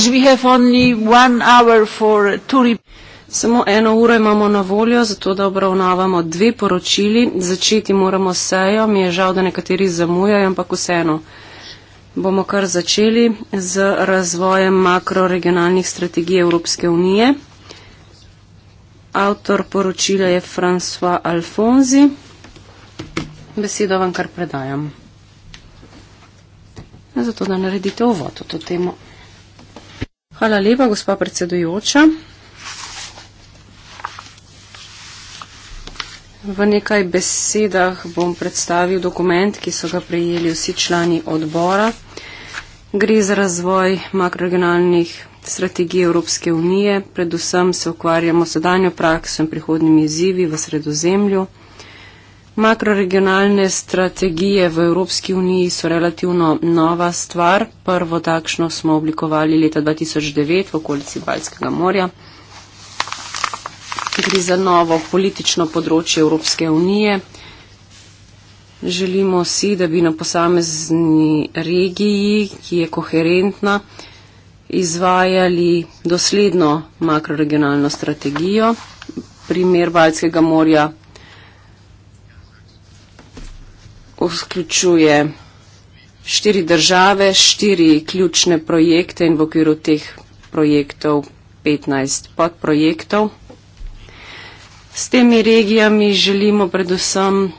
As we have only one hour for Samo eno uro imamo na voljo, zato da obravnavamo dve poročili. Začeti moramo sejo. Mi je žal, da nekateri zamujajo, ampak vseeno bomo kar začeli z razvojem makroregionalnih strategij Evropske unije. Avtor poročila je François Alfonzi. Besedo vam kar predajam. Zato da naredite uvod v to temo. Hvala lepa, gospa predsedujoča. V nekaj besedah bom predstavil dokument, ki so ga prejeli vsi člani odbora. Gre za razvoj makroregionalnih strategij Evropske unije, predvsem se ukvarjamo s sedanjo prakso in prihodnimi izzivi v sredozemlju. Makroregionalne strategije v Evropski uniji so relativno nova stvar. Prvo takšno smo oblikovali leta 2009 v okolici Baljskega morja. Gre za novo politično področje Evropske unije. Želimo si, da bi na posamezni regiji, ki je koherentna, izvajali dosledno makroregionalno strategijo. Primer Baljskega morja vključuje štiri države, štiri ključne projekte in v okviru teh projektov 15 podprojektov. S temi regijami želimo predvsem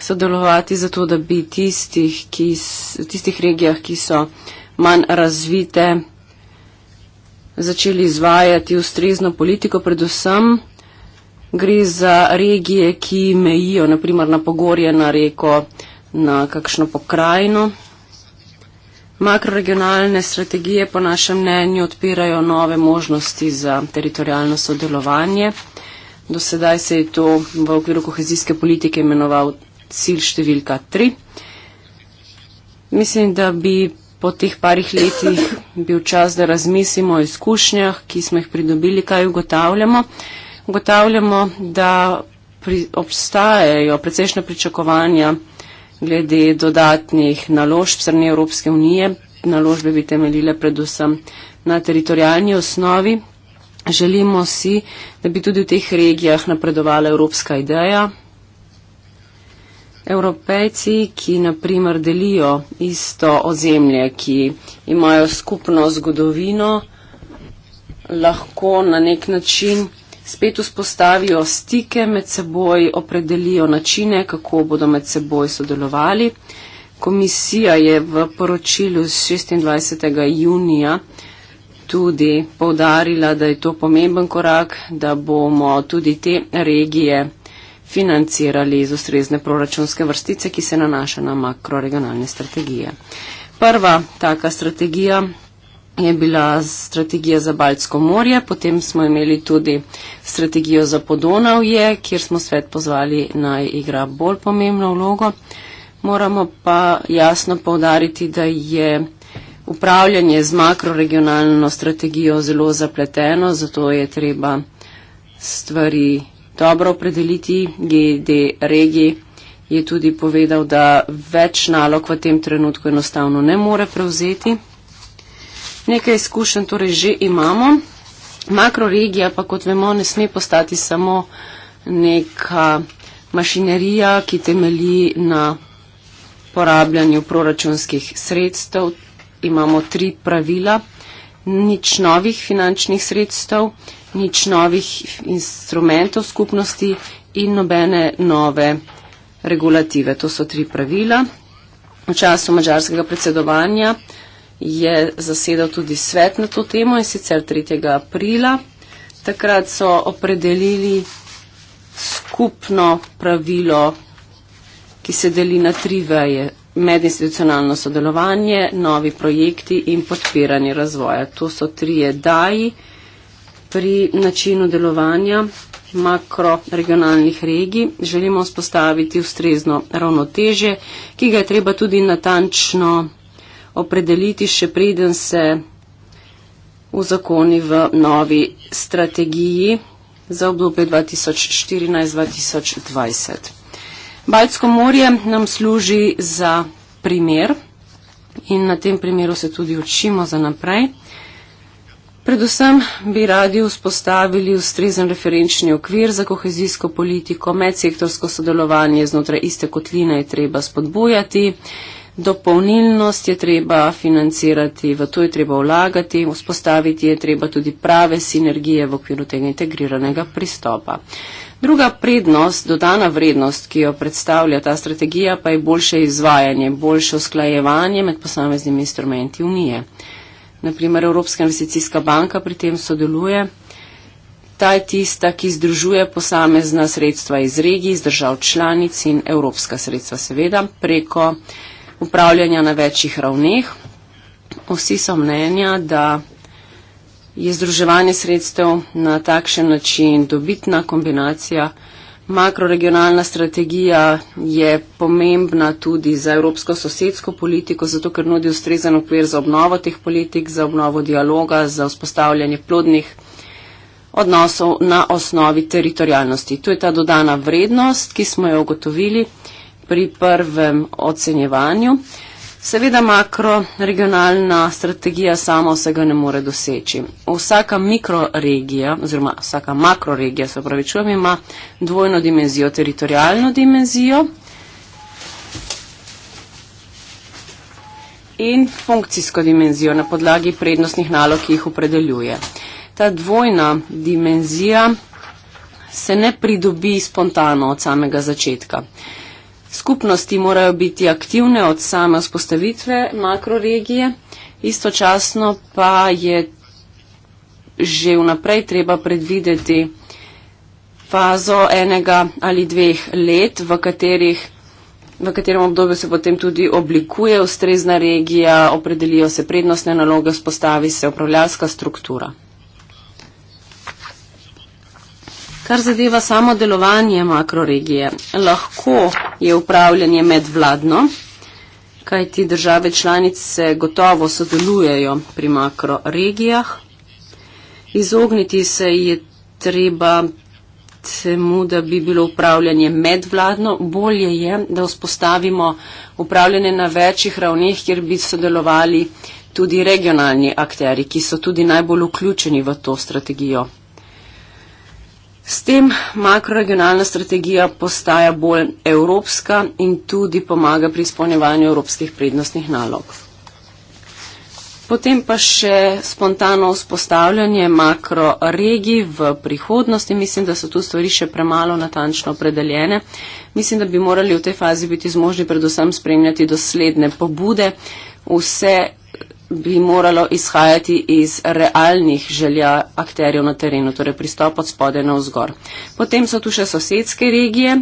sodelovati zato, da bi tistih, ki, v tistih regijah, ki so manj razvite, začeli izvajati ustrezno politiko predvsem. Gre za regije, ki mejijo naprimer na pogorje, na reko, na kakšno pokrajino. Makroregionalne strategije po našem mnenju odpirajo nove možnosti za teritorijalno sodelovanje. Do sedaj se je to v okviru kohezijske politike imenoval cilj številka 3. Mislim, da bi po teh parih letih bil čas, da razmislimo o izkušnjah, ki smo jih pridobili, kaj ugotavljamo. Uh, ugotavljamo, da pri, obstajajo precejšnja pričakovanja glede dodatnih naložb strani Evropske unije. Naložbe bi temeljile predvsem na teritorijalni osnovi. Želimo si, da bi tudi v teh regijah napredovala evropska ideja. Evropejci, ki naprimer delijo isto ozemlje, ki imajo skupno zgodovino, lahko na nek način spet vzpostavijo stike med seboj, opredelijo načine, kako bodo med seboj sodelovali. Komisija je v poročilu z 26. junija tudi povdarila, da je to pomemben korak, da bomo tudi te regije financirali iz ustrezne proračunske vrstice, ki se nanaša na makroregionalne strategije. Prva taka strategija je bila strategija za Baltsko morje, potem smo imeli tudi strategijo za Podonavje, kjer smo svet pozvali naj igra bolj pomembno vlogo. Moramo pa jasno povdariti, da je upravljanje z makroregionalno strategijo zelo zapleteno, zato je treba stvari dobro opredeliti. GD regiji je tudi povedal, da več nalog v tem trenutku enostavno ne more prevzeti. Nekaj izkušenj torej že imamo. Makroregija pa, kot vemo, ne sme postati samo neka mašinerija, ki temelji na porabljanju proračunskih sredstev. Imamo tri pravila. Nič novih finančnih sredstev, nič novih instrumentov skupnosti in nobene nove regulative. To so tri pravila. V času mađarskega predsedovanja je zasedal tudi svet na to temo in sicer 3. aprila. Takrat so opredelili skupno pravilo, ki se deli na tri veje. Medinstitucionalno sodelovanje, novi projekti in podpiranje razvoja. To so trije daji pri načinu delovanja makroregionalnih regij. Želimo spostaviti ustrezno ravnoteže, ki ga je treba tudi natančno opredeliti, še preden se uzakoni v novi strategiji za obdobje 2014-2020. Baltsko morje nam služi za primer in na tem primeru se tudi učimo za naprej. Predvsem bi radi vzpostavili ustrezen referenčni okvir za kohezijsko politiko, medsektorsko sodelovanje znotraj iste kotline je treba spodbujati dopolnilnost je treba financirati, v to je treba vlagati, vzpostaviti je treba tudi prave sinergije v okviru tega integriranega pristopa. Druga prednost, dodana vrednost, ki jo predstavlja ta strategija, pa je boljše izvajanje, boljše usklajevanje med posameznimi instrumenti unije. Naprimer, Evropska investicijska banka pri tem sodeluje. Ta je tista, ki združuje posamezna sredstva iz regij, iz držav članic in evropska sredstva seveda preko upravljanja na večjih ravneh. Vsi so mnenja, da je združevanje sredstev na takšen način dobitna kombinacija. Makroregionalna strategija je pomembna tudi za evropsko sosedsko politiko, zato ker nudi ustrezen okvir za obnovo teh politik, za obnovo dialoga, za vzpostavljanje plodnih odnosov na osnovi teritorijalnosti. To je ta dodana vrednost, ki smo jo ugotovili pri prvem ocenjevanju. Seveda makroregionalna strategija sama vsega ne more doseči. Vsaka mikroregija oziroma vsaka makroregija, se pravi čujem, ima dvojno dimenzijo, teritorijalno dimenzijo in funkcijsko dimenzijo na podlagi prednostnih nalog, ki jih opredeljuje. Ta dvojna dimenzija se ne pridobi spontano od samega začetka skupnosti morajo biti aktivne od same vzpostavitve makroregije, istočasno pa je že vnaprej treba predvideti fazo enega ali dveh let, v, katerih, v katerem obdobju se potem tudi oblikuje ustrezna regija, opredelijo se prednostne naloge, spostavi se upravljalska struktura. Kar zadeva samo delovanje makroregije, lahko je upravljanje medvladno, kaj ti države članice gotovo sodelujejo pri makroregijah. Izogniti se je treba temu, da bi bilo upravljanje medvladno. Bolje je, da vzpostavimo upravljanje na večjih ravneh, kjer bi sodelovali tudi regionalni akteri, ki so tudi najbolj vključeni v to strategijo. S tem makroregionalna strategija postaja bolj evropska in tudi pomaga pri izpolnjevanju evropskih prednostnih nalog. Potem pa še spontano vzpostavljanje makroregij v prihodnosti. Mislim, da so tu stvari še premalo natančno opredeljene. Mislim, da bi morali v tej fazi biti zmožni predvsem spremljati dosledne pobude. Vse bi moralo izhajati iz realnih želja akterjev na terenu, torej pristop od spode na vzgor. Potem so tu še sosedske regije,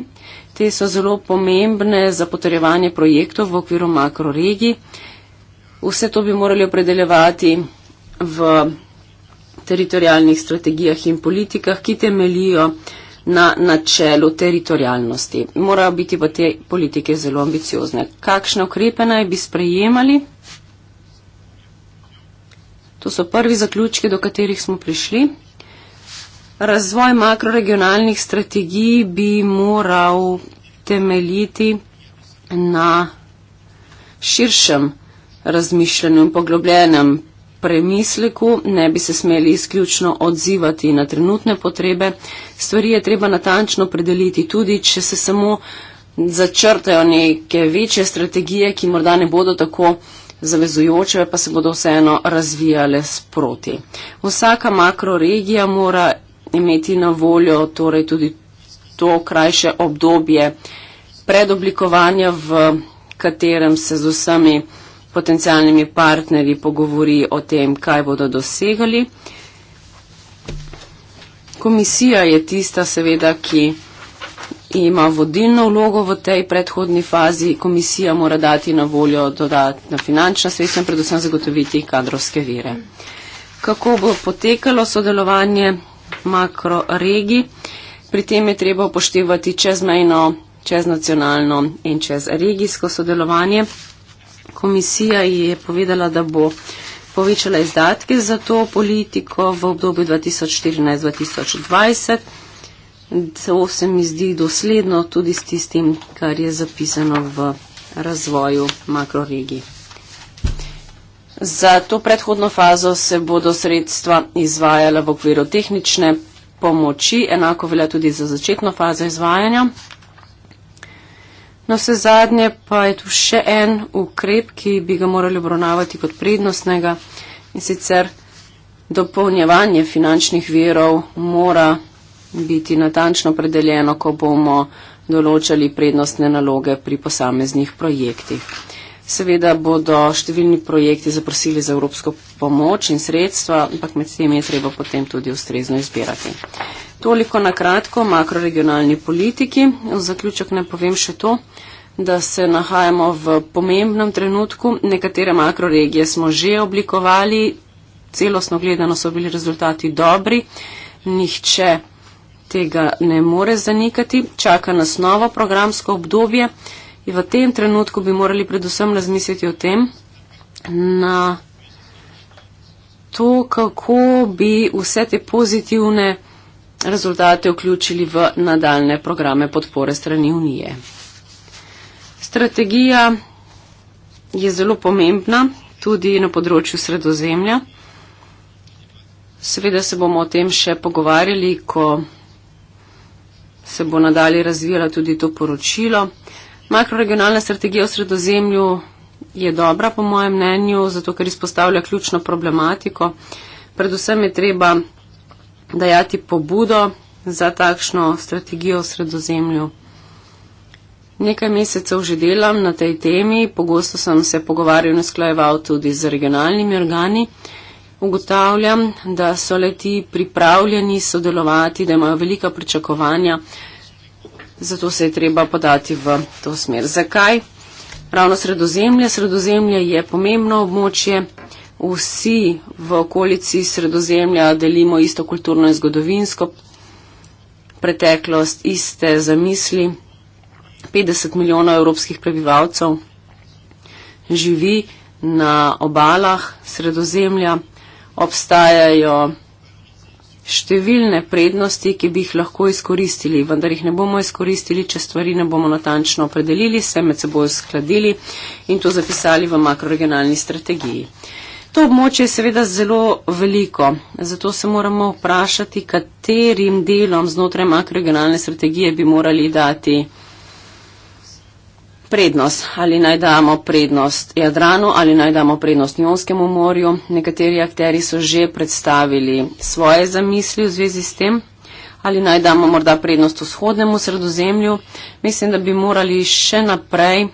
te so zelo pomembne za potrjevanje projektov v okviru makroregij. Vse to bi morali opredeljevati v teritorijalnih strategijah in politikah, ki temelijo na načelu teritorijalnosti. Morajo biti v te politike zelo ambiciozne. Kakšne ukrepe naj bi sprejemali? To so prvi zaključki, do katerih smo prišli. Razvoj makroregionalnih strategij bi moral temeljiti na širšem razmišljanju in poglobljenem premisleku, ne bi se smeli izključno odzivati na trenutne potrebe. Stvari je treba natančno predeliti, tudi če se samo začrtajo neke večje strategije, ki morda ne bodo tako zavezujoče pa se bodo vseeno razvijale sproti. Vsaka makroregija mora imeti na voljo torej tudi to krajše obdobje predoblikovanja, v katerem se z vsemi potencijalnimi partnerji pogovori o tem, kaj bodo dosegali. Komisija je tista seveda, ki ima vodilno vlogo v tej predhodni fazi. Komisija mora dati na voljo dodatna finančna sredstva in predvsem zagotoviti kadrovske vire. Kako bo potekalo sodelovanje makroregi? Pri tem je treba upoštevati čezmejno, čeznacionalno in čezregijsko sodelovanje. Komisija je povedala, da bo povečala izdatke za to politiko v obdobju 2014-2020 celo se mi zdi dosledno tudi s tistim, kar je zapisano v razvoju makroregij. Za to predhodno fazo se bodo sredstva izvajala v okviru tehnične pomoči, enako velja tudi za začetno fazo izvajanja. No vse zadnje pa je tu še en ukrep, ki bi ga morali obravnavati kot prednostnega in sicer dopolnjevanje finančnih verov mora biti natančno predeljeno, ko bomo določali prednostne naloge pri posameznih projektih. Seveda bodo številni projekti zaprosili za evropsko pomoč in sredstva, ampak med tem je treba potem tudi ustrezno izbirati. Toliko na kratko o makroregionalni politiki. V zaključek ne povem še to, da se nahajamo v pomembnem trenutku. Nekatere makroregije smo že oblikovali, celostno gledano so bili rezultati dobri. Nihče tega ne more zanikati. Čaka nas novo programsko obdobje in v tem trenutku bi morali predvsem razmisliti o tem, na to, kako bi vse te pozitivne rezultate vključili v nadaljne programe podpore strani Unije. Strategija je zelo pomembna tudi na področju sredozemlja. Seveda se bomo o tem še pogovarjali, ko se bo nadalje razvijalo tudi to poročilo. Makroregionalna strategija v sredozemlju je dobra, po mojem mnenju, zato ker izpostavlja ključno problematiko. Predvsem je treba dajati pobudo za takšno strategijo v sredozemlju. Nekaj mesecev že delam na tej temi, pogosto sem se pogovarjal in usklajeval tudi z regionalnimi organi ugotavljam, da so leti pripravljeni sodelovati, da imajo velika pričakovanja, zato se je treba podati v to smer. Zakaj? Ravno sredozemlje. Sredozemlje je pomembno območje. Vsi v okolici sredozemlja delimo isto kulturno in zgodovinsko preteklost, iste zamisli. 50 milijonov evropskih prebivalcev živi na obalah sredozemlja obstajajo številne prednosti, ki bi jih lahko izkoristili, vendar jih ne bomo izkoristili, če stvari ne bomo natančno opredelili, se med seboj uskladili in to zapisali v makroregionalni strategiji. To območje je seveda zelo veliko, zato se moramo vprašati, katerim delom znotraj makroregionalne strategije bi morali dati prednost. Ali naj damo prednost Jadranu, ali naj damo prednost Jonskemu morju. Nekateri akteri so že predstavili svoje zamisli v zvezi s tem. Ali naj damo morda prednost vzhodnemu sredozemlju. Mislim, da bi morali še naprej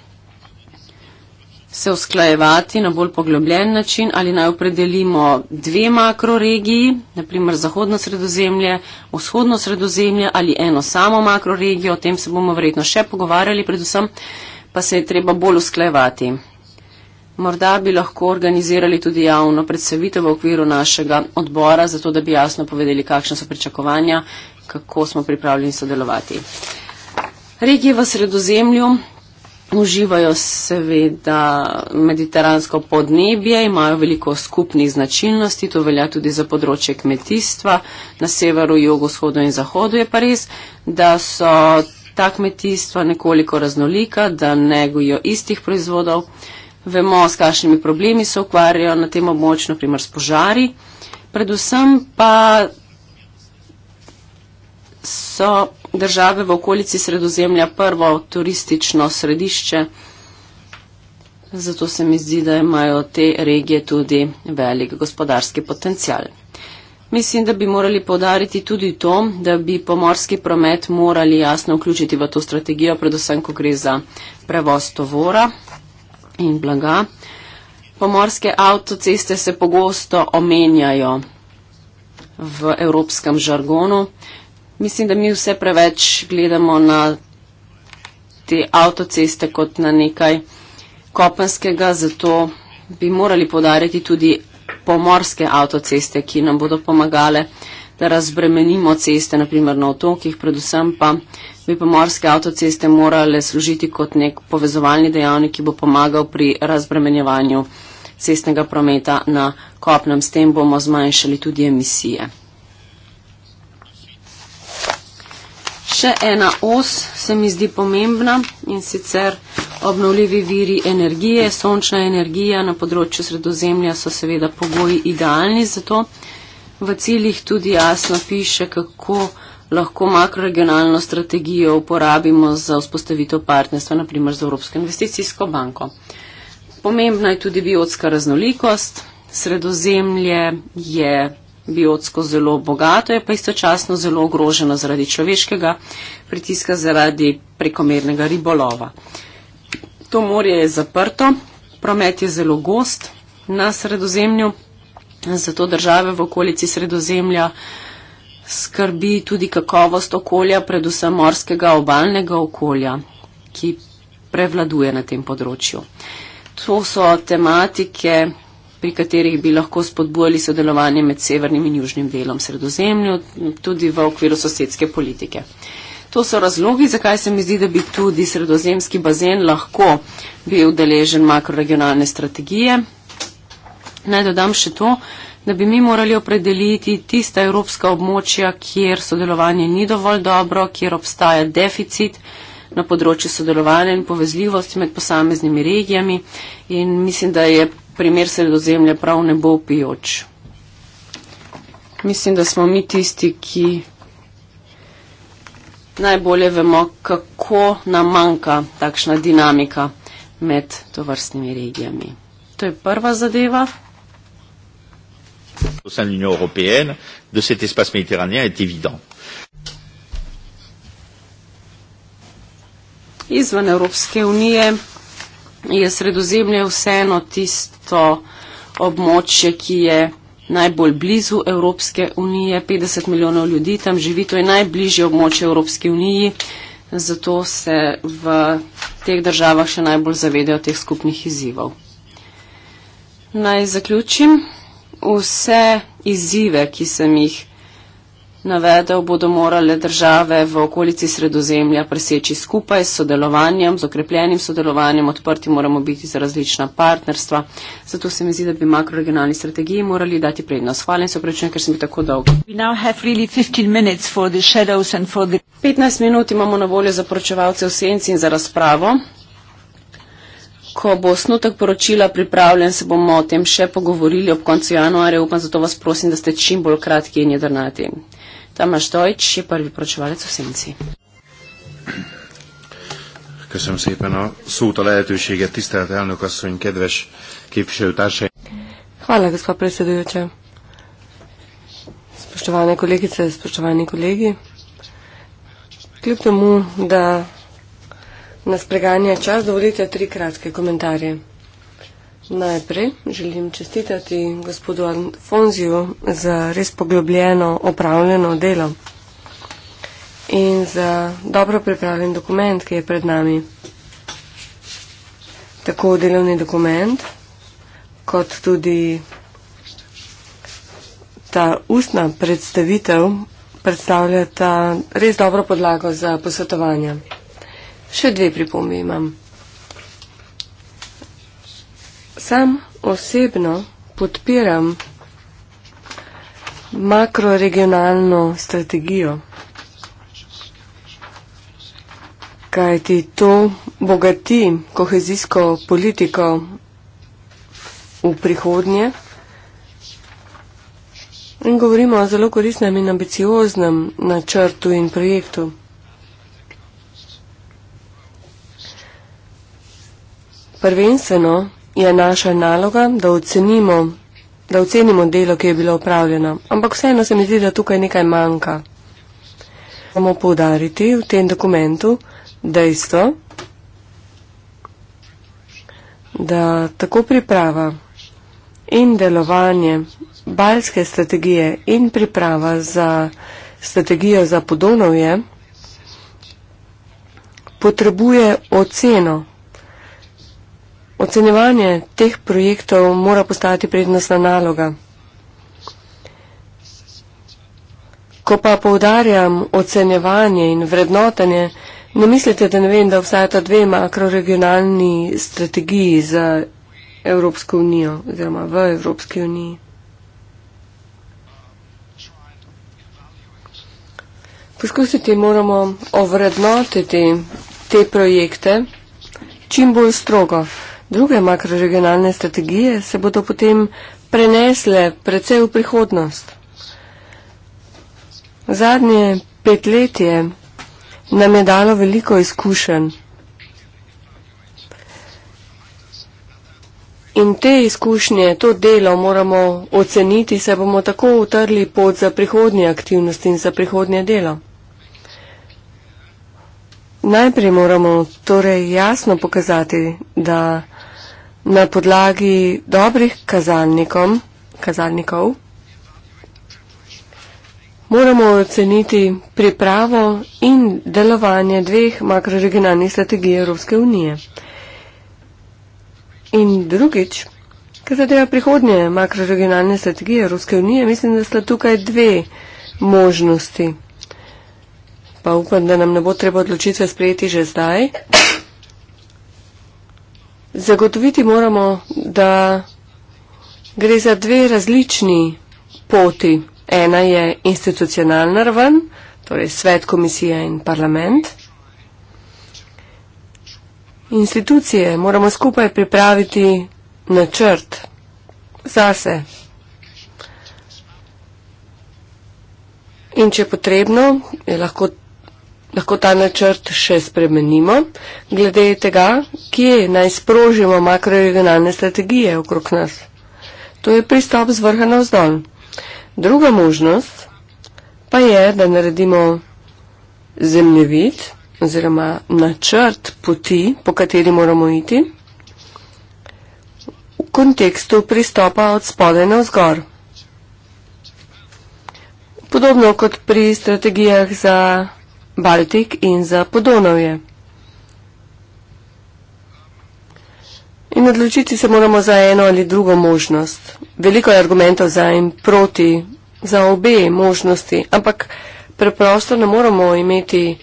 se usklajevati na bolj poglobljen način, ali naj opredelimo dve makroregiji, naprimer zahodno sredozemlje, vzhodno sredozemlje ali eno samo makroregijo, o tem se bomo verjetno še pogovarjali predvsem pa se je treba bolj usklejevati. Morda bi lahko organizirali tudi javno predstavitev v okviru našega odbora, zato da bi jasno povedali, kakšne so pričakovanja, kako smo pripravljeni sodelovati. Regije v sredozemlju uživajo seveda mediteransko podnebje, imajo veliko skupnih značilnosti, to velja tudi za področje kmetijstva na severu, jugu, vzhodu in zahodu. Je pa res, da so ta kmetijstva nekoliko raznolika, da ne gojijo istih proizvodov. Vemo, s kakšnimi problemi se ukvarjajo na tem območju, naprimer s požari. Predvsem pa so države v okolici sredozemlja prvo turistično središče, zato se mi zdi, da imajo te regije tudi velik gospodarski potencial. Mislim, da bi morali podariti tudi to, da bi pomorski promet morali jasno vključiti v to strategijo, predvsem, ko gre za prevoz tovora in blaga. Pomorske avtoceste se pogosto omenjajo v evropskem žargonu. Mislim, da mi vse preveč gledamo na te avtoceste kot na nekaj kopenskega, zato bi morali podariti tudi pomorske avtoceste, ki nam bodo pomagale, da razbremenimo ceste, naprimer na otokih, predvsem pa bi pomorske avtoceste morale služiti kot nek povezovalni dejavnik, ki bo pomagal pri razbremenjevanju cestnega prometa na kopnem. S tem bomo zmanjšali tudi emisije. Še ena os se mi zdi pomembna in sicer obnovljivi viri energije, sončna energija na področju sredozemlja so seveda pogoji idealni za to. V ciljih tudi jasno piše, kako lahko makroregionalno strategijo uporabimo za vzpostavitev partnerstva, naprimer z Evropsko investicijsko banko. Pomembna je tudi biotska raznolikost. Sredozemlje je biotsko zelo bogato, je pa istočasno zelo ogroženo zaradi človeškega pritiska, zaradi prekomernega ribolova. To morje je zaprto, promet je zelo gost na sredozemlju, zato države v okolici sredozemlja skrbi tudi kakovost okolja, predvsem morskega obalnega okolja, ki prevladuje na tem področju. To so tematike, pri katerih bi lahko spodbujali sodelovanje med severnim in južnim delom sredozemlju, tudi v okviru sosedske politike. To so razlogi, zakaj se mi zdi, da bi tudi sredozemski bazen lahko bil deležen makroregionalne strategije. Naj dodam še to, da bi mi morali opredeliti tista evropska območja, kjer sodelovanje ni dovolj dobro, kjer obstaja deficit na področju sodelovanja in povezljivosti med posameznimi regijami in mislim, da je primer sredozemlja prav ne bo pijoč. Mislim, da smo mi tisti, ki najbolje vemo, kako nam manjka takšna dinamika med tovrstnimi regijami. To je prva zadeva. Au sein de l'Union européenne, de cet espace méditerranéen est évident. Izven Evropske unije je sredozemlje vseeno tisto območje, ki je najbolj blizu Evropske unije, 50 milijonov ljudi tam živi, to je najbližje območje Evropske unije, zato se v teh državah še najbolj zavedajo teh skupnih izzivov. Naj zaključim. Vse izzive, ki sem jih navedel, bodo morale države v okolici sredozemlja preseči skupaj s sodelovanjem, z okrepljenim sodelovanjem, odprti moramo biti za različna partnerstva. Zato se mi zdi, da bi makroregionalni strategiji morali dati prednost. Hvala in se oprečujem, ker sem bil tako dolg. 15 minut imamo na voljo za poročevalce v senci in za razpravo. Ko bo snutek poročila pripravljen, se bomo o tem še pogovorili ob koncu januarja. Upam, zato vas prosim, da ste čim bolj kratki in jedrnati. Tamaš Dojč je prvi poročevalec v Senci. Köszönöm szépen a szót, a lehetőséget, tisztelt elnök asszony, kedves képviselőtársai. Hvala, gospod predsedujoče. Spoštovane kolegice, spoštovani kolegi. Kljub temu, da nas preganja čas, dovolite tri kratke komentarje. Najprej želim čestitati gospodu Alfonziju za res poglobljeno opravljeno delo in za dobro pripravljen dokument, ki je pred nami. Tako delovni dokument, kot tudi ta ustna predstavitev predstavlja ta res dobro podlago za posvetovanje. Še dve pripombe imam sam osebno podpiram makroregionalno strategijo, kaj ti to bogati kohezijsko politiko v prihodnje. In govorimo o zelo korisnem in ambicioznem načrtu in projektu. Prvenstveno je naša naloga, da ocenimo, da ocenimo delo, ki je bilo opravljeno. Ampak vseeno se mi zdi, da tukaj nekaj manjka. Moramo povdariti v tem dokumentu dejstvo, da tako priprava in delovanje balske strategije in priprava za strategijo za podonovje potrebuje oceno Ocenjevanje teh projektov mora postati prednostna naloga. Ko pa poudarjam ocenjevanje in vrednotenje, ne mislite, da ne vem, da obstajata dve makroregionalni strategiji za Evropsko unijo oziroma v Evropski uniji. Poskusiti moramo ovrednotiti te projekte čim bolj strogo druge makroregionalne strategije se bodo potem prenesle precej v prihodnost. Zadnje petletje nam je dalo veliko izkušenj. In te izkušnje, to delo moramo oceniti, se bomo tako utrli pod za prihodnje aktivnosti in za prihodnje delo. Najprej moramo torej jasno pokazati, da na podlagi dobrih kazalnikov moramo oceniti pripravo in delovanje dveh makroregionalnih strategij Evropske unije. In drugič, kar zadeva prihodnje makroregionalne strategije Evropske unije, mislim, da sta tukaj dve možnosti. Pa upam, da nam ne bo treba odločitve sprejeti že zdaj. Zagotoviti moramo, da gre za dve različni poti. Ena je institucionalna raven, torej svet, komisija in parlament. Institucije moramo skupaj pripraviti načrt zase. In če potrebno, je lahko lahko ta načrt še spremenimo, glede tega, kje naj sprožimo makroregionalne strategije okrog nas. To je pristop z vrha na vzdolj. Druga možnost pa je, da naredimo zemljevid oziroma načrt poti, po kateri moramo iti, v kontekstu pristopa od spodaj na vzgor. Podobno kot pri strategijah za Baltik in za Podonovje. In odločiti se moramo za eno ali drugo možnost. Veliko je argumentov za in proti, za obe možnosti, ampak preprosto ne moramo imeti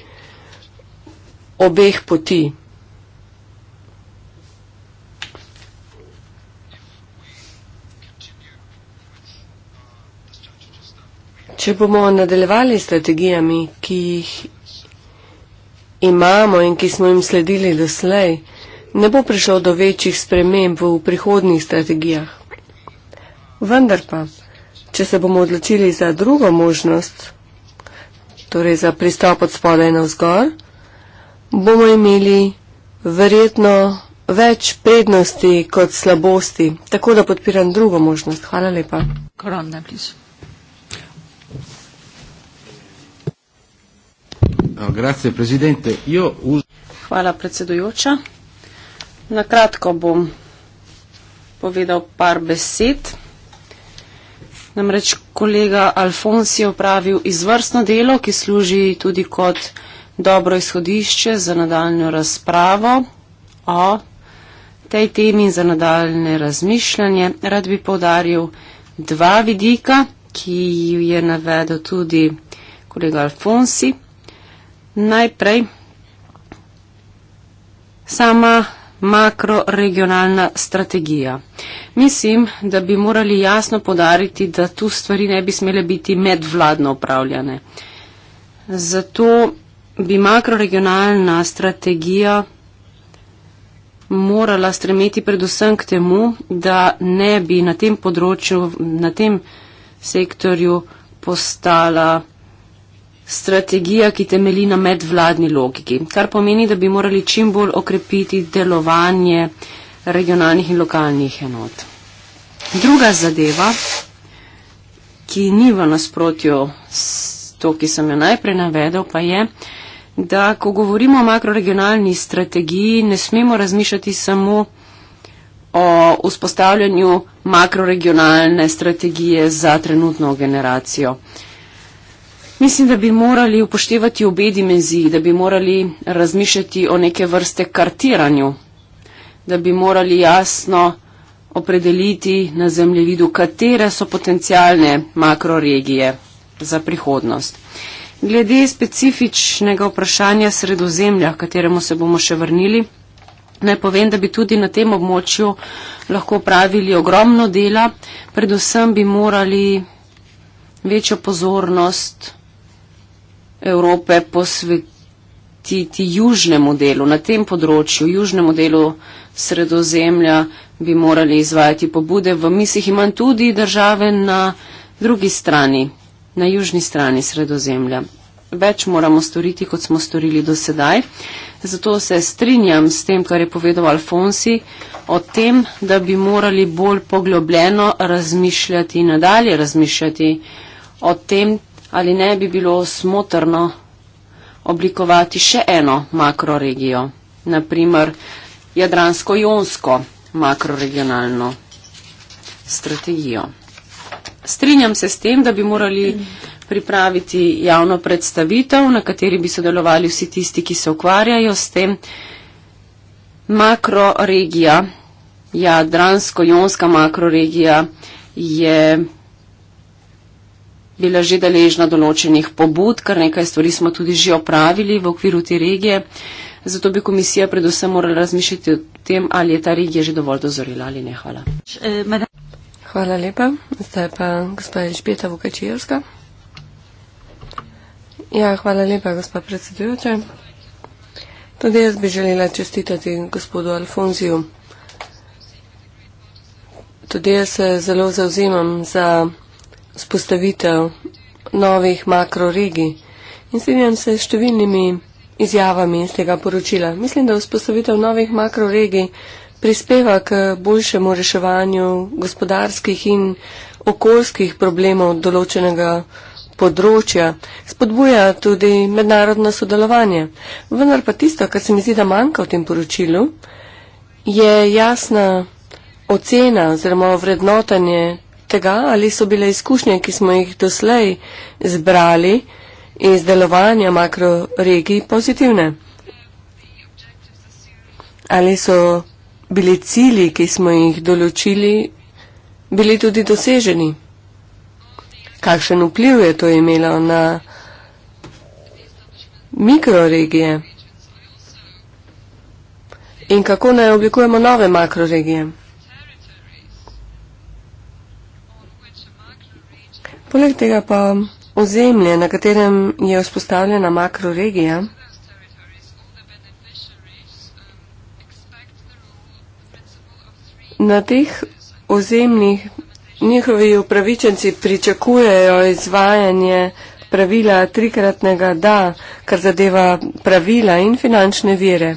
obeh poti. Če bomo nadaljevali strategijami, ki jih imamo in ki smo jim sledili doslej, ne bo prišlo do večjih sprememb v prihodnih strategijah. Vendar pa, če se bomo odločili za drugo možnost, torej za pristop od spodaj na vzgor, bomo imeli verjetno več prednosti kot slabosti. Tako da podpiram drugo možnost. Hvala lepa. Koronna blizu. No, grazie, presidente. Io uso... Hvala, predsedujoča. Na kratko bom povedal par besed. Namreč kolega Alfons je opravil izvrstno delo, ki služi tudi kot dobro izhodišče za nadaljno razpravo o tej temi in za nadaljne razmišljanje. Rad bi povdaril dva vidika, ki ju je navedel tudi kolega Alfonsi najprej sama makroregionalna strategija. Mislim, da bi morali jasno podariti, da tu stvari ne bi smele biti medvladno upravljane. Zato bi makroregionalna strategija morala stremeti predvsem k temu, da ne bi na tem področju, na tem sektorju postala strategija, ki temeli na medvladni logiki, kar pomeni, da bi morali čim bolj okrepiti delovanje regionalnih in lokalnih enot. Druga zadeva, ki ni v nasprotju s to, ki sem jo najprej navedel, pa je, da ko govorimo o makroregionalni strategiji, ne smemo razmišljati samo o vzpostavljanju makroregionalne strategije za trenutno generacijo. Uh, Mislim, da bi morali upoštevati obe dimenziji, da bi morali razmišljati o neke vrste kartiranju, da bi morali jasno opredeliti na zemljevidu, katere so potencijalne makroregije za prihodnost. Glede specifičnega vprašanja sredozemlja, kateremu se bomo še vrnili, naj povem, da bi tudi na tem območju lahko pravili ogromno dela, predvsem bi morali večjo pozornost Evrope posvetiti južnemu delu, na tem področju, južnemu delu sredozemlja bi morali izvajati pobude. V mislih imam tudi države na drugi strani, na južni strani sredozemlja. Več moramo storiti, kot smo storili do sedaj. Zato se strinjam s tem, kar je povedal Alfonsi, o tem, da bi morali bolj poglobljeno razmišljati, nadalje razmišljati o tem, ali ne bi bilo smotrno oblikovati še eno makroregijo, naprimer Jadransko-Jonsko makroregionalno strategijo. Strinjam se s tem, da bi morali pripraviti javno predstavitev, na kateri bi sodelovali vsi tisti, ki se ukvarjajo s tem. Makroregija, Jadransko-Jonska makroregija je bila že deležna določenih pobud, kar nekaj stvari smo tudi že opravili v okviru te regije. Zato bi komisija predvsem morala razmišljati o tem, ali je ta regija že dovolj dozorila ali ne. Hvala. Hvala lepa. Zdaj pa gospod Špeta Vukačijevska. Ja, hvala lepa, gospod predsedujoče. Tudi jaz bi želela čestitati gospodu Alfonziju. Tudi jaz se zelo zauzimam za spostavitev novih makroregij. In strinjam se s številnimi izjavami iz tega poročila. Mislim, da vzpostavitev novih makroregij prispeva k boljšemu reševanju gospodarskih in okoljskih problemov določenega področja. Spodbuja tudi mednarodno sodelovanje. Vendar pa tisto, kar se mi zdi, da manjka v tem poročilu, je jasna ocena oziroma vrednotanje tega, ali so bile izkušnje, ki smo jih doslej zbrali iz delovanja makroregij, pozitivne? Ali so bili cili, ki smo jih določili, bili tudi doseženi? Kakšen vpliv je to imelo na mikroregije? In kako naj oblikujemo nove makroregije? Poleg tega pa ozemlje, na katerem je vzpostavljena makroregija, na teh ozemljih njihovi upravičenci pričakujejo izvajanje pravila trikratnega da, kar zadeva pravila in finančne vire.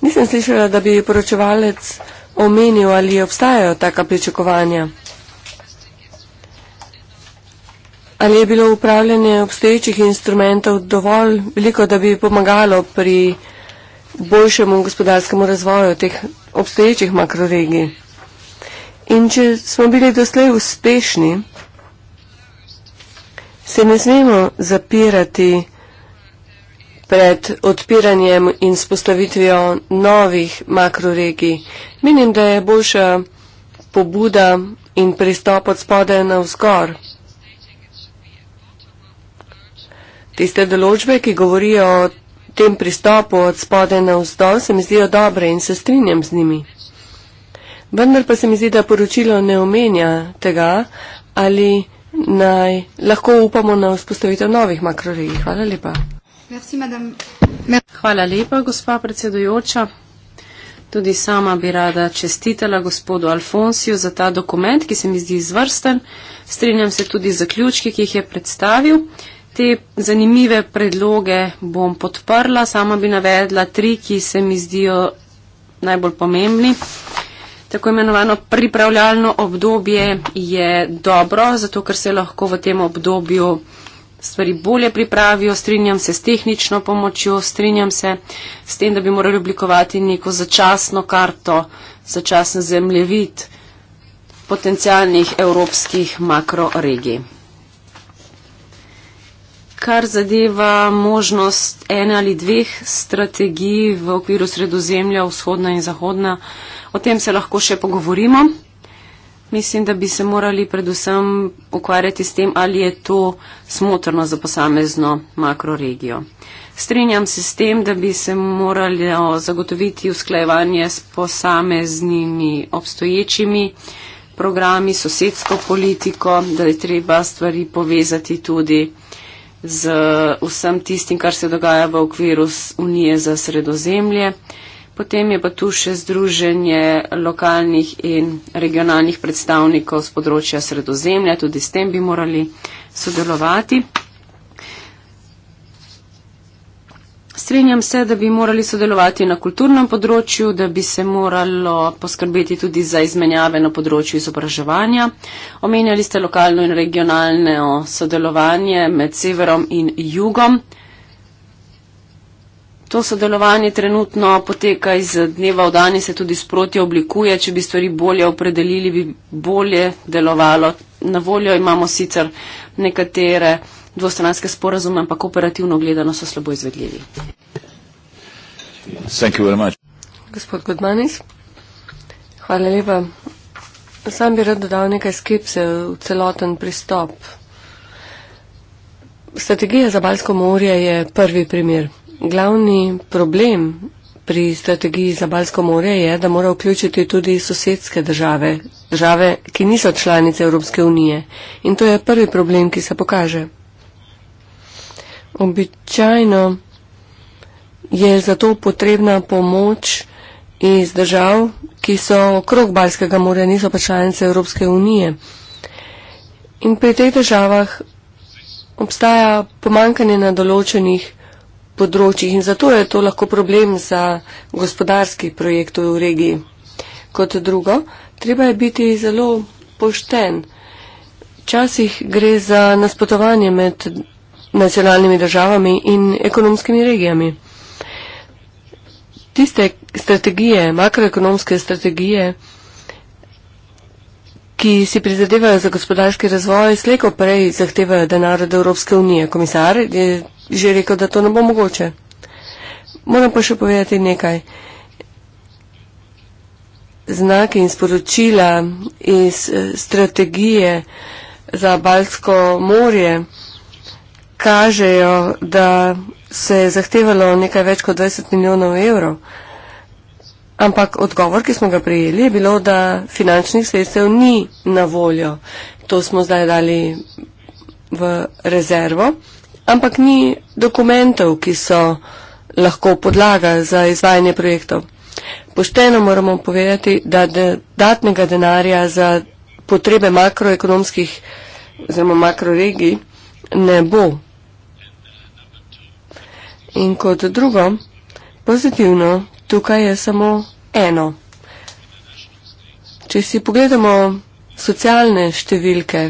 Nisem slišala, da bi poročevalec omenil, ali obstajajo taka pričakovanja. Ali je bilo upravljanje obstoječih instrumentov dovolj veliko, da bi pomagalo pri boljšemu gospodarskemu razvoju teh obstoječih makroregij? In če smo bili doslej uspešni, se ne smemo zapirati pred odpiranjem in spostavitvijo novih makroregij. Menim, da je boljša pobuda in pristop od spode na vzgor. Tiste določbe, ki govorijo o tem pristopu od spode na vzdolj, se mi zdijo dobre in se strinjam z njimi. Vendar pa se mi zdi, da poročilo ne omenja tega, ali naj lahko upamo na vzpostavitev novih makroregij. Hvala lepa. Hvala lepa, gospa predsedujoča. Tudi sama bi rada čestitala gospodu Alfonsiju za ta dokument, ki se mi zdi izvrsten. Strinjam se tudi z zaključki, ki jih je predstavil te zanimive predloge bom podprla. Sama bi navedla tri, ki se mi zdijo najbolj pomembni. Tako imenovano pripravljalno obdobje je dobro, zato ker se lahko v tem obdobju stvari bolje pripravijo, strinjam se s tehnično pomočjo, strinjam se s tem, da bi morali oblikovati neko začasno karto, začasno zemljevid potencialnih evropskih makroregij kar zadeva možnost ene ali dveh strategij v okviru sredozemlja, vzhodna in zahodna, o tem se lahko še pogovorimo. Mislim, da bi se morali predvsem ukvarjati s tem, ali je to smotrno za posamezno makroregijo. Strenjam se s tem, da bi se moralo zagotoviti usklajevanje s posameznimi obstoječimi programi, sosedsko politiko, da je treba stvari povezati tudi z vsem tistim, kar se dogaja v okviru Unije za sredozemlje. Potem je pa tu še združenje lokalnih in regionalnih predstavnikov z področja sredozemlja, tudi s tem bi morali sodelovati. Strenjam se, da bi morali sodelovati na kulturnem področju, da bi se moralo poskrbeti tudi za izmenjave na področju izobraževanja. Omenjali ste lokalno in regionalno sodelovanje med severom in jugom. To sodelovanje trenutno poteka iz dneva v dan in se tudi sproti oblikuje. Če bi stvari bolje opredelili, bi bolje delovalo. Na voljo imamo sicer nekatere dvostranske sporazume, ampak operativno gledano so slabo izvedljivi. Gospod Godmanis, hvala lepa. Sam bi rad dodal nekaj skepse v celoten pristop. Strategija za Balsko morje je prvi primer. Glavni problem pri strategiji za Balsko morje je, da mora vključiti tudi sosedske države, države, ki niso članice Evropske unije. In to je prvi problem, ki se pokaže. Običajno je zato potrebna pomoč iz držav, ki so okrog Balskega morja, niso pa članice Evropske unije. In pri teh državah obstaja pomankanje na določenih področjih in zato je to lahko problem za gospodarski projekt v regiji. Kot drugo, treba je biti zelo pošten. Včasih gre za nasprotovanje med nacionalnimi državami in ekonomskimi regijami. Tiste strategije, makroekonomske strategije, ki si prizadevajo za gospodarski razvoj, sleko prej zahtevajo denar od Evropske unije. Komisar je že rekel, da to ne bo mogoče. Moram pa še povedati nekaj. Znaki in sporočila iz eh, strategije za Balsko morje kažejo, da se je zahtevalo nekaj več kot 20 milijonov evrov. Ampak odgovor, ki smo ga prijeli, je bilo, da finančnih sredstev ni na voljo. To smo zdaj dali v rezervo, ampak ni dokumentov, ki so lahko podlaga za izvajanje projektov. Pošteno moramo povedati, da dodatnega de denarja za potrebe makroekonomskih oziroma makroregij ne bo. In kot drugo, pozitivno, tukaj je samo eno. Če si pogledamo socialne številke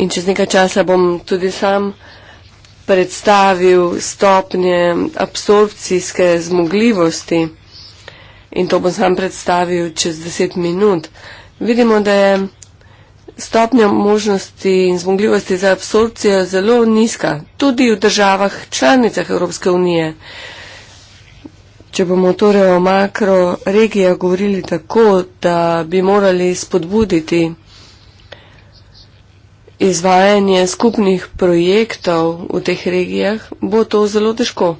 in čez nekaj časa bom tudi sam predstavil stopnje absorpcijske zmogljivosti in to bom sam predstavil čez deset minut, vidimo, da je stopnja možnosti in zmogljivosti za absorpcijo zelo nizka, tudi v državah članicah Evropske unije. Če bomo torej o makro regija govorili tako, da bi morali spodbuditi izvajanje skupnih projektov v teh regijah, bo to zelo težko.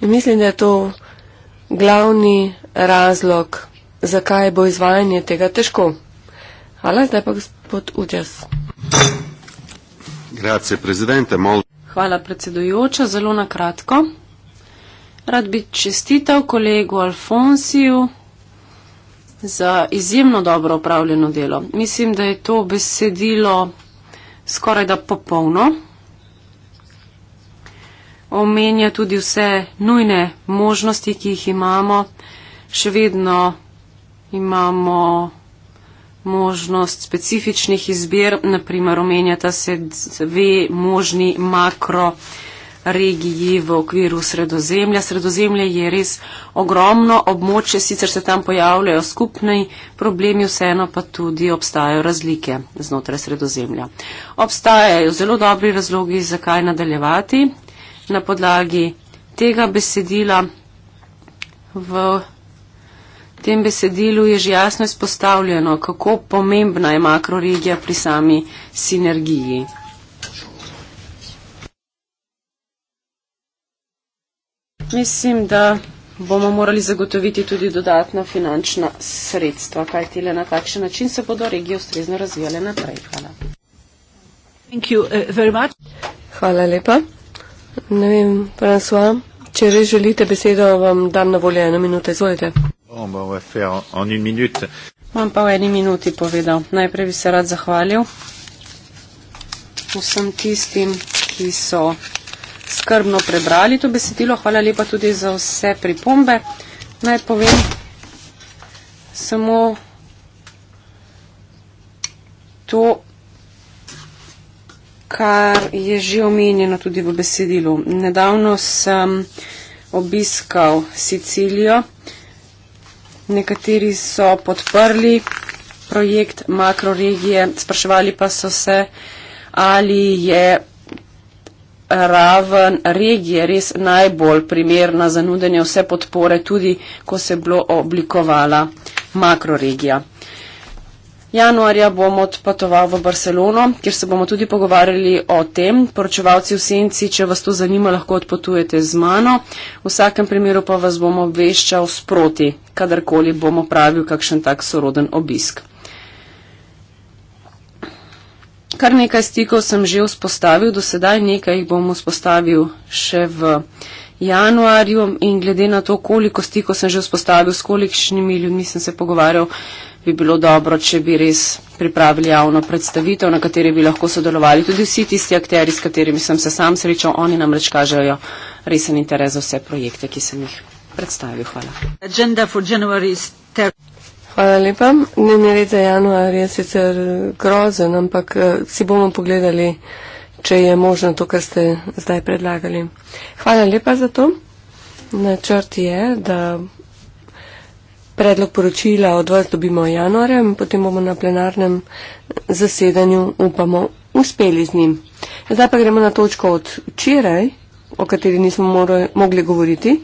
In mislim, da je to glavni razlog zakaj bo izvajanje tega težko. Hvala, zdaj pa gospod Udjas. Grazie, prezidente. Mol... Hvala, predsedujoča. Zelo na kratko. Rad bi čestital kolegu Alfonsiju za izjemno dobro upravljeno delo. Mislim, da je to besedilo skoraj da popolno. Omenja tudi vse nujne možnosti, ki jih imamo. Še vedno imamo možnost specifičnih izbir, naprimer omenjata se dve možni makro regiji v okviru sredozemlja. Sredozemlje je res ogromno območje, sicer se tam pojavljajo skupni problemi, vseeno pa tudi obstajajo razlike znotraj sredozemlja. Obstajajo zelo dobri razlogi, zakaj nadaljevati na podlagi tega besedila v tem besedilu je že jasno izpostavljeno, kako pomembna je makroregija pri sami sinergiji. Mislim, da bomo morali zagotoviti tudi dodatna finančna sredstva, kaj tile na takšen način se bodo regije ustrezno razvijale naprej. Hvala. Eh, Hvala lepa. Ne vem, Prasua, če res želite besedo, vam dam na voljo eno minuto. Izvolite. Bon, bon, on va faire en une minute. Bon, pas une minute, il peut dire. Najprej bi se rad zahvalil vsem tistim, ki so skrbno prebrali to besedilo. Hvala lepa tudi za vse pripombe. Naj povem samo to, kar je že omenjeno tudi v besedilu. Nedavno sem obiskal Sicilijo, Nekateri so podprli projekt makroregije, spraševali pa so se, ali je raven regije res najbolj primerna za nudenje vse podpore, tudi ko se je bilo oblikovala makroregija. Januarja bom odpotoval v Barcelono, kjer se bomo tudi pogovarjali o tem. Poročevalci v senci, če vas to zanima, lahko odpotujete z mano. V vsakem primeru pa vas bomo obveščal sproti, kadarkoli bomo pravil kakšen tak soroden obisk. Kar nekaj stikov sem že vzpostavil, do sedaj nekaj jih bom vzpostavil še v januarju in glede na to, koliko stikov sem že vzpostavil, s kolikšnimi ljudmi sem se pogovarjal, bi bilo dobro, če bi res pripravili javno predstavitev, na kateri bi lahko sodelovali tudi vsi tisti akteri, s katerimi sem se sam srečal. Oni namreč kažejo resen interes za vse projekte, ki sem jih predstavil. Hvala. Hvala lepa. Dnevni red za januar je sicer grozen, ampak eh, si bomo pogledali, če je možno to, kar ste zdaj predlagali. Hvala lepa za to. Načrt je, da Predlog poročila od vas dobimo januarjem, potem bomo na plenarnem zasedanju, upamo, uspeli z njim. Zdaj pa gremo na točko od včeraj, o kateri nismo moro, mogli govoriti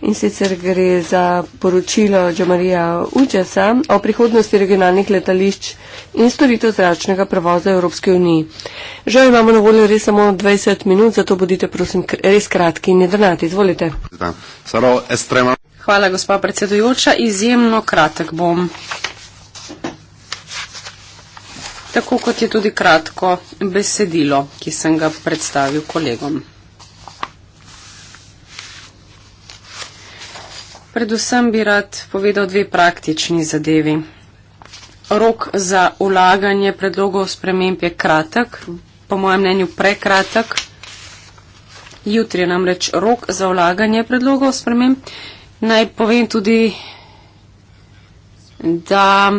in sicer gre za poročilo Džamarija Učesa o prihodnosti regionalnih letališč in storitev zračnega prevoza Evropske unije. Žal imamo na voljo res samo 20 minut, zato bodite prosim res kratki in jedrnati. Izvolite. Zdaj, Hvala, gospa predsedujoča. Izjemno kratek bom. Tako kot je tudi kratko besedilo, ki sem ga predstavil kolegom. Predvsem bi rad povedal dve praktični zadevi. Rok za ulaganje predlogov sprememb je kratek, po mojem mnenju prekratek. Jutri je namreč rok za ulaganje predlogov sprememb Naj povem tudi, da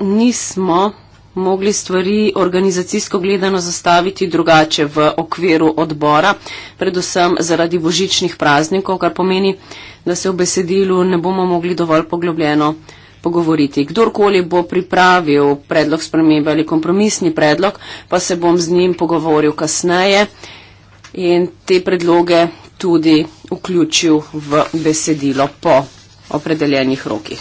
nismo mogli stvari organizacijsko gledano zastaviti drugače v okviru odbora, predvsem zaradi božičnih praznikov, kar pomeni, da se v besedilu ne bomo mogli dovolj poglobljeno pogovoriti. Kdorkoli bo pripravil predlog spremembe ali kompromisni predlog, pa se bom z njim pogovoril kasneje in te predloge tudi vključil v besedilo po opredeljenih rokih.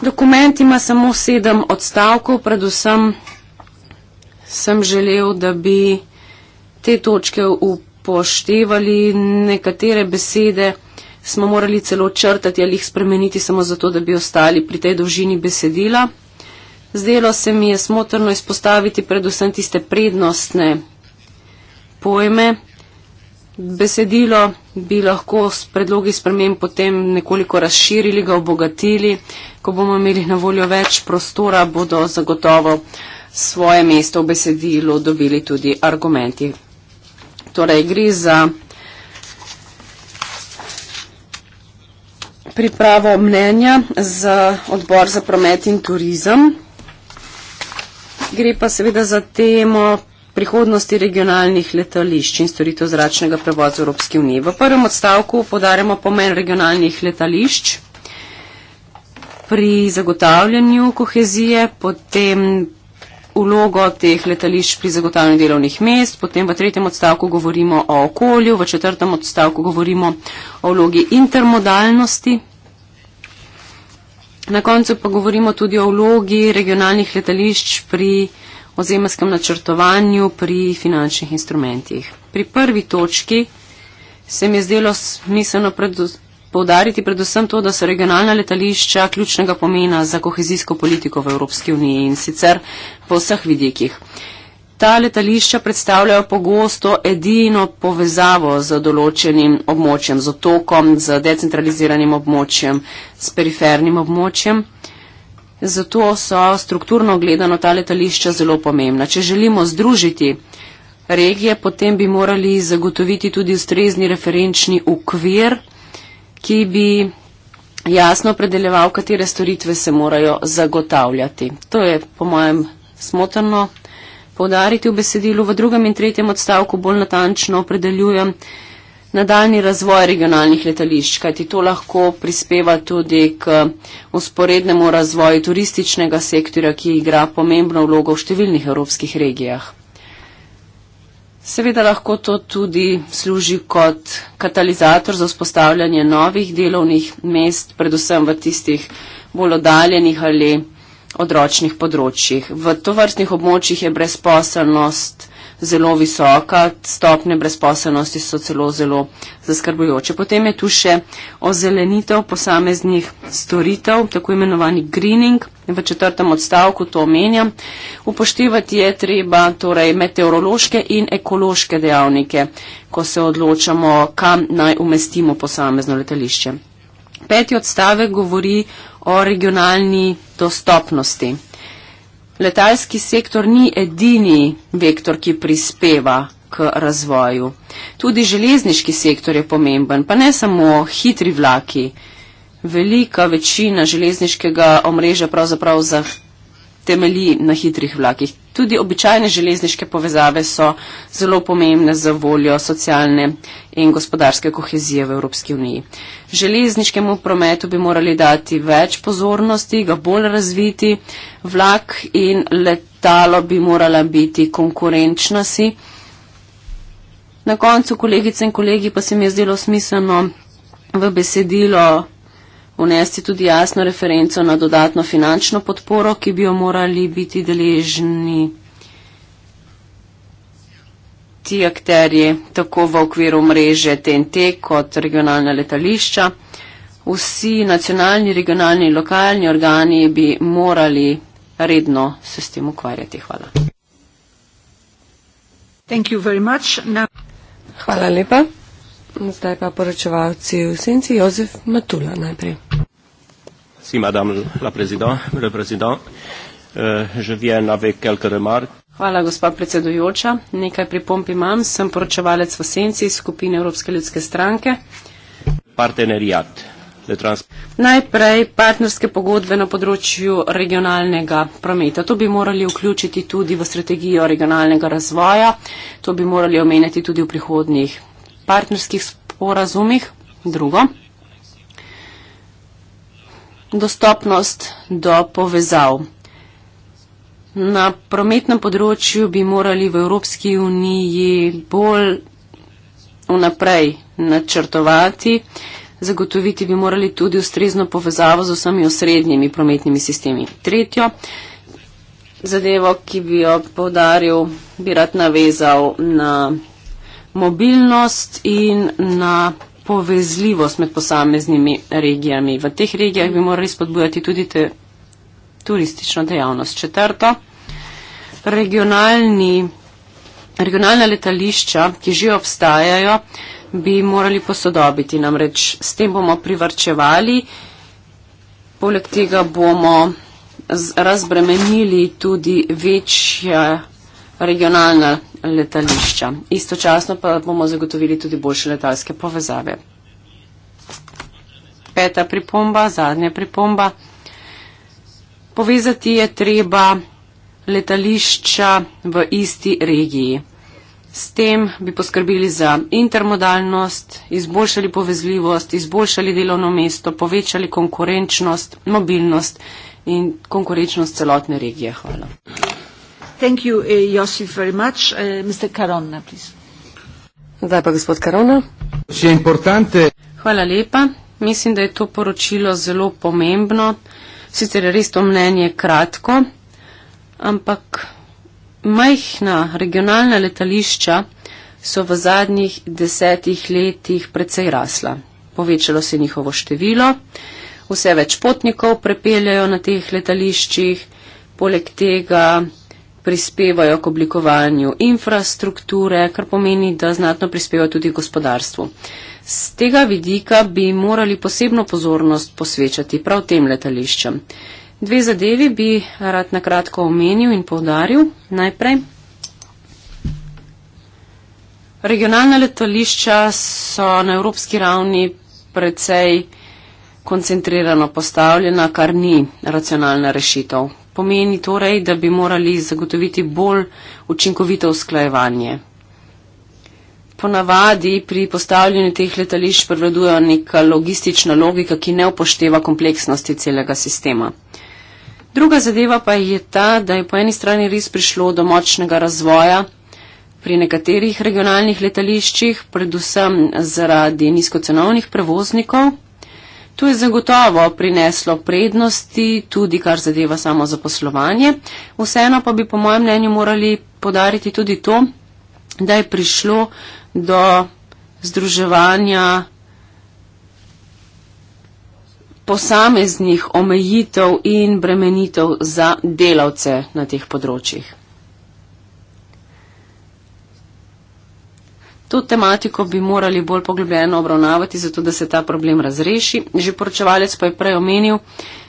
Dokument ima samo sedem odstavkov, predvsem sem želel, da bi te točke upoštevali. Nekatere besede smo morali celo črtati ali jih spremeniti samo zato, da bi ostali pri tej dolžini besedila. Zdelo se mi je smotrno izpostaviti predvsem tiste prednostne pojme. Besedilo bi lahko s predlogi spremem potem nekoliko razširili, ga obogatili. Ko bomo imeli na voljo več prostora, bodo zagotovo svoje mesto v besedilu dobili tudi argumenti. Torej, gre za pripravo mnenja za odbor za promet in turizem. Gre pa seveda za temo prihodnosti regionalnih letališč in storitev zračnega prevoza v Evropski uniji. V prvem odstavku podarjamo pomen regionalnih letališč pri zagotavljanju kohezije, potem ulogo teh letališč pri zagotavljanju delovnih mest, potem v tretjem odstavku govorimo o okolju, v četrtem odstavku govorimo o vlogi intermodalnosti. Na koncu pa govorimo tudi o vlogi regionalnih letališč pri uh, ozemljskem načrtovanju pri finančnih instrumentih. Pri prvi točki se mi je zdelo smiselno poudariti predvsem to, da so regionalna letališča ključnega pomena za kohezijsko politiko v Evropski uniji in sicer po vseh vidikih. Ta letališča predstavljajo pogosto edino povezavo z določenim območjem, z otokom, z decentraliziranim območjem, s perifernim območjem. Uh, Zato so strukturno gledano ta letališča zelo pomembna. Če želimo združiti regije, potem bi morali zagotoviti tudi ustrezni referenčni ukvir, ki bi jasno predeljeval, katere storitve se morajo zagotavljati. To je po mojem smotrno povdariti v besedilu. V drugem in tretjem odstavku bolj natančno predeljujem nadaljni razvoj regionalnih letališč, kajti to lahko prispeva tudi k usporednemu razvoju turističnega sektora, ki igra pomembno vlogo v številnih evropskih regijah. Seveda lahko to tudi služi kot katalizator za vzpostavljanje novih delovnih mest, predvsem v tistih bolj oddaljenih ali odročnih področjih. V tovrstnih območjih je brezposelnost zelo visoka, stopne brezposelnosti so celo zelo zaskrbujoče. Potem je tu še ozelenitev posameznih storitev, tako imenovani greening. V četrtem odstavku to omenjam. Upoštevati je treba torej, meteorološke in ekološke dejavnike, ko se odločamo, kam naj umestimo posamezno letališče. Peti odstavek govori o regionalni dostopnosti letalski sektor ni edini vektor, ki prispeva k razvoju. Tudi železniški sektor je pomemben, pa ne samo hitri vlaki. Velika večina železniškega omrežja pravzaprav temelji na hitrih vlakih. Tudi običajne železniške povezave so zelo pomembne za voljo socialne in gospodarske kohezije v Evropski uniji železniškemu prometu bi morali dati več pozornosti, ga bolj razviti, vlak in letalo bi morala biti konkurenčna si. Na koncu, kolegice in kolegi, pa se mi je zdelo smiselno v besedilo unesti tudi jasno referenco na dodatno finančno podporo, ki bi jo morali biti deležni ti akterji tako v okviru mreže TNT kot regionalna letališča. Vsi nacionalni, regionalni in lokalni organi bi morali redno se s tem ukvarjati. Hvala. Hvala lepa. Zdaj pa poročevalci v senci Jozef Matula najprej. Si, madame la président, le président, euh, je viens avec quelques remarques. Hvala, gospa predsedujoča. Nekaj pripomp imam. Sem poročevalec v senci skupine Evropske ljudske stranke. Partnerijat. Najprej partnerske pogodbe na področju regionalnega prometa. To bi morali vključiti tudi v strategijo regionalnega razvoja, to bi morali omeniti tudi v prihodnih partnerskih sporazumih. Drugo, dostopnost do povezav. Na prometnem področju bi morali v Evropski uniji bolj vnaprej načrtovati, zagotoviti bi morali tudi ustrezno povezavo z vsemi osrednjimi prometnimi sistemi. Tretjo zadevo, ki bi jo podaril, bi rad navezal na mobilnost in na povezljivost med posameznimi regijami. V teh regijah bi morali spodbujati tudi te turistično dejavnost. Četrto, regionalni, regionalna letališča, ki že obstajajo, bi morali posodobiti. Namreč s tem bomo privrčevali, poleg tega bomo razbremenili tudi večje regionalna letališča. Istočasno pa bomo zagotovili tudi boljše letalske povezave. Peta pripomba, zadnja pripomba. Povezati je treba letališča v isti regiji. S tem bi poskrbili za intermodalnost, izboljšali povezljivost, izboljšali delovno mesto, povečali konkurenčnost, mobilnost in konkurenčnost celotne regije. Hvala. Thank you, uh, eh, Josif, very much. Uh, eh, Mr. Karona, please. Zdaj pa gospod Karona. Hvala lepa. Mislim, da je to poročilo zelo pomembno sicer je res to mnenje kratko, ampak majhna regionalna letališča so v zadnjih desetih letih precej rasla. Povečalo se je njihovo število, vse več potnikov prepeljajo na teh letališčih, poleg tega prispevajo k oblikovanju infrastrukture, kar pomeni, da znatno prispevajo tudi gospodarstvu. Z tega vidika bi morali posebno pozornost posvečati prav tem letališčem. Dve zadevi bi rad nakratko omenil in povdaril. Najprej. Regionalna letališča so na evropski ravni precej koncentrirano postavljena, kar ni racionalna rešitev. Pomeni torej, da bi morali zagotoviti bolj učinkovito usklajevanje ponavadi pri postavljanju teh letališč prevladuje neka logistična logika, ki ne upošteva kompleksnosti celega sistema. Druga zadeva pa je ta, da je po eni strani res prišlo do močnega razvoja pri nekaterih regionalnih letališčih, predvsem zaradi nizkocenovnih prevoznikov. To je zagotovo prineslo prednosti, tudi kar zadeva samo zaposlovanje. Vseeno pa bi po mojem mnenju morali podariti tudi to, da je prišlo do združevanja posameznih omejitev in bremenitev za delavce na teh področjih. To tematiko bi morali bolj poglobljeno obravnavati, zato da se ta problem razreši. Že poročevalec pa je prej omenil,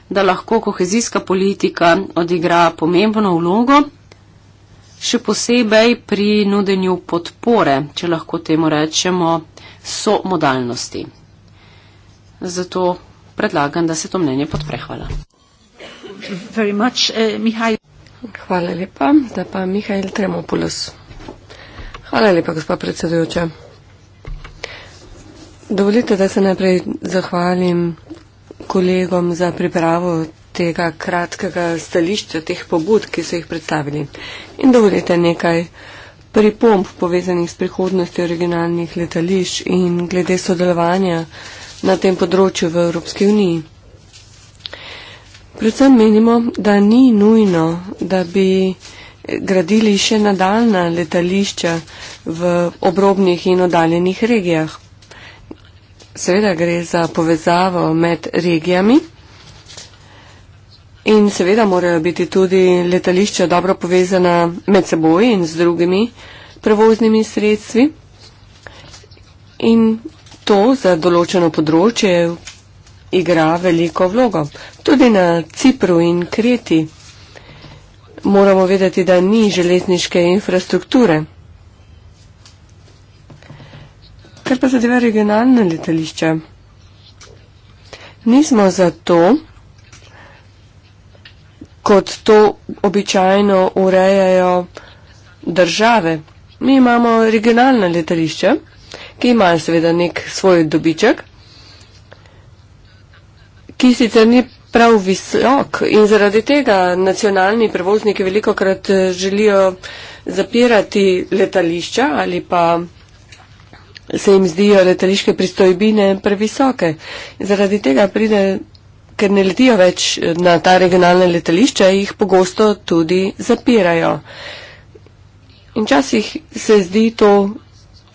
da lahko kohezijska politika odigra pomembno vlogo še posebej pri nudenju podpore, če lahko temu rečemo, so modalnosti. Zato predlagam, da se to mnenje podpre. Hvala. Much, uh, Hvala lepa. Da pa Mihajl Tremopoulos. Hvala lepa, gospod predsedujoča. Dovolite, da se najprej zahvalim kolegom za pripravo tega kratkega stališča, teh pobud, ki so jih predstavili. In dovolite nekaj pripomp povezanih s prihodnostjo regionalnih letališč in glede sodelovanja na tem področju v Evropski uniji. Predvsem menimo, da ni nujno, da bi gradili še nadaljna letališča v obrobnih in oddaljenih regijah. Seveda gre za povezavo med regijami. In seveda morajo biti tudi letališča dobro povezana med seboj in z drugimi prevoznimi sredstvi. In to za določeno področje igra veliko vlogo. Tudi na Cipru in Kreti moramo vedeti, da ni železniške infrastrukture. Kar pa zadeva regionalne letališče? Nismo za to kot to običajno urejajo države. Mi imamo regionalna letališča, ki imajo seveda nek svoj dobiček, ki sicer ni prav visok in zaradi tega nacionalni prevozniki veliko krat eh, želijo zapirati letališča ali pa se jim zdijo letališke pristojbine previsoke. Zaradi tega pride ker ne letijo več eh, na ta regionalna letališča, jih pogosto tudi zapirajo. In časih se zdi to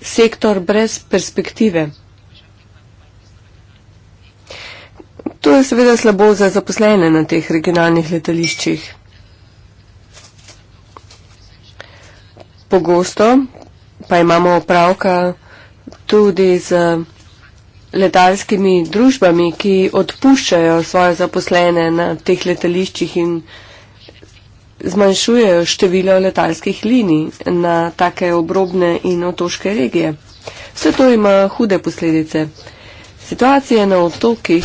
sektor brez perspektive. To je seveda slabo za zaposlene na teh regionalnih letališčih. Pogosto pa imamo opravka tudi z letalskimi družbami, ki odpuščajo svoje zaposlene na teh letališčih in zmanjšujejo število letalskih linij na take obrobne in otoške regije. Vse to ima hude posledice. Situacije na otokih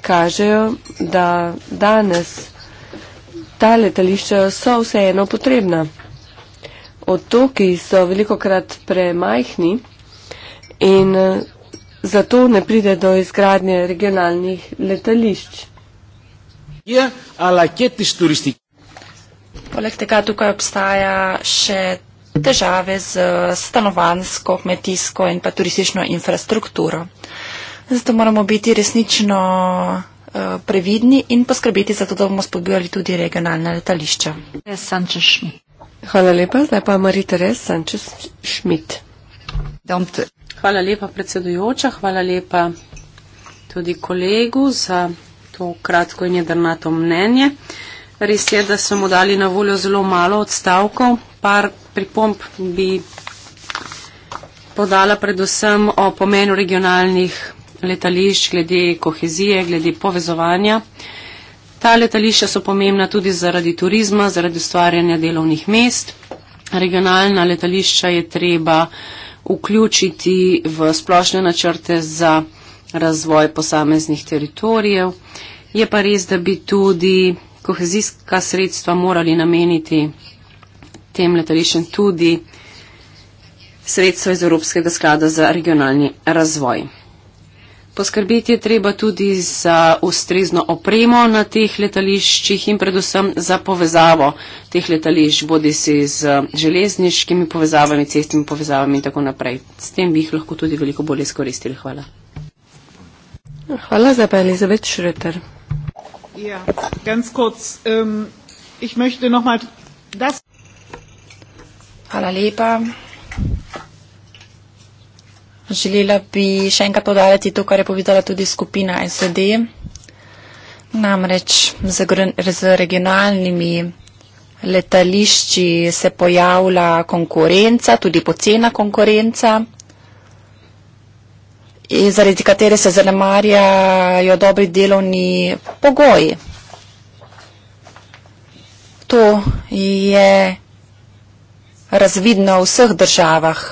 kažejo, da danes ta letališča so vseeno potrebna. Otoki so veliko krat premajhni in zato ne pride do izgradnje regionalnih letališč. Ja, Poleg tega tukaj obstaja še težave z stanovansko, kmetijsko in pa turistično infrastrukturo. Zato moramo biti resnično eh, previdni in poskrbeti za to, da bomo spodbujali tudi regionalne letališča. Hvala lepa, zdaj pa Marita Res, Sančeš Šmit. Hvala lepa predsedujoča, hvala lepa tudi kolegu za to kratko in jedrnato mnenje. Res je, da smo dali na voljo zelo malo odstavkov. Par pripomp bi podala predvsem o pomenu regionalnih letališč glede kohezije, glede povezovanja. Ta letališča so pomembna tudi zaradi turizma, zaradi ustvarjanja delovnih mest. Regionalna letališča je treba uh, vključiti v splošne načrte za razvoj posameznih teritorijev. Je pa res, da bi tudi kohezijska sredstva morali nameniti tem letališčem tudi sredstva iz Evropskega sklada za regionalni razvoj. Poskrbeti je treba tudi za ustrezno opremo na teh letališčih in predvsem za povezavo teh letališč, bodi si z železniškimi povezavami, cestnimi povezavami in tako naprej. S tem bi jih lahko tudi veliko bolje izkoristili. Hvala. Hvala za pa Elizabeth Schröter. Ja, ganz kurz. Um, ich möchte noch mal das... Hvala lepa. Želela bi še enkrat povdarjati to, kar je povedala tudi skupina SD. Namreč z regionalnimi letališči se pojavlja konkurenca, tudi pocena konkurenca, zaradi katere se zanemarjajo dobri delovni pogoji. To je razvidno v vseh državah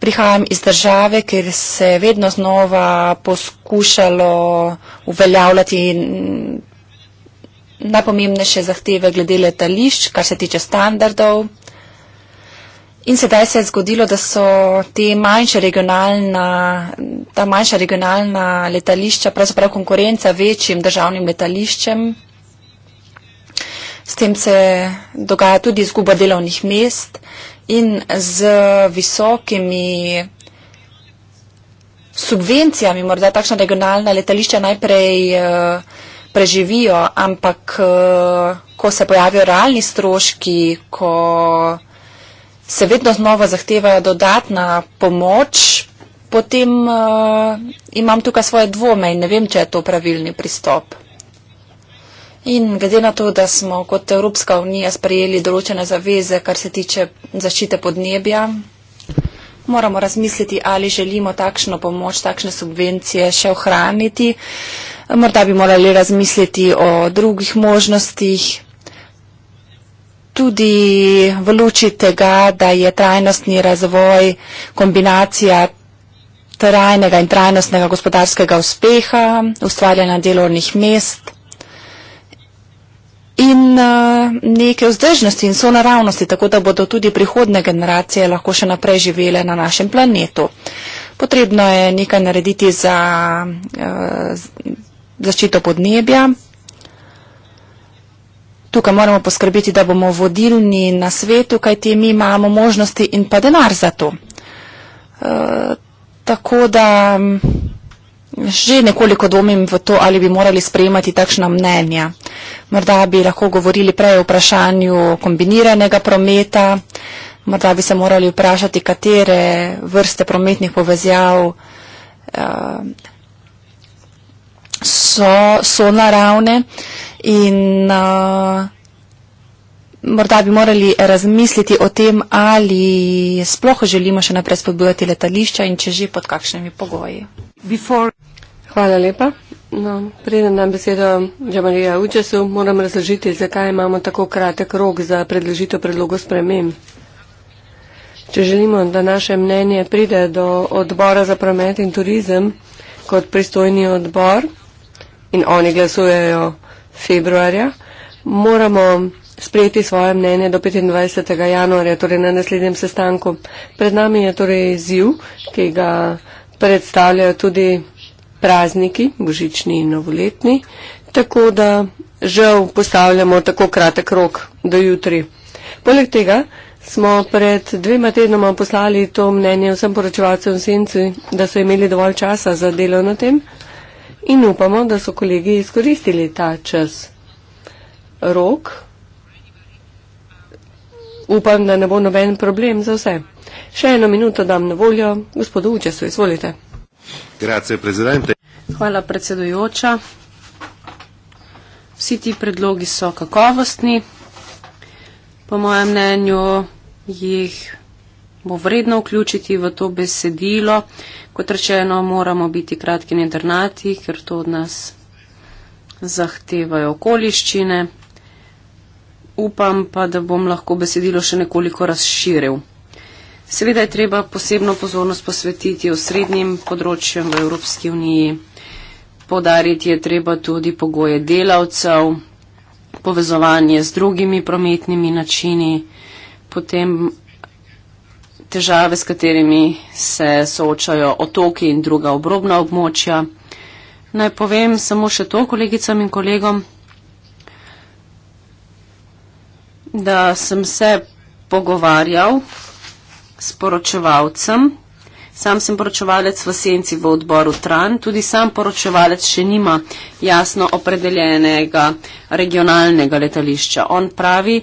prihajam iz države, kjer se je vedno znova poskušalo uveljavljati najpomembnejše zahteve glede letališč, kar se tiče standardov. In sedaj se je zgodilo, da so manjša ta manjša regionalna letališča pravzaprav konkurenca večjim državnim letališčem. S tem se dogaja tudi izguba delovnih mest in z visokimi subvencijami morda takšna regionalna letališča najprej eh, preživijo, ampak eh, ko se pojavijo realni stroški, ko se vedno znova zahtevajo dodatna pomoč, potem eh, imam tukaj svoje dvome in ne vem, če je to pravilni pristop. In glede na to, da smo kot Evropska unija sprejeli določene zaveze, kar se tiče zaščite podnebja, moramo razmisliti, ali želimo takšno pomoč, takšne subvencije še ohraniti. Morda bi morali razmisliti o drugih možnostih. Tudi v luči tega, da je trajnostni razvoj kombinacija trajnega in trajnostnega gospodarskega uspeha, ustvarjanja delovnih mest, in eh, neke vzdržnosti in sonaravnosti, tako da bodo tudi prihodne generacije lahko še naprej živele na našem planetu. Potrebno je nekaj narediti za eh, zaščito podnebja. Tukaj moramo poskrbiti, da bomo vodilni na svetu, kajti mi imamo možnosti in pa denar za to. Eh, tako da že nekoliko dvomim v to, ali bi morali sprejemati takšna mnenja. Morda bi lahko govorili prej o vprašanju kombiniranega prometa, morda bi se morali vprašati, katere vrste prometnih povezjav uh, eh, so, so naravne in uh, morda bi morali razmisliti o tem, ali sploh želimo še naprej spodbujati letališča in če že pod kakšnimi pogoji. Before Hvala lepa. No, preden nam besedo Džamarija Učesu, moram razložiti, zakaj imamo tako kratek rok za predložitev predlogo spremem. Če želimo, da naše mnenje pride do odbora za promet in turizem kot pristojni odbor in oni glasujejo februarja, moramo sprejeti svoje mnenje do 25. januarja, torej na naslednjem sestanku. Pred nami je torej ziv, ki ga predstavljajo tudi prazniki, božični in novoletni, tako da žal postavljamo tako kratek rok do jutri. Poleg tega smo pred dvema tednoma poslali to mnenje vsem poročevalcem v senci, da so imeli dovolj časa za delo na tem in upamo, da so kolegi izkoristili ta čas. Rok. Upam, da ne bo noben problem za vse. Še eno minuto dam na voljo, gospodu Učesu, izvolite. Hvala predsedujoča. Vsi ti predlogi so kakovostni. Po mojem mnenju jih bo vredno vključiti v to besedilo. Kot rečeno, moramo biti kratki in internati, ker to od nas zahtevajo okoliščine. Upam pa, da bom lahko besedilo še nekoliko razširil. Seveda je treba posebno pozornost posvetiti osrednjim področjem v Evropski uniji. Podariti je treba tudi pogoje delavcev, povezovanje z drugimi prometnimi načini, potem težave, s katerimi se soočajo otoki in druga obrobna območja. Naj povem samo še to kolegicam in kolegom, da sem se pogovarjal sporočevalcem. Sam sem poročevalec v senci v odboru Tran, tudi sam poročevalec še nima jasno opredeljenega regionalnega letališča. On pravi,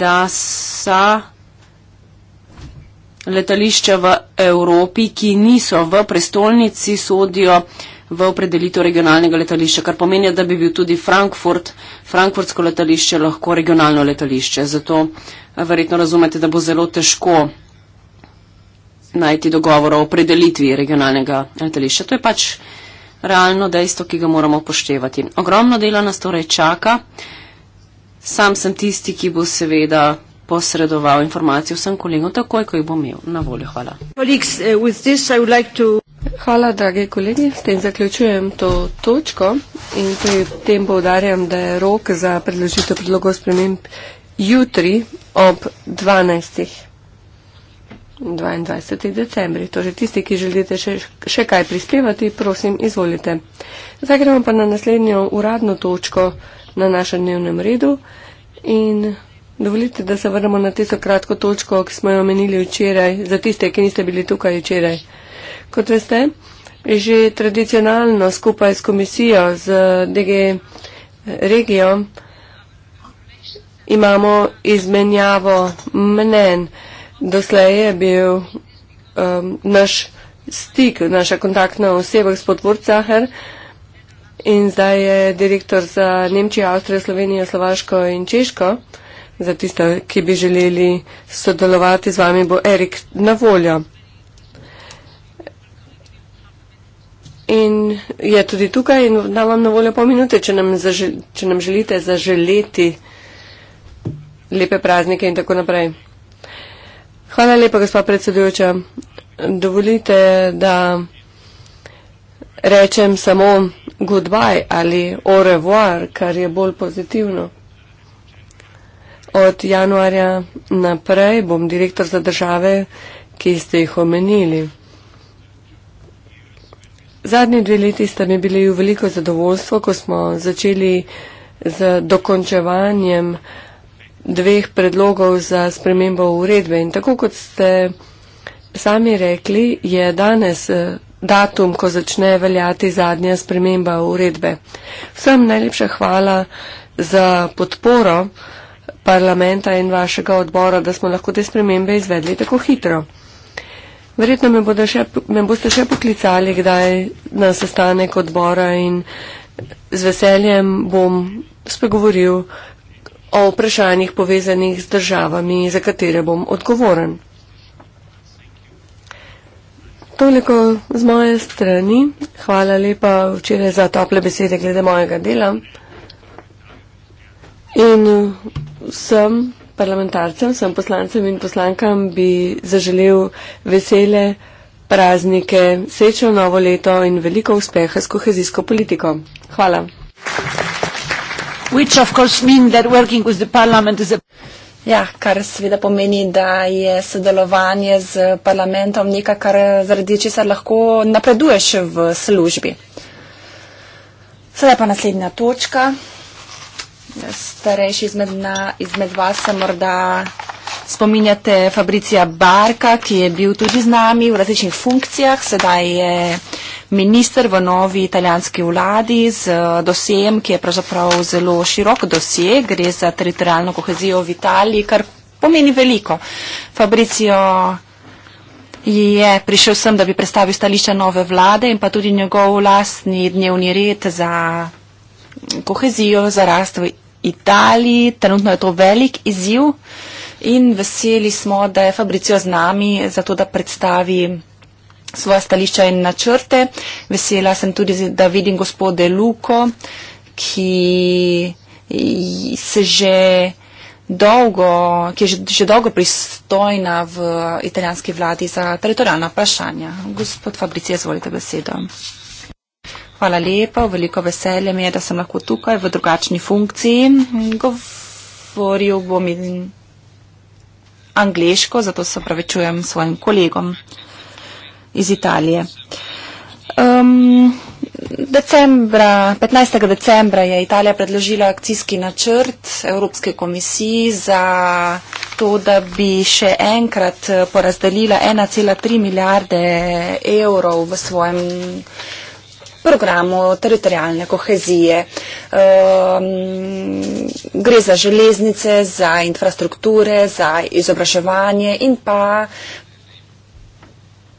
da so letališča v Evropi, ki niso v prestolnici, sodijo v opredelitev regionalnega letališča, kar pomeni, da bi bil tudi Frankfurt, frankfurtsko letališče lahko regionalno letališče. Zato verjetno razumete, da bo zelo težko najti dogovor o opredelitvi regionalnega letališča. To je pač realno dejstvo, ki ga moramo poštevati. Ogromno dela nas torej čaka. Sam sem tisti, ki bo seveda posredoval informacije vsem kolegom, takoj, ko jih bom imel na voljo. Hvala. Uh, Hvala, dragi kolegi. S tem zaključujem to točko in pri tem povdarjam, da je rok za predložitev predlogov sprememb jutri ob 12. 22. decembri. Torej, tisti, ki želite še, še kaj prispevati, prosim, izvolite. Zdaj gremo pa na naslednjo uradno točko na našem dnevnem redu in dovolite, da se vrnemo na tisto kratko točko, ki smo jo omenili včeraj, za tiste, ki niste bili tukaj včeraj. Kot veste, že tradicionalno skupaj s komisijo, z DG regijo, imamo izmenjavo mnen. Doslej je bil um, naš stik, naša kontaktna oseba gospod Burcaher in zdaj je direktor za Nemčijo, Avstrijo, Slovenijo, Slovaško in Češko. Za tiste, ki bi želeli sodelovati z vami, bo Erik na voljo. In je tudi tukaj in da vam na voljo pol minute, če nam, zaže, če nam želite zaželeti lepe praznike in tako naprej. Hvala lepa, gospod predsedujoča. Dovolite, da rečem samo goodbye ali au revoir, kar je bolj pozitivno. Od januarja naprej bom direktor za države, ki ste jih omenili. Zadnji dve leti sta mi bili v veliko zadovoljstvo, ko smo začeli z dokončevanjem dveh predlogov za spremembo uredbe. In tako kot ste sami rekli, je danes eh, datum, ko začne veljati zadnja sprememba uredbe. Vsem najlepša hvala za podporo parlamenta in vašega odbora, da smo lahko te spremembe izvedli tako hitro. Verjetno me, še, me boste še poklicali kdaj na sestanek odbora in z veseljem bom spregovoril o vprašanjih povezanih z državami, za katere bom odgovoren. Toliko z moje strani. Hvala lepa včeraj za tople besede glede mojega dela. In vsem parlamentarcem, vsem poslancem in poslankam bi zaželil vesele praznike, srečno novo leto in veliko uspeha s kohezijsko politiko. Hvala. Thank you which of course mean that working with the parliament is a Ja, kar seveda pomeni, da je sodelovanje z parlamentom nekaj, kar zaradi česar lahko napreduješ v službi. Sedaj pa naslednja točka. Starejši izmed, na, izmed vas se morda spominjate Fabricija Barka, ki je bil tudi z nami v različnih funkcijah, sedaj je minister v novi italijanski vladi z eh, dosjem, ki je pravzaprav zelo širok dosje, gre za teritorijalno kohezijo v Italiji, kar pomeni veliko. Fabricijo je prišel sem, da bi predstavil stališča nove vlade in pa tudi njegov lastni dnevni red za kohezijo, za rast v Italiji. Trenutno je to velik izziv in veseli smo, da je Fabricio z nami, zato da predstavi svoje stališča in načrte. Vesela sem tudi, da vidim gospode Luko, ki se že dolgo, ki je že, že dolgo pristojna v italijanski vladi za teritorijalna vprašanja. Gospod Fabricio, izvolite besedo. Hvala lepa, veliko veselje mi je, da sem lahko tukaj v drugačni funkciji. Govoril bom in angliško, zato se pravičujem svojim kolegom iz Italije. Um, decembra, 15. decembra je Italija predložila akcijski načrt Evropske komisiji za to, da bi še enkrat porazdelila 1,3 milijarde evrov v svojem uh, programu teritorijalne kohezije. Ehm, gre za železnice, za infrastrukture, za izobraževanje in pa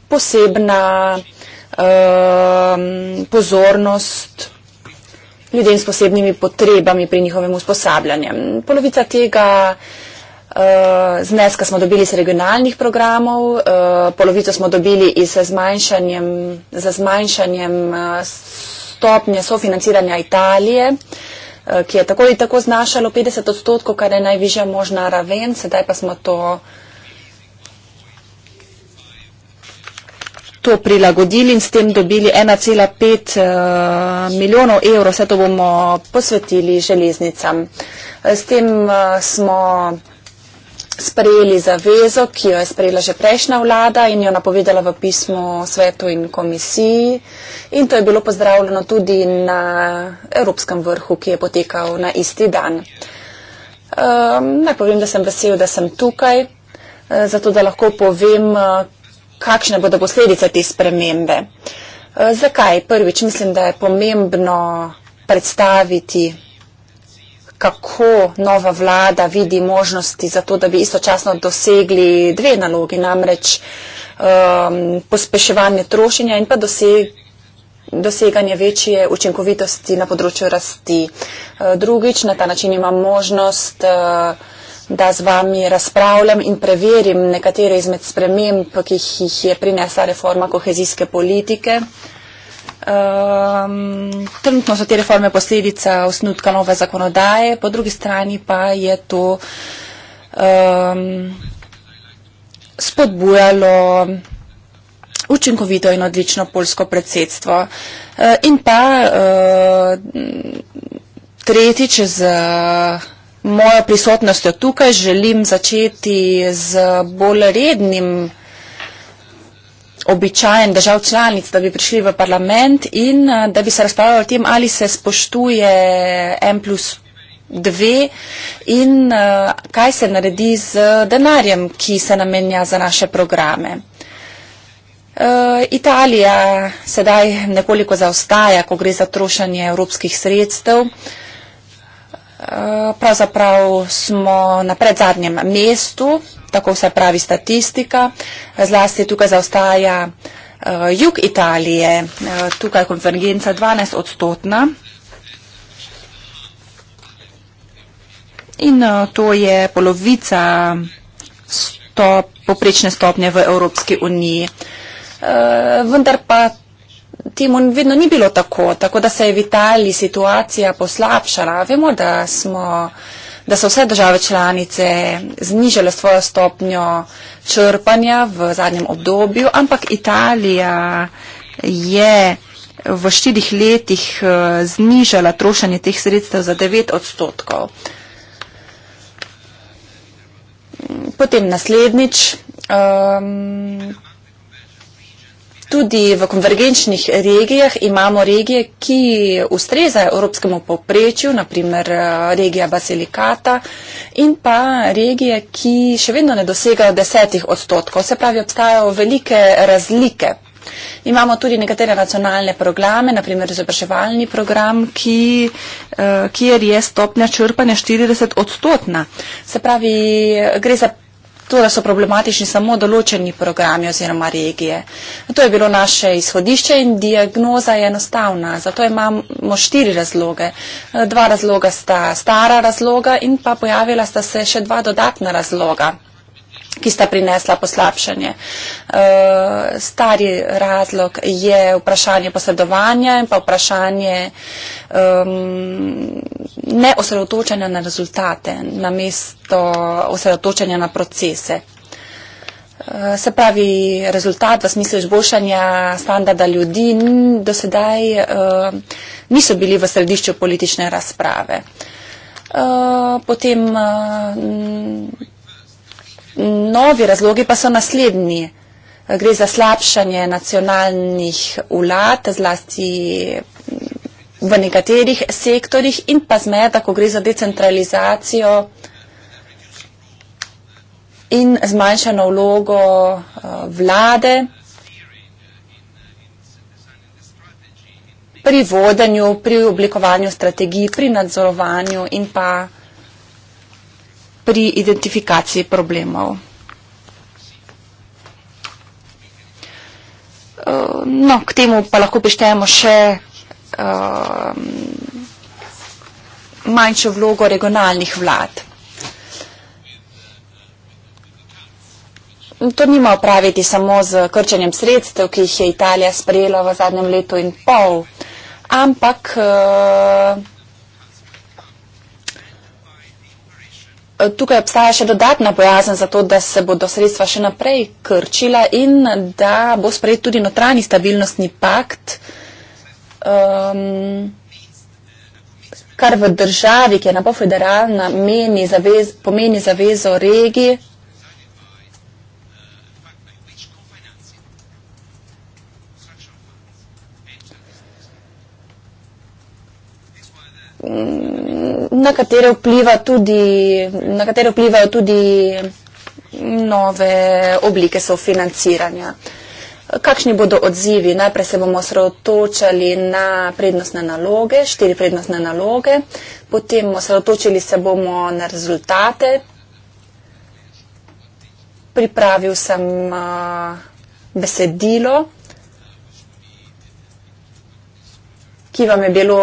posebna ehm, pozornost ljudem s posebnimi potrebami pri njihovem usposabljanju. Polovica tega Eh, zneska smo dobili iz regionalnih programov, eh, polovico smo dobili iz eh, zmanjšanjem, za zmanjšanjem stopnje sofinanciranja Italije, ki je tako in tako znašalo 50 odstotkov, kar je najvižja možna raven, sedaj pa smo to, to prilagodili in s tem dobili 1,5 milijonov evrov, vse to bomo posvetili železnicam. S tem smo sprejeli zavezo, ki jo je sprejela že prejšnja vlada in jo napovedala v pismu svetu in komisiji. In to je bilo pozdravljeno tudi na Evropskem vrhu, ki je potekal na isti dan. Um, naj povem, da sem vesel, da sem tukaj, eh, zato da lahko povem, eh, kakšne bodo posledice te spremembe. Eh, zakaj? Prvič, mislim, da je pomembno predstaviti kako nova vlada vidi možnosti za to, da bi istočasno dosegli dve nalogi, namreč um, pospeševanje trošenja in pa doseg doseganje večje učinkovitosti na področju rasti. Uh, drugič, na ta način imam možnost, uh, da z vami razpravljam in preverim nekatere izmed sprememb, ki jih je prinesla reforma kohezijske politike. Um, trenutno so te reforme posledica osnutka nove zakonodaje, po drugi strani pa je to um, spodbujalo učinkovito in odlično polsko predsedstvo. Uh, in pa uh, tretjič z mojo prisotnostjo tukaj želim začeti z bolj rednim običajen držav članic, da bi prišli v parlament in eh, da bi se razpravljali o tem, ali se spoštuje M plus dve in eh, kaj se naredi z denarjem, ki se namenja za naše programe. Eh, Italija sedaj nekoliko zaostaja, ko gre za trošanje evropskih sredstev. Eh, pravzaprav smo na predzadnjem mestu, tako vse pravi statistika. Zlasti tukaj zaostaja eh, jug Italije, eh, tukaj konvergenca 12 odstotna. In to je polovica stop, poprečne stopnje v Evropski uniji. Vendar pa temu vedno ni bilo tako, tako da se je v Italiji situacija poslabšala. Vemo, da, smo, da so vse države članice znižale svojo stopnjo črpanja v zadnjem obdobju, ampak Italija je v štirih letih eh, znižala trošanje teh sredstev za 9 odstotkov. Potem naslednjič. Um, Tudi v konvergenčnih regijah imamo regije, ki ustrezajo evropskemu poprečju, naprimer eh, regija Basilikata in pa regije, ki še vedno ne dosegajo desetih odstotkov. Se pravi, obstajajo velike razlike. Imamo tudi nekatere nacionalne programe, naprimer izobraževalni program, ki, eh, kjer je stopnja črpanja 40 odstotna. Se pravi, gre za to, da so problematični samo določeni programi oziroma regije. To je bilo naše izhodišče in diagnoza je enostavna. Zato imamo štiri razloge. Dva razloga sta stara razloga in pa pojavila sta se še dva dodatna razloga ki sta prinesla poslabšanje. Eh, stari razlog je vprašanje posledovanja in pa vprašanje um, neosredotočanja na rezultate, namesto osredotočanja na procese. Eh, se pravi, rezultat v smislu izboljšanja standarda ljudi do sedaj uh, niso bili v središču politične razprave. Uh, potem uh, Novi razlogi pa so naslednji. Gre za slabšanje nacionalnih vlad, zlasti mm, v nekaterih sektorjih in pa zmeda, ko gre za decentralizacijo in zmanjšano vlogo eh, vlade pri vodenju, pri oblikovanju strategij, pri nadzorovanju in pa pri identifikaciji problemov. Eh, no, k temu pa lahko prištejemo še um, manjšo vlogo regionalnih vlad. To nima opraviti samo z krčanjem sredstev, ki jih je Italija sprejela v zadnjem letu in pol, ampak uh, tukaj obstaja še dodatna pojasnjen za to, da se bodo sredstva še naprej krčila in da bo sprejet tudi notranji stabilnostni pakt, um, kar v državi, ki je napo federalna, meni zavez, pomeni zavezo regiji. na katere vpliva tudi, na katere vplivajo tudi nove oblike sofinanciranja. Kakšni bodo odzivi? Najprej se bomo osredotočali na prednostne naloge, štiri prednostne naloge, potem osredotočili se bomo na rezultate. Pripravil sem besedilo, ki vam je bilo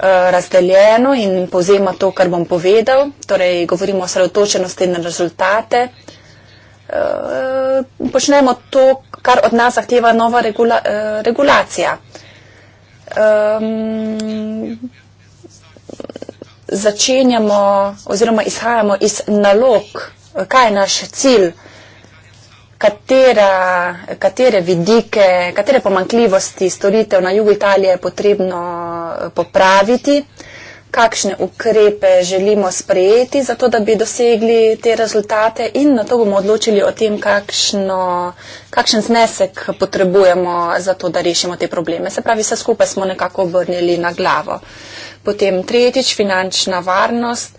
Eh, razdeljeno in povzema to, kar bom povedal. Torej, govorimo o sredotočenosti na rezultate. Eh, počnemo to, kar od nas zahteva nova regula eh, regulacija. Um, začenjamo oziroma izhajamo iz nalog, kaj je naš cilj katera, katere vidike, katere pomankljivosti storitev na jugu Italije je potrebno eh, popraviti, kakšne ukrepe želimo sprejeti, zato da bi dosegli te rezultate in na to bomo odločili o tem, kakšno, kakšen znesek potrebujemo za to, da rešimo te probleme. Se pravi, vse skupaj smo nekako obrnili na glavo. Potem tretjič, finančna varnost.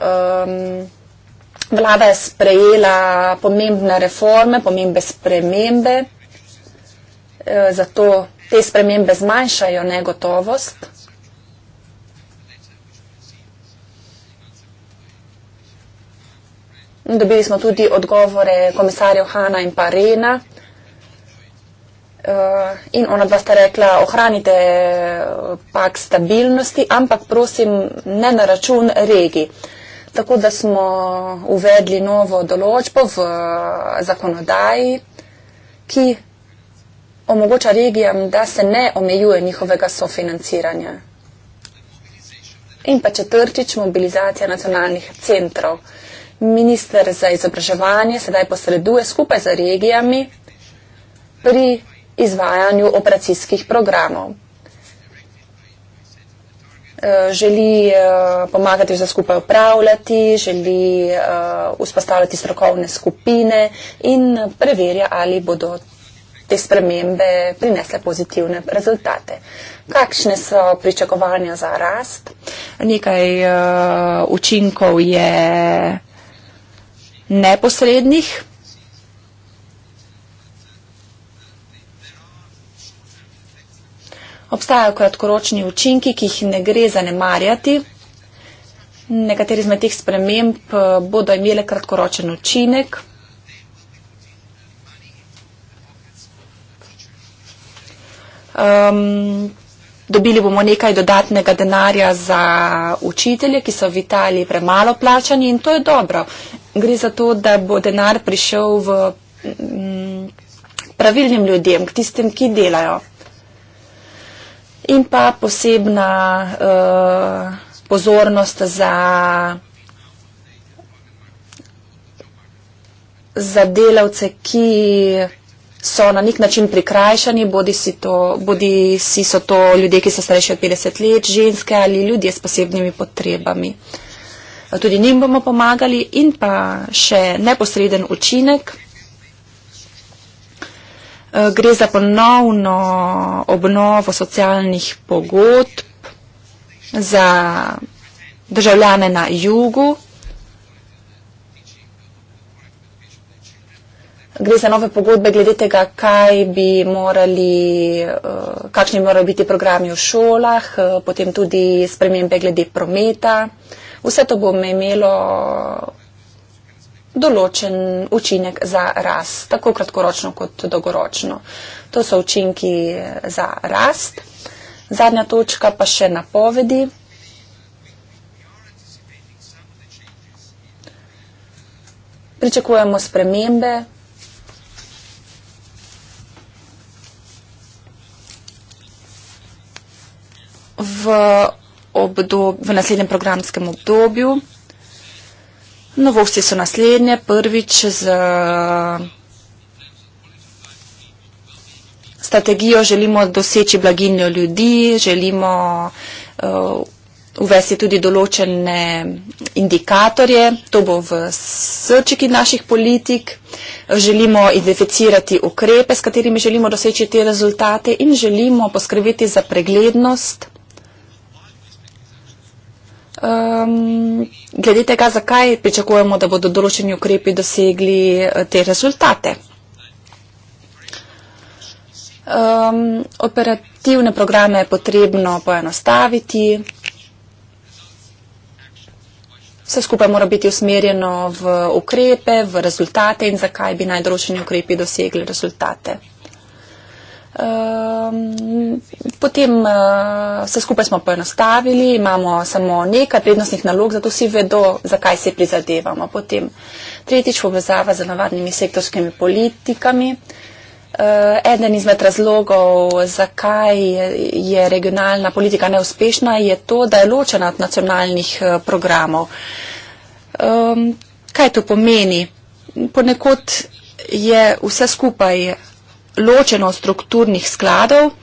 Um, Vlada je sprejela pomembne reforme, pomembe spremembe, eh, zato te spremembe zmanjšajo negotovost. Dobili smo tudi odgovore komisarjev Hanna in pa Rena eh, in ona dva sta rekla, ohranite eh, pak stabilnosti, ampak prosim ne na račun regij. Tako da smo uvedli novo določbo v eh, zakonodaji, ki omogoča regijam, da se ne omejuje njihovega sofinanciranja. In pa četrtič, mobilizacija nacionalnih centrov. Minister za izobraževanje sedaj posreduje skupaj z regijami pri izvajanju operacijskih programov. Eh, želi eh, pomagati vse skupaj upravljati, želi eh, vzpostavljati strokovne skupine in preverja, ali bodo te spremembe prinesle pozitivne rezultate. Kakšne so pričakovanja za rast? Nekaj učinkov je neposrednih, Obstajajo kratkoročni učinki, ki jih ne gre zanemarjati. Nekateri izmed teh sprememb eh, bodo imele kratkoročen učinek. Um, dobili bomo nekaj dodatnega denarja za učitelje, ki so v Italiji premalo plačani in to je dobro. Gre za to, da bo denar prišel v mm, pravilnim ljudem, k tistim, ki delajo in pa posebna uh, pozornost za za delavce, ki so na nek način prikrajšani, bodi si, to, bodi si so to ljudje, ki so starejši od 50 let, ženske ali ljudje s posebnimi potrebami. Tudi njim bomo pomagali in pa še neposreden učinek. Eh, gre za ponovno obnovo socialnih pogodb za državljane na jugu, gre za nove pogodbe glede tega, kaj bi morali, eh, kakšni morajo biti programi v šolah, eh, potem tudi spremembe glede prometa. Vse to bo imelo določen učinek za rast, tako kratkoročno kot dolgoročno. To so učinki eh, za rast. Zadnja točka pa še napovedi. Pričakujemo spremembe. V, obdob, v naslednjem programskem obdobju. Novosti so naslednje. Prvič z eh, strategijo želimo doseči blaginjo ljudi, želimo eh, uvesti tudi določene indikatorje, to bo v srčiki naših politik, želimo identificirati ukrepe, s katerimi želimo doseči te rezultate in želimo poskrbeti za preglednost politik, um, glede tega, zakaj pričakujemo, da bodo določeni ukrepi dosegli eh, te rezultate. Um, operativne programe je potrebno poenostaviti. Vse skupaj mora biti usmerjeno v ukrepe, v rezultate in zakaj bi najdrošeni ukrepi dosegli rezultate. Ehm, potem uh, eh, se skupaj smo poenostavili, imamo samo nekaj prednostnih nalog, zato vsi vedo, zakaj se prizadevamo. Potem tretjič povezava z navadnimi sektorskimi politikami. Uh, eden izmed razlogov, zakaj je regionalna politika neuspešna, je to, da je ločena od nacionalnih uh, programov. Um, kaj to pomeni? Ponekod je vse skupaj ločeno strukturnih skladov.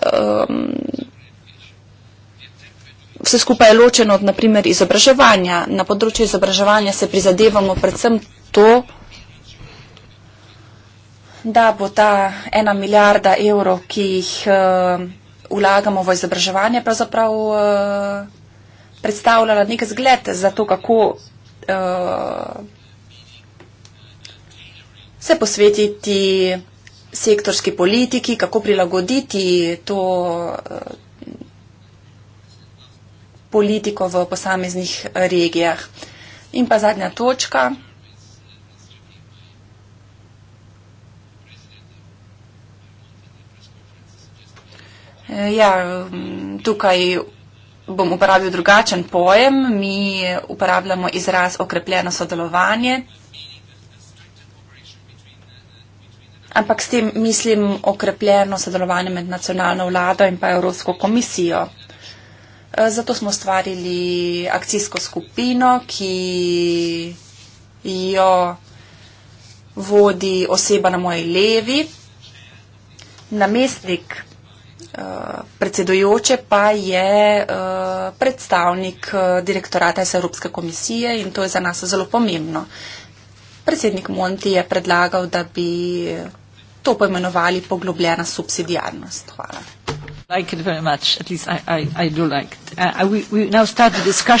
Um, vse skupaj je ločeno od naprimer izobraževanja. Na področju izobraževanja se prizadevamo predvsem to, da bo ta ena milijarda evrov, ki jih uh, ehm, ulagamo v izobraževanje, pravzaprav uh, predstavljala nek zgled za to, kako uh, se posvetiti sektorski politiki, kako prilagoditi to eh, politiko v posameznih regijah. In pa zadnja točka. Eh, ja, mm, tukaj bom uporabil drugačen pojem. Mi uporabljamo izraz okrepljeno sodelovanje. Ampak s tem mislim okrepljeno sodelovanje med nacionalno vlado in pa Evropsko komisijo. E, zato smo ustvarili akcijsko skupino, ki jo vodi oseba na moji levi, namestnik e, predsedujoče pa je e, predstavnik direktorata iz Evropske komisije in to je za nas zelo pomembno. Predsednik Monti je predlagal, da bi to poimenovali poglobljena subsidijarnost. Hvala. Uh,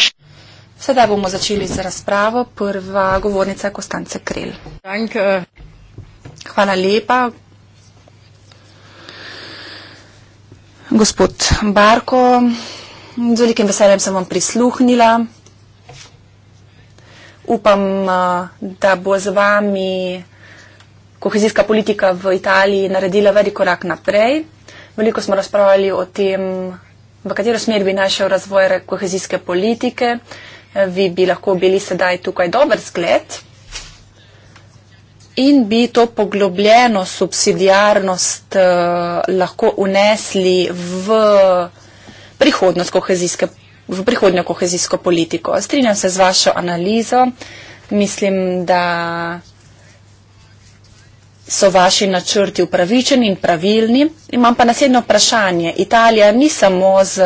Sedaj bomo začeli z razpravo. Prva govornica je Kostance Krel. Hvala lepa. Gospod Barko, z velikim veseljem sem vam prisluhnila. Upam, uh, da bo z vami kohezijska politika v Italiji naredila velik korak naprej. Veliko smo razpravljali o tem, v katero smer bi našel razvoj kohezijske politike. Vi bi lahko bili sedaj tukaj dober zgled in bi to poglobljeno subsidijarnost eh, lahko unesli v prihodnost kohezijske politike v prihodnjo kohezijsko politiko. Strinjam se z vašo analizo. Mislim, da so vaši načrti upravičeni in pravilni? Imam pa naslednjo vprašanje. Italija ni samo z,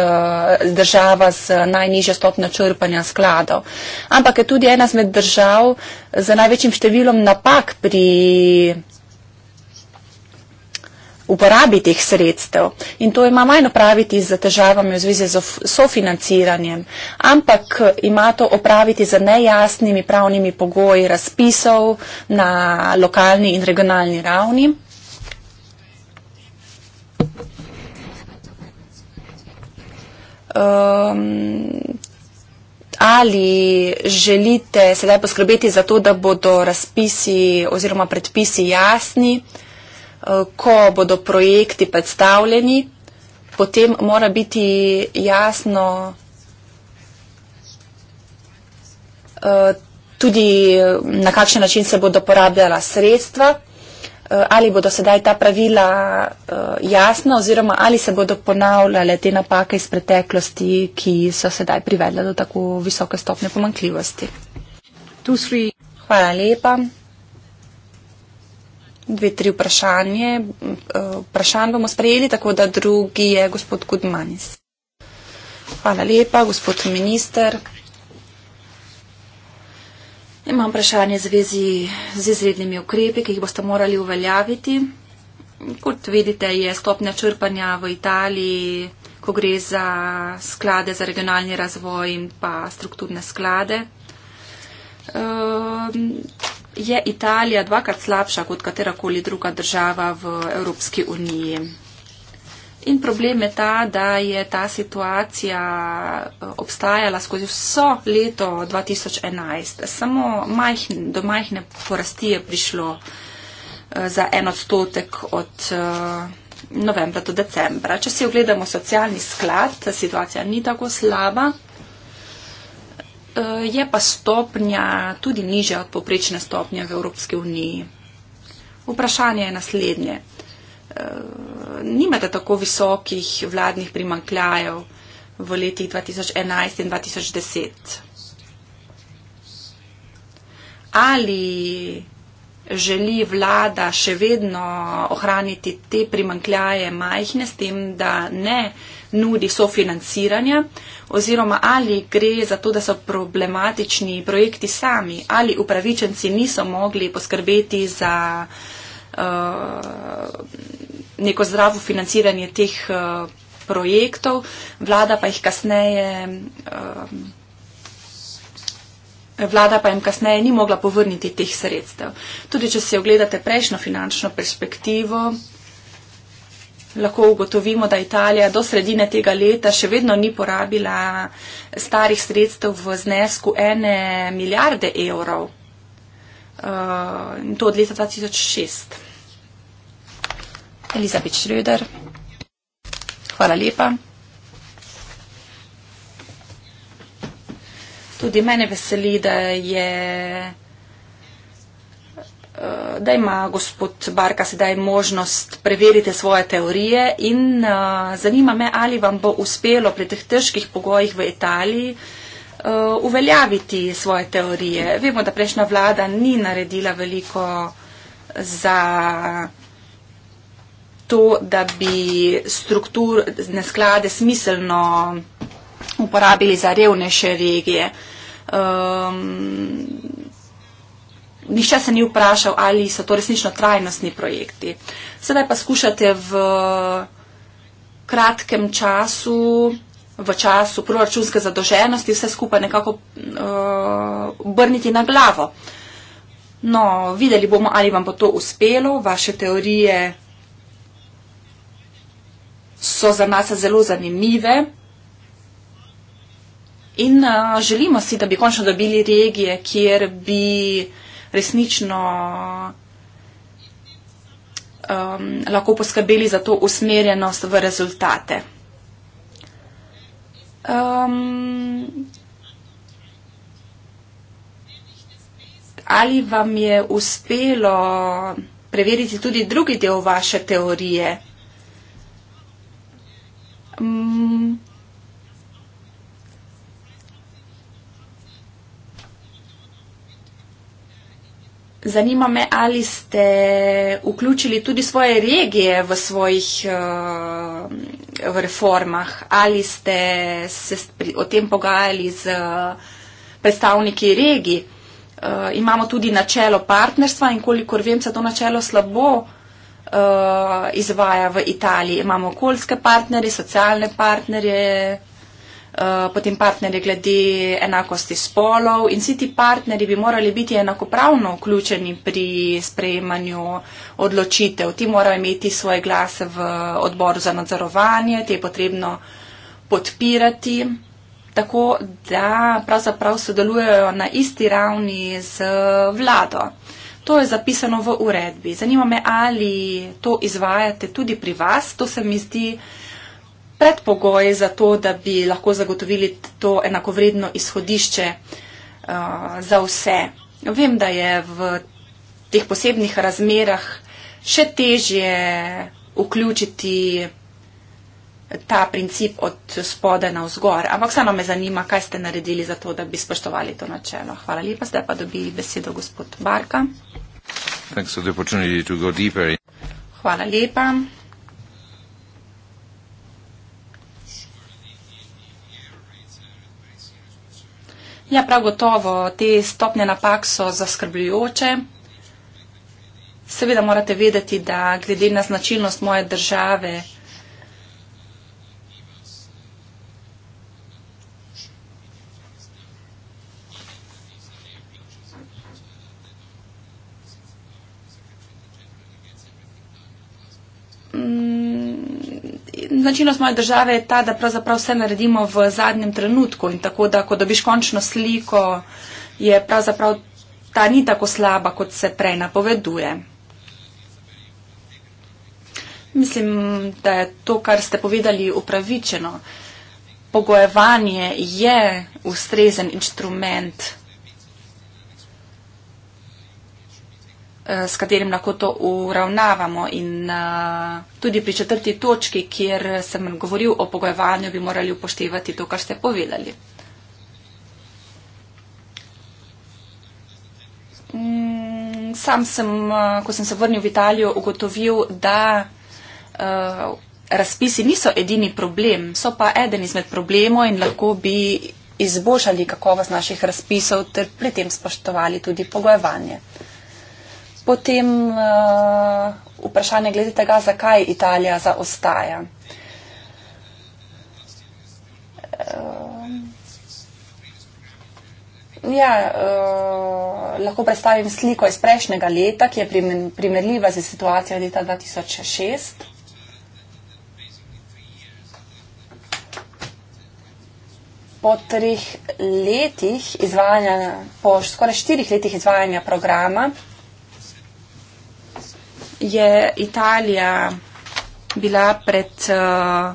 država z najnižjo stopno črpanja skladov, ampak je tudi ena zmed držav z največjim številom napak pri uporabi teh sredstev in to ima manj opraviti z težavami v zvezi z sofinanciranjem, ampak ima to opraviti z nejasnimi pravnimi pogoji razpisov na lokalni in regionalni ravni. Um, ali želite sedaj poskrbeti za to, da bodo razpisi oziroma predpisi jasni, uh, ko bodo projekti predstavljeni, potem mora biti jasno eh, tudi eh, na kakšen način se bodo porabljala sredstva, eh, ali bodo sedaj ta pravila jasna oziroma ali se bodo ponavljale te napake iz preteklosti, ki so sedaj privedle do tako visoke stopne pomankljivosti. Hvala lepa dve, tri vprašanje. Eh, vprašanje bomo sprejeli, tako da drugi je gospod Kudmanis. Hvala lepa, gospod minister. Imam vprašanje zvezi z izrednimi ukrepi, ki jih boste morali uveljaviti. Kot vidite, je stopnja črpanja v Italiji, ko gre za sklade za regionalni razvoj in pa strukturne sklade. Eh, je Italija dvakrat slabša kot katerakoli druga država v Evropski uniji. In problem je ta, da je ta situacija eh, obstajala skozi vso leto 2011. Samo majhne, do majhne porasti je prišlo eh, za en odstotek od eh, novembra do decembra. Če si ogledamo socialni sklad, situacija ni tako slaba. Eh, je pa stopnja tudi nižja od poprečne stopnje v Evropski uniji. Vprašanje je naslednje. Eh, nimate tako visokih vladnih primankljajev v letih 2011 in 2010. Ali želi vlada še vedno ohraniti te primankljaje majhne s tem, da ne nudi sofinanciranje, oziroma ali gre za to, da so problematični projekti sami, ali upravičenci niso mogli poskrbeti za uh, neko zdravo financiranje teh uh, projektov, vlada pa jih kasneje. Uh, Vlada pa jim kasneje ni mogla povrniti teh sredstev. Tudi, če se ogledate prejšnjo finančno perspektivo, lahko ugotovimo, da Italija do sredine tega leta še vedno ni porabila starih sredstev v znesku ene milijarde evrov. Eh, in to od leta 2006. Elizabeth Schröder, hvala lepa. Tudi mene veseli, da je da ima gospod Barka sedaj možnost preveriti svoje teorije in uh, zanima me, ali vam bo uspelo pri teh težkih pogojih v Italiji uh, uveljaviti svoje teorije. Vemo, da prejšnja vlada ni naredila veliko za to, da bi struktur nesklade smiselno uporabili za revnejše regije. Um, nišče se ni vprašal, ali so to resnično trajnostni projekti. Sedaj pa skušate v kratkem času, v času proračunske zadoženosti, vse skupaj nekako uh, eh, brniti na glavo. No, videli bomo, ali vam bo to uspelo. Vaše teorije so za nas zelo zanimive. In uh, želimo si, da bi končno dobili regije, kjer bi uh, resnično um, lahko poskrbeli za to usmerjenost v rezultate. Um, ali vam je uspelo preveriti tudi drugi del vaše teorije? Um, Zanima me, ali ste vključili tudi svoje regije v svojih uh, v reformah, ali ste se o tem pogajali z eh, predstavniki regij. Uh, imamo tudi načelo partnerstva in kolikor vem, se to načelo slabo uh, izvaja v Italiji. Imamo okoljske partnerje, socialne partnerje. Eh, potem partnerje glede enakosti spolov in vsi ti partnerji bi morali biti enakopravno vključeni pri sprejemanju odločitev. Ti morajo imeti svoje glase v odboru za nadzorovanje, te je potrebno podpirati tako da pravzaprav sodelujejo na isti ravni z vlado. To je zapisano v uredbi. Zanima me, ali to izvajate tudi pri vas. To se mi zdi uh, predpogoj za to, da bi lahko zagotovili to enakovredno izhodišče uh, za vse. Vem, da je v teh posebnih razmerah še težje vključiti ta princip od spode na vzgor. Ampak samo me zanima, kaj ste naredili za to, da bi spoštovali to načelo. Hvala lepa, zdaj pa dobi besedo gospod Barka. Hvala lepa. Ja, prav gotovo, te stopnje napak so zaskrbljujoče. Seveda morate vedeti, da glede na značilnost moje države mm, Načinost moje države je ta, da pravzaprav vse naredimo v zadnjem trenutku in tako, da ko dobiš končno sliko, je pravzaprav ta ni tako slaba, kot se prej napoveduje. Mislim, da je to, kar ste povedali, upravičeno. Pogojevanje je ustrezen inštrument. Eh, s katerim lahko to uravnavamo. In uh, tudi pri četrti točki, kjer sem govoril o pogojevanju, bi morali upoštevati to, kar ste povedali. Mm, sam sem, uh, ko sem se vrnil v Italijo, ugotovil, da uh, razpisi niso edini problem, so pa eden izmed problemov in lahko bi izboljšali kakovost naših razpisov ter pri tem spoštovali tudi pogojevanje potem uh, vprašanje glede tega, zakaj Italija zaostaja. Uh, ja, uh, lahko predstavim sliko iz prejšnjega leta, ki je primerljiva z situacijo leta 2006. Po treh letih izvajanja, po skoraj štirih letih izvajanja programa, je Italija bila pred uh,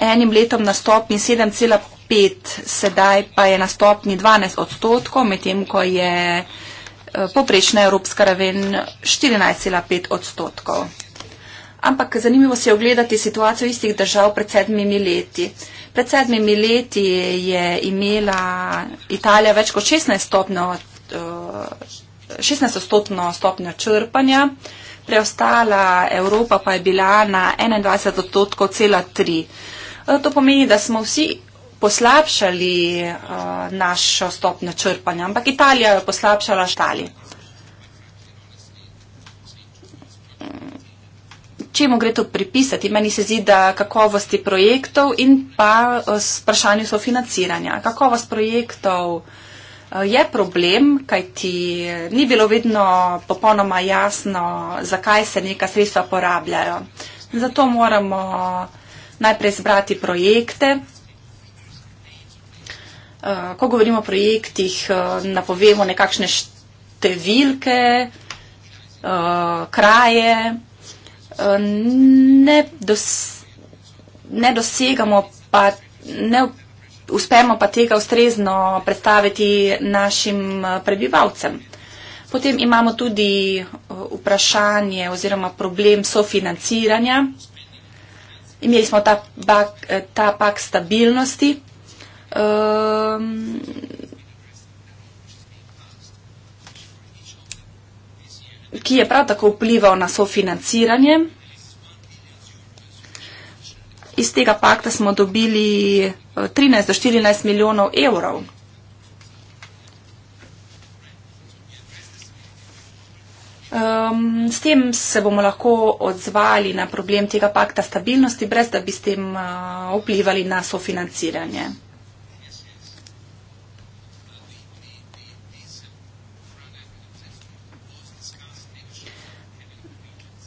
enim letom na stopni 7,5, sedaj pa je na stopni 12 odstotkov, medtem ko je uh, eh, poprečna evropska raven 14,5 odstotkov. Ampak zanimivo se je ogledati situacijo istih držav pred sedmimi leti. Pred sedmimi leti je imela Italija več kot 16-odstotno eh, 16 stopnjo črpanja. Uh, preostala Evropa pa je bila na 21 odstotkov cela tri. E, to pomeni, da smo vsi poslabšali uh, našo stopnjo črpanja, ampak Italija je poslabšala štali. Čemu gre to pripisati? Meni se zdi, da kakovosti projektov in pa e, vprašanju sofinanciranja. Kakovost projektov uh, Eh, je problem, kaj ti eh, ni bilo vedno popolnoma jasno, zakaj se neka sredstva porabljajo. Zato moramo najprej zbrati projekte. Eh, ko govorimo o projektih, napovemo nekakšne številke, kraje. Ne, dos, ne dosegamo pa ne uspemo pa tega ustrezno predstaviti našim eh, prebivalcem. Potem imamo tudi eh, vprašanje oziroma problem sofinanciranja. Imeli smo ta, bak, eh, ta pak stabilnosti. Um, ki je prav tako vplival na sofinanciranje iz tega pakta smo dobili 13 eh, do 14 milijonov evrov. Um, s tem se bomo lahko odzvali na problem tega pakta stabilnosti, brez da bi s tem uh, vplivali na sofinanciranje.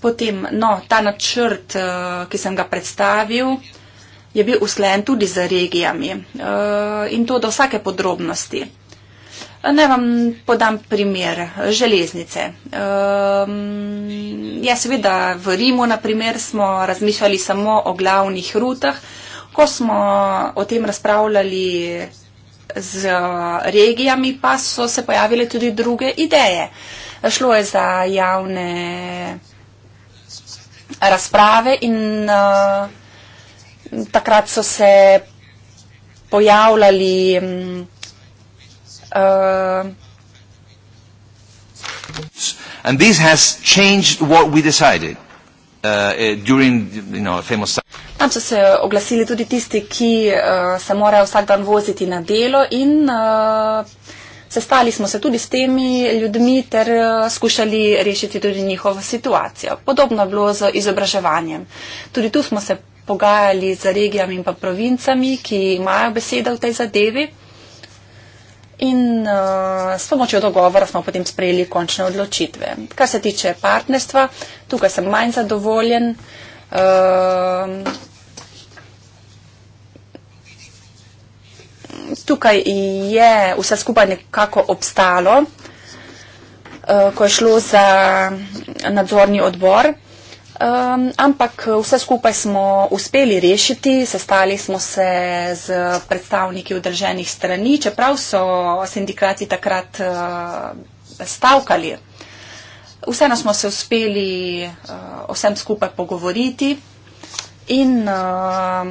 Potem, no, ta načrt, eh, ki sem ga predstavil, je bil usklajen tudi z regijami eh, in to do vsake podrobnosti. Naj vam podam primer železnice. Ehm, ja, seveda v Rimu, na primer, smo razmišljali samo o glavnih rutah. Ko smo o tem razpravljali z eh, regijami, pa so se pojavile tudi druge ideje. Šlo je za javne razprave in uh, takrat so se pojavljali uh, And this has changed what we decided uh, during, you know, famous Tam so se oglasili tudi tisti, ki uh, se morajo vsak dan voziti na delo in uh, Sestali smo se tudi s temi ljudmi ter eh, skušali rešiti tudi njihovo situacijo. Podobno je bilo z izobraževanjem. Tudi tu smo se pogajali z regijami in pa provincami, ki imajo besedo v tej zadevi. In uh, s pomočjo dogovora smo potem sprejeli končne odločitve. Kar se tiče partnerstva, tukaj sem manj zadovoljen. Uh, tukaj je vse skupaj nekako obstalo, eh, ko je šlo za nadzorni odbor. Um, ampak vse skupaj smo uspeli rešiti, sestali smo se z predstavniki udrženih strani, čeprav so sindikati takrat uh, stavkali. Vseeno smo se uspeli uh, vsem skupaj pogovoriti in uh,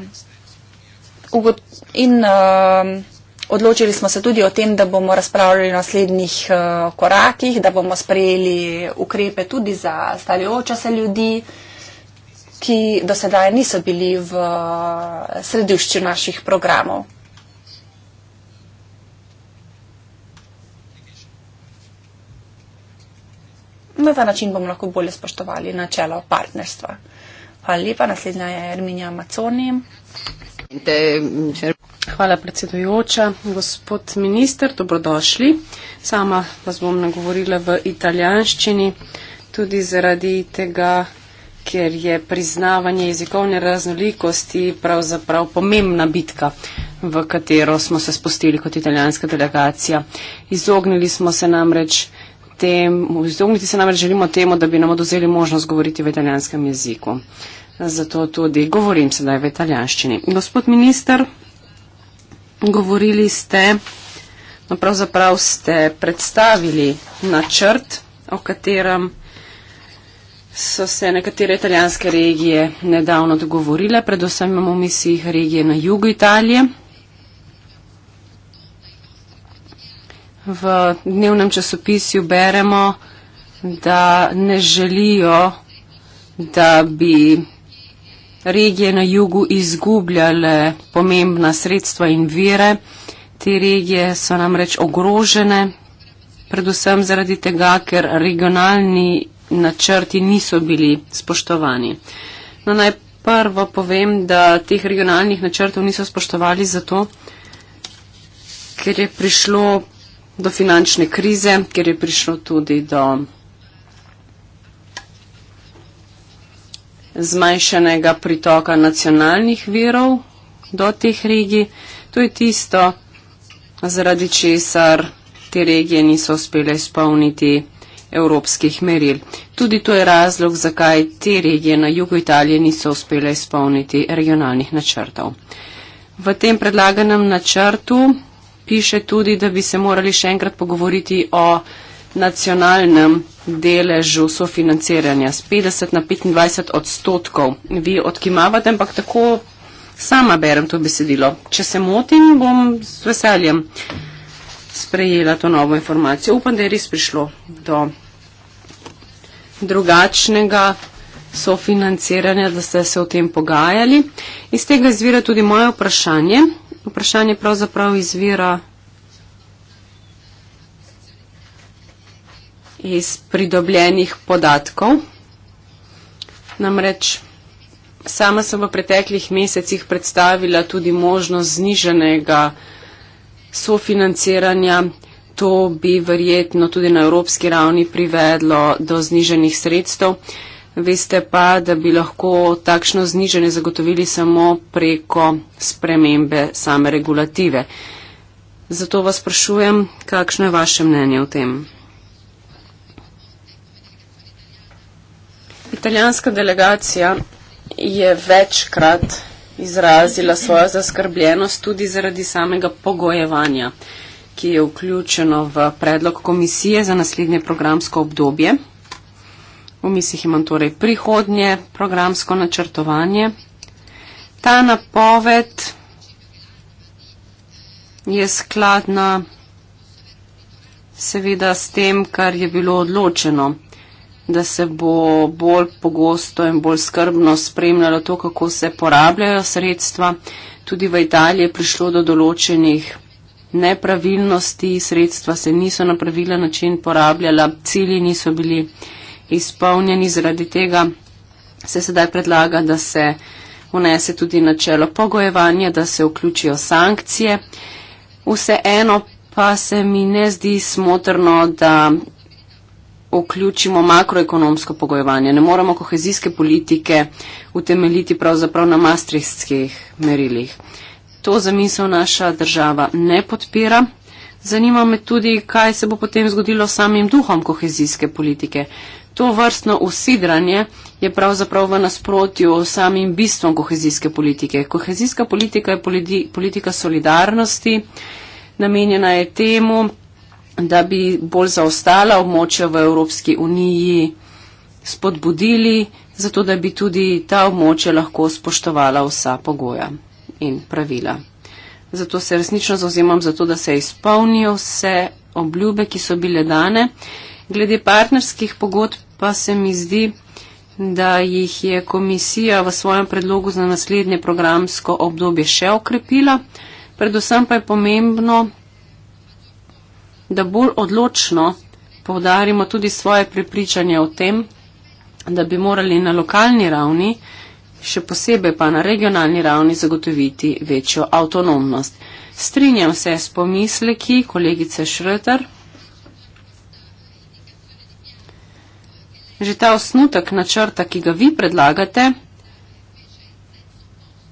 in um, odločili smo se tudi o tem, da bomo razpravljali o naslednjih uh, korakih, da bomo sprejeli ukrepe tudi za starajoče se ljudi, ki do sedaj niso bili v uh, središču naših programov. Na ta način bomo lahko bolje spoštovali načelo partnerstva. Hvala lepa, naslednja je Erminja Maconi. Hvala predsedujoča. Gospod minister, dobrodošli. Sama vas bom nagovorila v italijanščini, tudi zaradi tega, ker je priznavanje jezikovne raznolikosti pravzaprav pomembna bitka, v katero smo se spustili kot italijanska delegacija. Izognili smo se namreč. Tem, izogniti se namreč želimo temu, da bi nam oduzeli možnost govoriti v italijanskem jeziku zato tudi govorim sedaj v italijanščini. Gospod minister, govorili ste, no pravzaprav ste predstavili načrt, o katerem so se nekatere italijanske regije nedavno dogovorile, predvsem imamo v mislih regije na jugu Italije. V dnevnem časopisju beremo, da ne želijo, da bi regije na jugu izgubljale pomembna sredstva in vire. Te regije so namreč ogrožene, predvsem zaradi tega, ker regionalni načrti niso bili spoštovani. No, naj prvo povem, da teh regionalnih načrtov niso spoštovali zato, ker je prišlo do finančne krize, ker je prišlo tudi do zmanjšanega pritoka nacionalnih virov do teh regij. To je tisto, zaradi česar te regije niso uspele izpolniti evropskih meril. Tudi to je razlog, zakaj te regije na jugu Italije niso uspele izpolniti regionalnih načrtov. V tem predlaganem načrtu piše tudi, da bi se morali še enkrat pogovoriti o nacionalnem deležu sofinanciranja z 50 na 25 odstotkov. Vi odkimavate, ampak tako sama berem to besedilo. Če se motim, bom z veseljem sprejela to novo informacijo. Upam, da je res prišlo do drugačnega sofinanciranja, da ste se o tem pogajali. Iz tega izvira tudi moje vprašanje. Vprašanje pravzaprav izvira. iz pridobljenih podatkov. Namreč sama sem v preteklih mesecih predstavila tudi možnost zniženega sofinanciranja. To bi verjetno tudi na evropski ravni privedlo do zniženih sredstev. Veste pa, da bi lahko takšno znižanje zagotovili samo preko spremembe same regulative. Zato vas sprašujem, kakšno je vaše mnenje o tem? Italijanska delegacija je večkrat izrazila svojo zaskrbljenost tudi zaradi samega pogojevanja, ki je vključeno v predlog komisije za naslednje programsko obdobje. V mislih imam torej prihodnje programsko načrtovanje. Ta napoved je skladna seveda s tem, kar je bilo odločeno da se bo bolj pogosto in bolj skrbno spremljalo to, kako se porabljajo sredstva. Tudi v Italiji je prišlo do določenih nepravilnosti, sredstva se niso na pravila način porabljala, cilji niso bili izpolnjeni, zaradi tega se sedaj predlaga, da se unese tudi načelo pogojevanja, da se vključijo sankcije. Vseeno pa se mi ne zdi smotrno, da vključimo makroekonomsko pogojevanje. Ne moremo kohezijske politike utemeljiti pravzaprav na mastrihskih merilih. To zamisel naša država ne podpira. Zanima me tudi, kaj se bo potem zgodilo s samim duhom kohezijske politike. To vrstno usidranje je pravzaprav v nasprotju s samim bistvom kohezijske politike. Kohezijska politika je politika solidarnosti, namenjena je temu, da bi bolj zaostala območja v Evropski uniji spodbudili, zato da bi tudi ta območja lahko spoštovala vsa pogoja in pravila. Zato se resnično zauzemam za to, da se izpolnijo vse obljube, ki so bile dane. Glede partnerskih pogodb pa se mi zdi, da jih je komisija v svojem predlogu za naslednje programsko obdobje še okrepila. Predvsem pa je pomembno, da bolj odločno povdarimo tudi svoje prepričanje o tem, da bi morali na lokalni ravni, še posebej pa na regionalni ravni, zagotoviti večjo avtonomnost. Strinjam se s pomisleki kolegice Šrter. Že ta osnutek načrta, ki ga vi predlagate,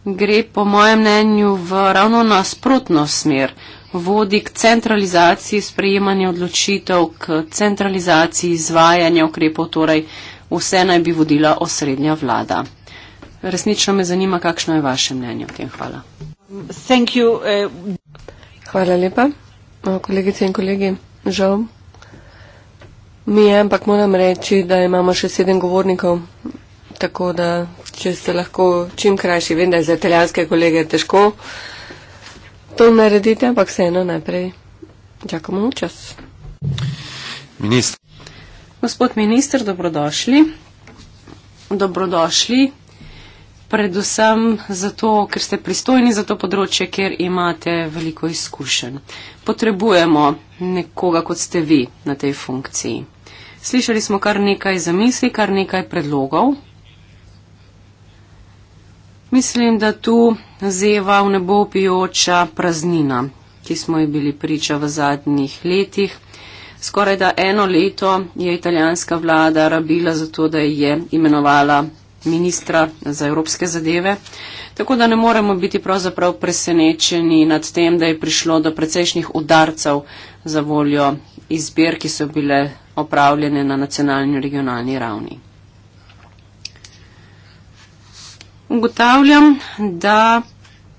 gre po mojem mnenju v ravno nasprotno smer vodi k centralizaciji sprejemanja odločitev, k centralizaciji izvajanja ukrepov, torej vse naj bi vodila osrednja vlada. Resnično me zanima, kakšno je vaše mnenje o tem. Hvala. You, uh... Hvala lepa, kolegice in kolegi. Žal mi je, ampak moram reči, da imamo še sedem govornikov, tako da če se lahko čim krajši, vem, da je za italijanske kolege težko. Uh, to naredite, ampak vseeno najprej čakamo v čas. Ministr. Gospod minister, dobrodošli. Dobrodošli predvsem zato, ker ste pristojni za to področje, ker imate veliko izkušenj. Potrebujemo nekoga, kot ste vi, na tej funkciji. Slišali smo kar nekaj zamisli, kar nekaj predlogov, Mislim, da tu zeva v nebo pijoča praznina, ki smo ji bili priča v zadnjih letih. Skoraj da eno leto je italijanska vlada rabila za to, da je imenovala ministra za evropske zadeve, tako da ne moremo biti pravzaprav presenečeni nad tem, da je prišlo do precejšnjih udarcev za voljo izbir, ki so bile opravljene na nacionalni in regionalni ravni. ugotavljam, da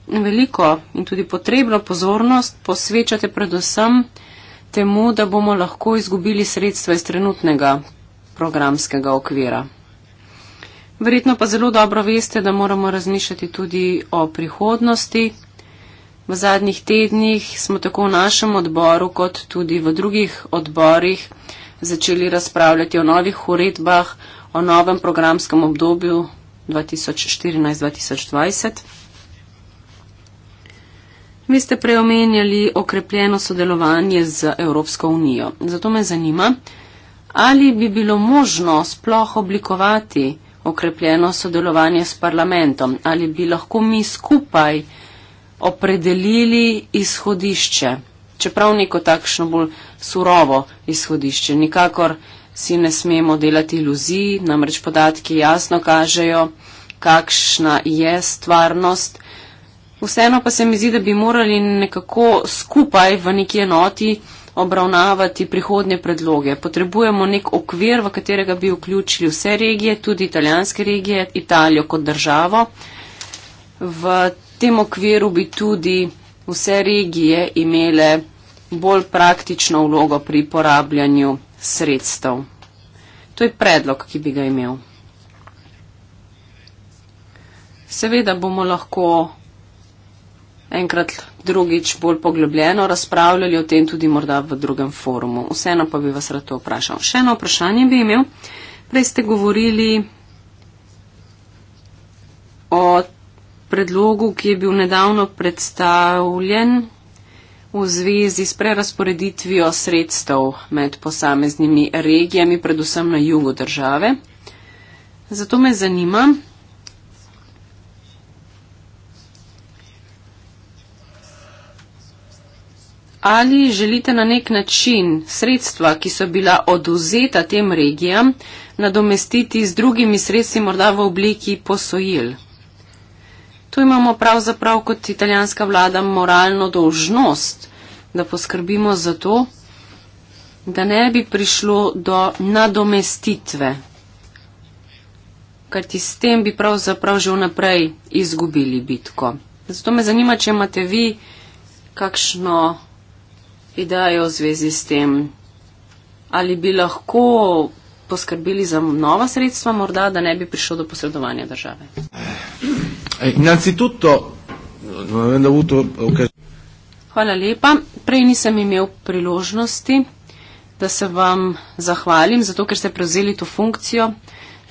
veliko in tudi potrebno pozornost posvečate predvsem temu, da bomo lahko izgubili sredstva iz trenutnega programskega okvira. Verjetno pa zelo dobro veste, da moramo razmišljati tudi o prihodnosti. V zadnjih tednih smo tako v našem odboru kot tudi v drugih odborih začeli razpravljati o novih uredbah, o novem programskem obdobju 2014-2020. Vi ste preomenjali okrepljeno sodelovanje z Evropsko unijo. Zato me zanima, ali bi bilo možno sploh oblikovati okrepljeno sodelovanje s parlamentom, ali bi lahko mi skupaj opredelili izhodišče, čeprav neko takšno bolj surovo izhodišče, nikakor si ne smemo delati iluzij, namreč podatki jasno kažejo, kakšna je stvarnost. Vseeno pa se mi zdi, da bi morali nekako skupaj v neki enoti obravnavati prihodnje predloge. Potrebujemo nek okvir, v katerega bi vključili vse regije, tudi italijanske regije, Italijo kot državo. V tem okviru bi tudi vse regije imele bolj praktično vlogo pri porabljanju sredstev. To je predlog, ki bi ga imel. Seveda bomo lahko enkrat drugič bolj poglobljeno razpravljali o tem tudi morda v drugem forumu. Vseeno pa bi vas rad to vprašal. Še eno vprašanje bi imel. Prej ste govorili o predlogu, ki je bil nedavno predstavljen v zvezi s prerasporeditvijo sredstev med posameznimi regijami, predvsem na jugu države. Zato me zanima, ali želite na nek način sredstva, ki so bila oduzeta tem regijam, nadomestiti z drugimi sredstvi, morda v obliki posojil. Tu imamo pravzaprav kot italijanska vlada moralno dolžnost, da poskrbimo za to, da ne bi prišlo do nadomestitve, kajti s tem bi pravzaprav že vnaprej izgubili bitko. Zato me zanima, če imate vi kakšno idejo v zvezi s tem, ali bi lahko poskrbeli za nova sredstva, morda, da ne bi prišlo do posredovanja države? Eh, eh, Hvala lepa. Prej nisem imel priložnosti, da se vam zahvalim, zato ker ste prevzeli to funkcijo.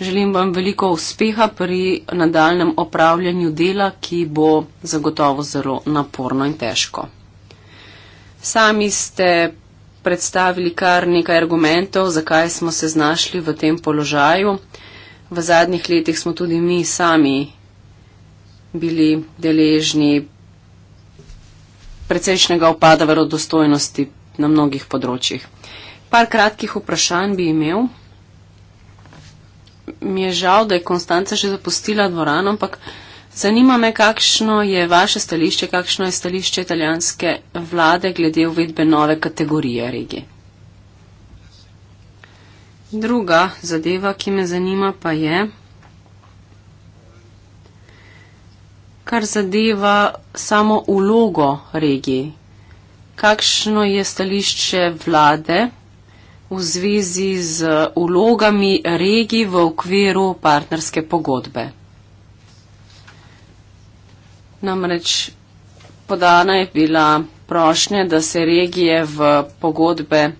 Želim vam veliko uspeha pri nadaljem opravljanju dela, ki bo zagotovo zelo naporno in težko. Sami ste predstavili kar nekaj argumentov, zakaj smo se znašli v tem položaju. V zadnjih letih smo tudi mi sami bili deležni precejšnjega upada verodostojnosti na mnogih področjih. Par kratkih vprašanj bi imel. Mi je žal, da je Konstanca že zapustila dvorano, ampak. Zanima me, kakšno je vaše stališče, kakšno je stališče italijanske vlade glede uvedbe nove kategorije regije. Druga zadeva, ki me zanima, pa je, kar zadeva samo ulogo regije. Kakšno je stališče vlade v zvezi z ulogami regij v okviru partnerske pogodbe? Namreč podana je bila prošnja, da se regije v pogodbe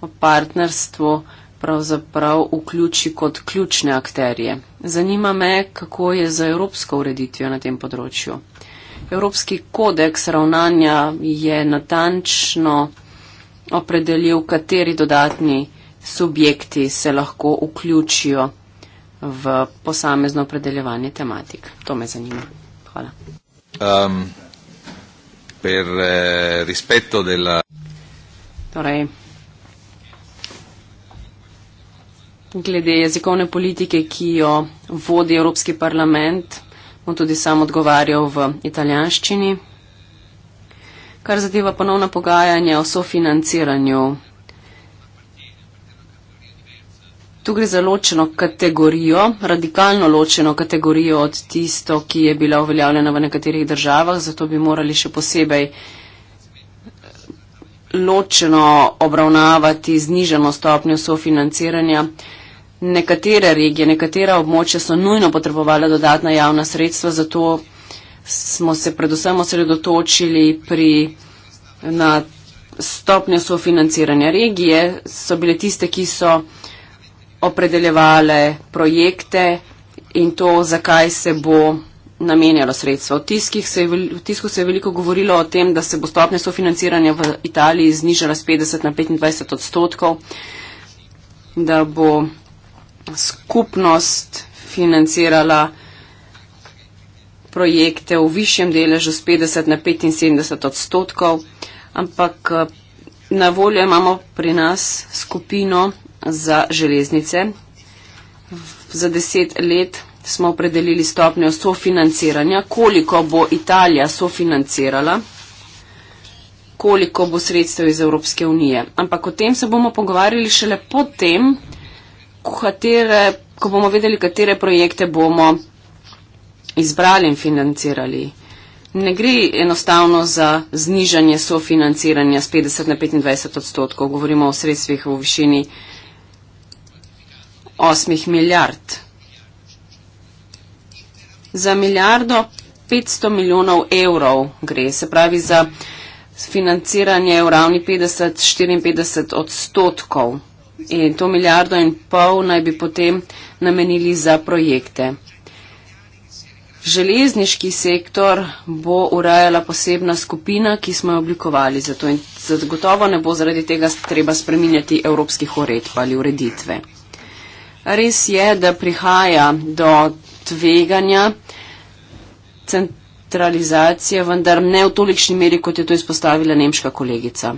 o partnerstvu pravzaprav vključi kot ključne akterje. Zanima me, kako je za evropsko ureditvijo na tem področju. Evropski kodeks ravnanja je natančno opredelil, kateri dodatni subjekti se lahko vključijo v posamezno opredeljevanje tematik. To me zanima. Hvala um, per eh, rispetto della. Torej. Glede jezikovne politike, ki jo vodi Evropski parlament, bom tudi sam odgovarjal v italijanščini. Kar zadeva ponovna pogajanja o sofinanciranju Tu gre za ločeno kategorijo, radikalno ločeno kategorijo od tisto, ki je bila uveljavljena v nekaterih državah, zato bi morali še posebej eh, ločeno obravnavati zniženo stopnjo sofinanciranja. Nekatere regije, nekatera območja so nujno potrebovala dodatna javna sredstva, zato smo se predvsem osredotočili pri, na stopnjo sofinanciranja. Regije so bile tiste, ki so opredeljevale projekte in to, zakaj se bo namenjalo sredstvo. V, tiskih se je, v tisku se je veliko govorilo o tem, da se bo stopnja sofinanciranja v Italiji znižala z 50 na 25 odstotkov, da bo skupnost financirala projekte v višjem deležu z 50 na 75 odstotkov, ampak eh, na voljo imamo pri nas skupino za železnice. Za deset let smo opredelili stopnjo sofinanciranja, koliko bo Italija sofinancirala, koliko bo sredstev iz Evropske unije. Ampak o tem se bomo pogovarjali šele potem, ko, katere, ko bomo vedeli, katere projekte bomo izbrali in financirali. Ne gre enostavno za znižanje sofinanciranja z 50 na 25 odstotkov, govorimo o sredstvih v višini osmih milijard. Za milijardo 500 milijonov evrov gre, se pravi za financiranje v ravni 50-54 odstotkov. In to milijardo in pol naj bi potem namenili za projekte. Železniški sektor bo urajala posebna skupina, ki smo jo oblikovali. Zato in zagotovo ne bo zaradi tega treba spreminjati evropskih uredb ali ureditve. Res je, da prihaja do tveganja centralizacije, vendar ne v tolikšni meri, kot je to izpostavila nemška kolegica.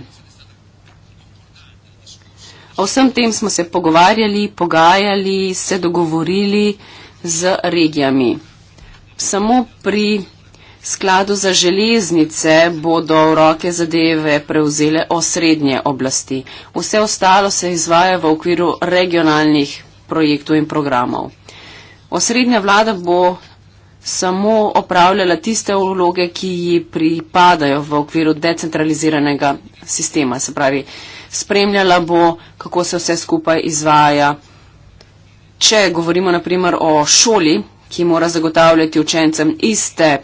O vsem tem smo se pogovarjali, pogajali, se dogovorili z regijami. Samo pri skladu za železnice bodo v roke zadeve prevzele osrednje oblasti. Vse ostalo se izvaja v okviru regionalnih projektov in programov. Osrednja vlada bo samo opravljala tiste vloge, ki ji pripadajo v okviru decentraliziranega sistema. Se pravi, spremljala bo, kako se vse skupaj izvaja. Če govorimo naprimer o šoli, ki mora zagotavljati učencem iste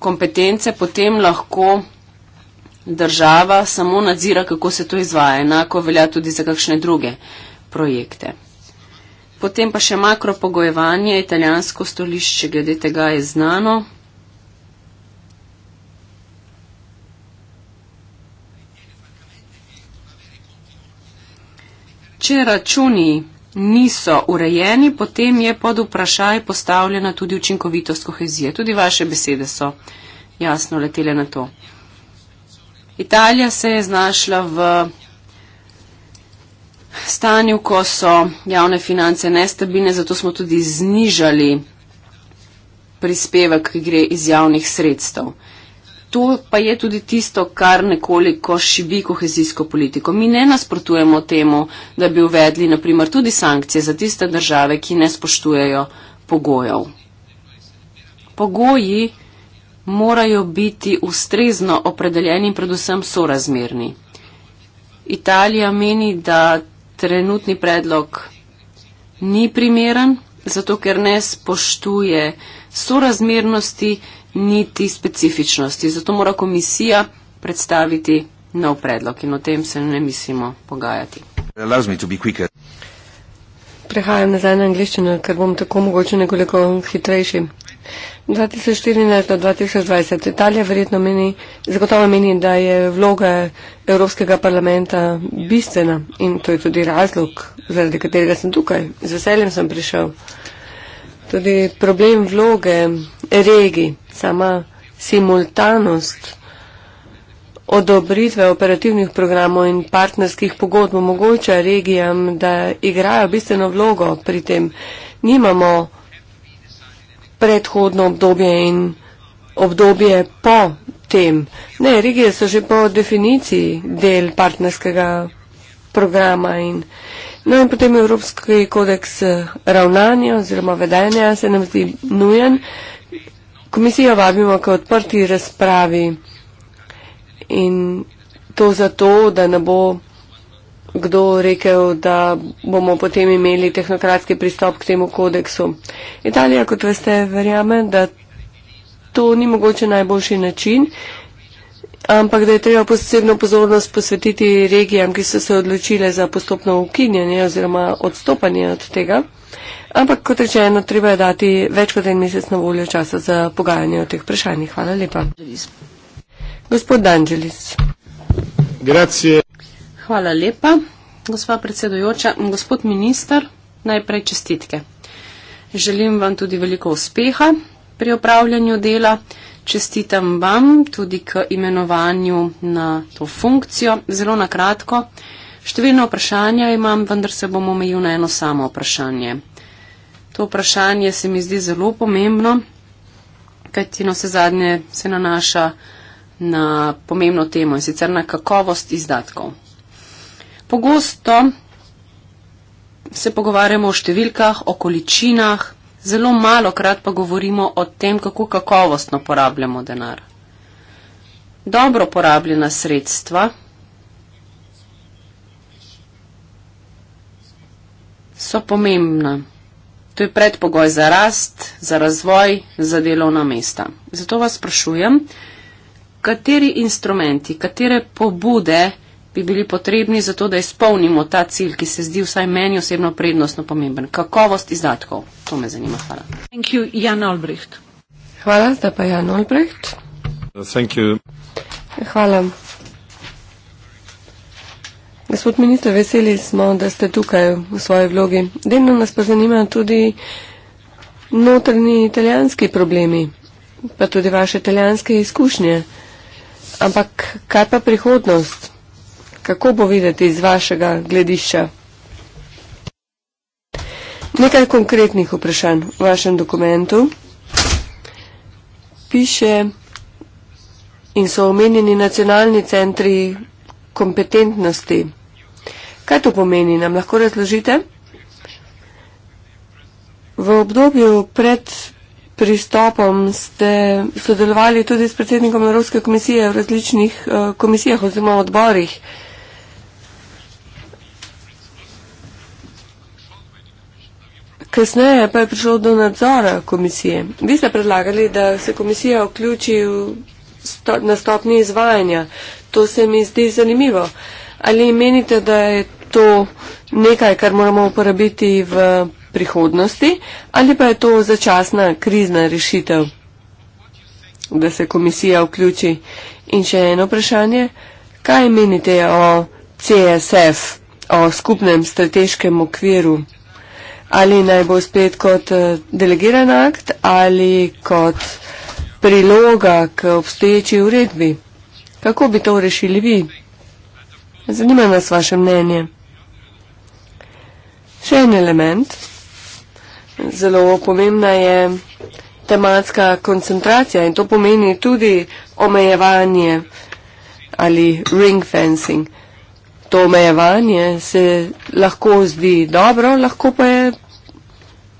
kompetence, potem lahko država samo nadzira, kako se to izvaja. Enako velja tudi za kakšne druge projekte. Potem pa še makropogojevanje, italijansko stolišče, glede tega je znano. Če računi niso urejeni, potem je pod vprašaj postavljena tudi učinkovitost kohezije. Tudi vaše besede so jasno letele na to. Italija se je znašla v stanju, ko so javne finance nestabilne, zato smo tudi znižali prispevek, ki gre iz javnih sredstev. To pa je tudi tisto, kar nekoliko šibi kohezijsko politiko. Mi ne nasprotujemo temu, da bi uvedli naprimer tudi sankcije za tiste države, ki ne spoštujejo pogojev. Pogoji morajo biti ustrezno opredeljeni in predvsem sorazmerni. Italija meni, da trenutni predlog ni primeren, zato ker ne spoštuje sorazmernosti niti specifičnosti. Zato mora komisija predstaviti nov predlog in o tem se ne mislimo pogajati. Prehajam nazaj na angliščino, ker bom tako mogoče nekoliko hitrejši. 2014 do 2020. Italija verjetno meni, zagotovo meni, da je vloga Evropskega parlamenta bistvena in to je tudi razlog, zaradi katerega sem tukaj. Z veseljem sem prišel. Tudi problem vloge regij, sama simultanost odobritve operativnih programov in partnerskih pogodb omogoča regijam, da igrajo bistveno vlogo pri tem. Nimamo predhodno obdobje in obdobje po tem. Ne, regije so že po definiciji del partnerskega programa in, no in potem Evropski kodeks eh, ravnanja oziroma vedenja se nam zdi nujen. Komisijo vabimo k odprti razpravi in to zato, da ne bo kdo rekel, da bomo potem imeli tehnokratski pristop k temu kodeksu. Italija, kot veste, verjame, da to ni mogoče najboljši način, ampak da je treba posebno pozornost posvetiti regijam, ki so se odločile za postopno ukinjanje oziroma odstopanje od tega. Ampak, kot rečeno, treba je dati več kot en mesec na voljo časa za pogajanje o teh vprašanjih. Hvala lepa. Gospod Danželis. Grazie. Hvala lepa, gospa predsedujoča. Gospod minister, najprej čestitke. Želim vam tudi veliko uspeha pri opravljanju dela. Čestitam vam tudi k imenovanju na to funkcijo. Zelo na kratko, številne vprašanja imam, vendar se bom omejil na eno samo vprašanje. To vprašanje se mi zdi zelo pomembno, kajti na vse zadnje se nanaša na pomembno temo in sicer na kakovost izdatkov. Pogosto se pogovarjamo o številkah, o količinah, zelo malo krat pa govorimo o tem, kako kakovostno porabljamo denar. Dobro porabljena sredstva so pomembna. To je predpogoj za rast, za razvoj, za delovna mesta. Zato vas sprašujem, kateri instrumenti, katere pobude bi bili potrebni za to, da izpolnimo ta cilj, ki se zdi vsaj meni osebno prednostno pomemben. Kakovost izdatkov. To me zanima. Hvala. Thank you, Jan Albrecht. Hvala, zdaj pa Jan Albrecht. Thank you. Hvala. Gospod minister, veseli smo, da ste tukaj v svoji vlogi. Delno nas pa zanima tudi notrni italijanski problemi, pa tudi vaše italijanske izkušnje. Ampak kaj pa prihodnost? kako bo videti iz vašega gledišča? Nekaj konkretnih vprašanj v vašem dokumentu. Piše in so omenjeni nacionalni centri kompetentnosti. Kaj to pomeni? Nam lahko razložite? V obdobju pred pristopom ste sodelovali tudi s predsednikom Evropske komisije v različnih eh, komisijah oziroma odborih. Kasneje pa je prišlo do nadzora komisije. Vi ste predlagali, da se komisija vključi sto, na stopni izvajanja. To se mi zdi zanimivo. Ali menite, da je to nekaj, kar moramo uporabiti v prihodnosti, ali pa je to začasna krizna rešitev, da se komisija vključi? In še eno vprašanje. Kaj menite o CSF, o skupnem strateškem okviru? ali naj bo spet kot eh, delegiran akt ali kot priloga k obstoječi uredbi. Kako bi to rešili vi? Zanima nas vaše mnenje. Še en element. Zelo pomembna je tematska koncentracija in to pomeni tudi omejevanje ali ring fencing to omejevanje se lahko zdi dobro, lahko pa je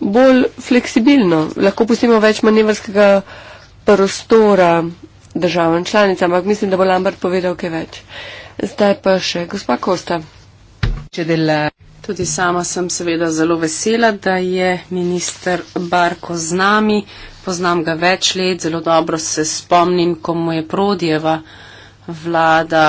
bolj fleksibilno. Lahko pustimo več manevrskega prostora državam članicam, ampak mislim, da bo Lambert povedal kaj več. Zdaj pa še gospa Kosta. Tudi sama sem seveda zelo vesela, da je minister Barko z nami. Poznam ga več let, zelo dobro se spomnim, ko mu je Prodjeva vlada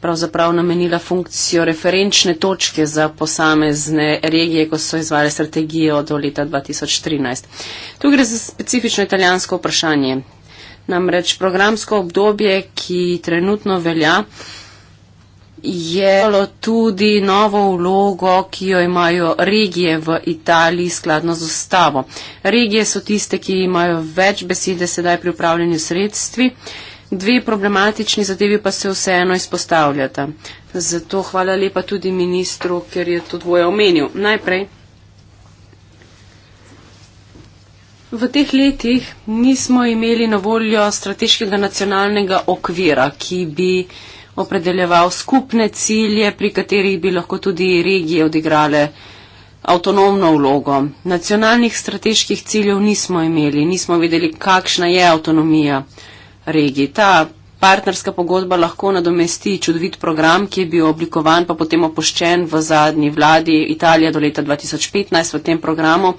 pravzaprav namenila funkcijo referenčne točke za posamezne regije, ko so izvali strategijo do leta 2013. Tu gre za specifično italijansko vprašanje. Namreč programsko obdobje, ki trenutno velja, je tudi novo vlogo, ki jo imajo regije v Italiji skladno z ustavo. Regije so tiste, ki imajo več besede sedaj pri upravljanju sredstvi. Dve problematični zadevi pa se vseeno izpostavljata. Zato hvala lepa tudi ministru, ker je to dvoje omenil. Najprej. V teh letih nismo imeli na voljo strateškega nacionalnega okvira, ki bi opredeljeval skupne cilje, pri katerih bi lahko tudi regije odigrale avtonomno vlogo. Nacionalnih strateških ciljev nismo imeli, nismo vedeli, kakšna je avtonomija regiji. Ta partnerska pogodba lahko nadomesti čudovit program, ki je bil oblikovan, pa potem opoščen v zadnji vladi Italije do leta 2015. V tem programu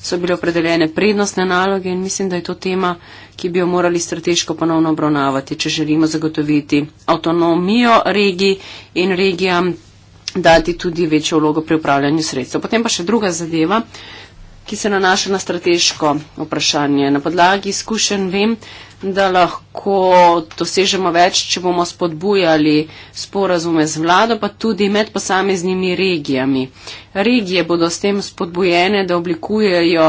so bile opredeljene prednostne naloge in mislim, da je to tema, ki bi jo morali strateško ponovno obravnavati, če želimo zagotoviti avtonomijo regiji in regijam dati tudi večjo vlogo pri upravljanju sredstev. Potem pa še druga zadeva ki se nanaša na strateško vprašanje. Na podlagi izkušenj vem, da lahko dosežemo več, če bomo spodbujali sporazume z vlado, pa tudi med posameznimi regijami. Regije bodo s tem spodbujene, da oblikujejo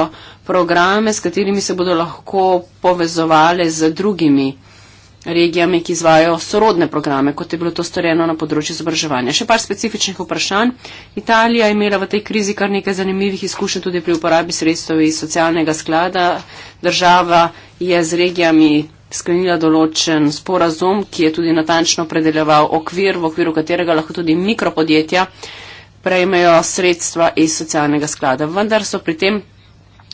programe, s katerimi se bodo lahko povezovali z drugimi regijami regijami, ki izvajo sorodne programe, kot je bilo to storjeno na področju izobraževanja. Še par specifičnih vprašanj. Italija je imela v tej krizi kar nekaj zanimivih izkušenj tudi pri uporabi sredstev iz socialnega sklada. Država je z regijami sklenila določen sporazum, ki je tudi natančno predeljeval okvir, v okviru katerega lahko tudi mikropodjetja prejmejo sredstva iz socialnega sklada. Vendar so pri tem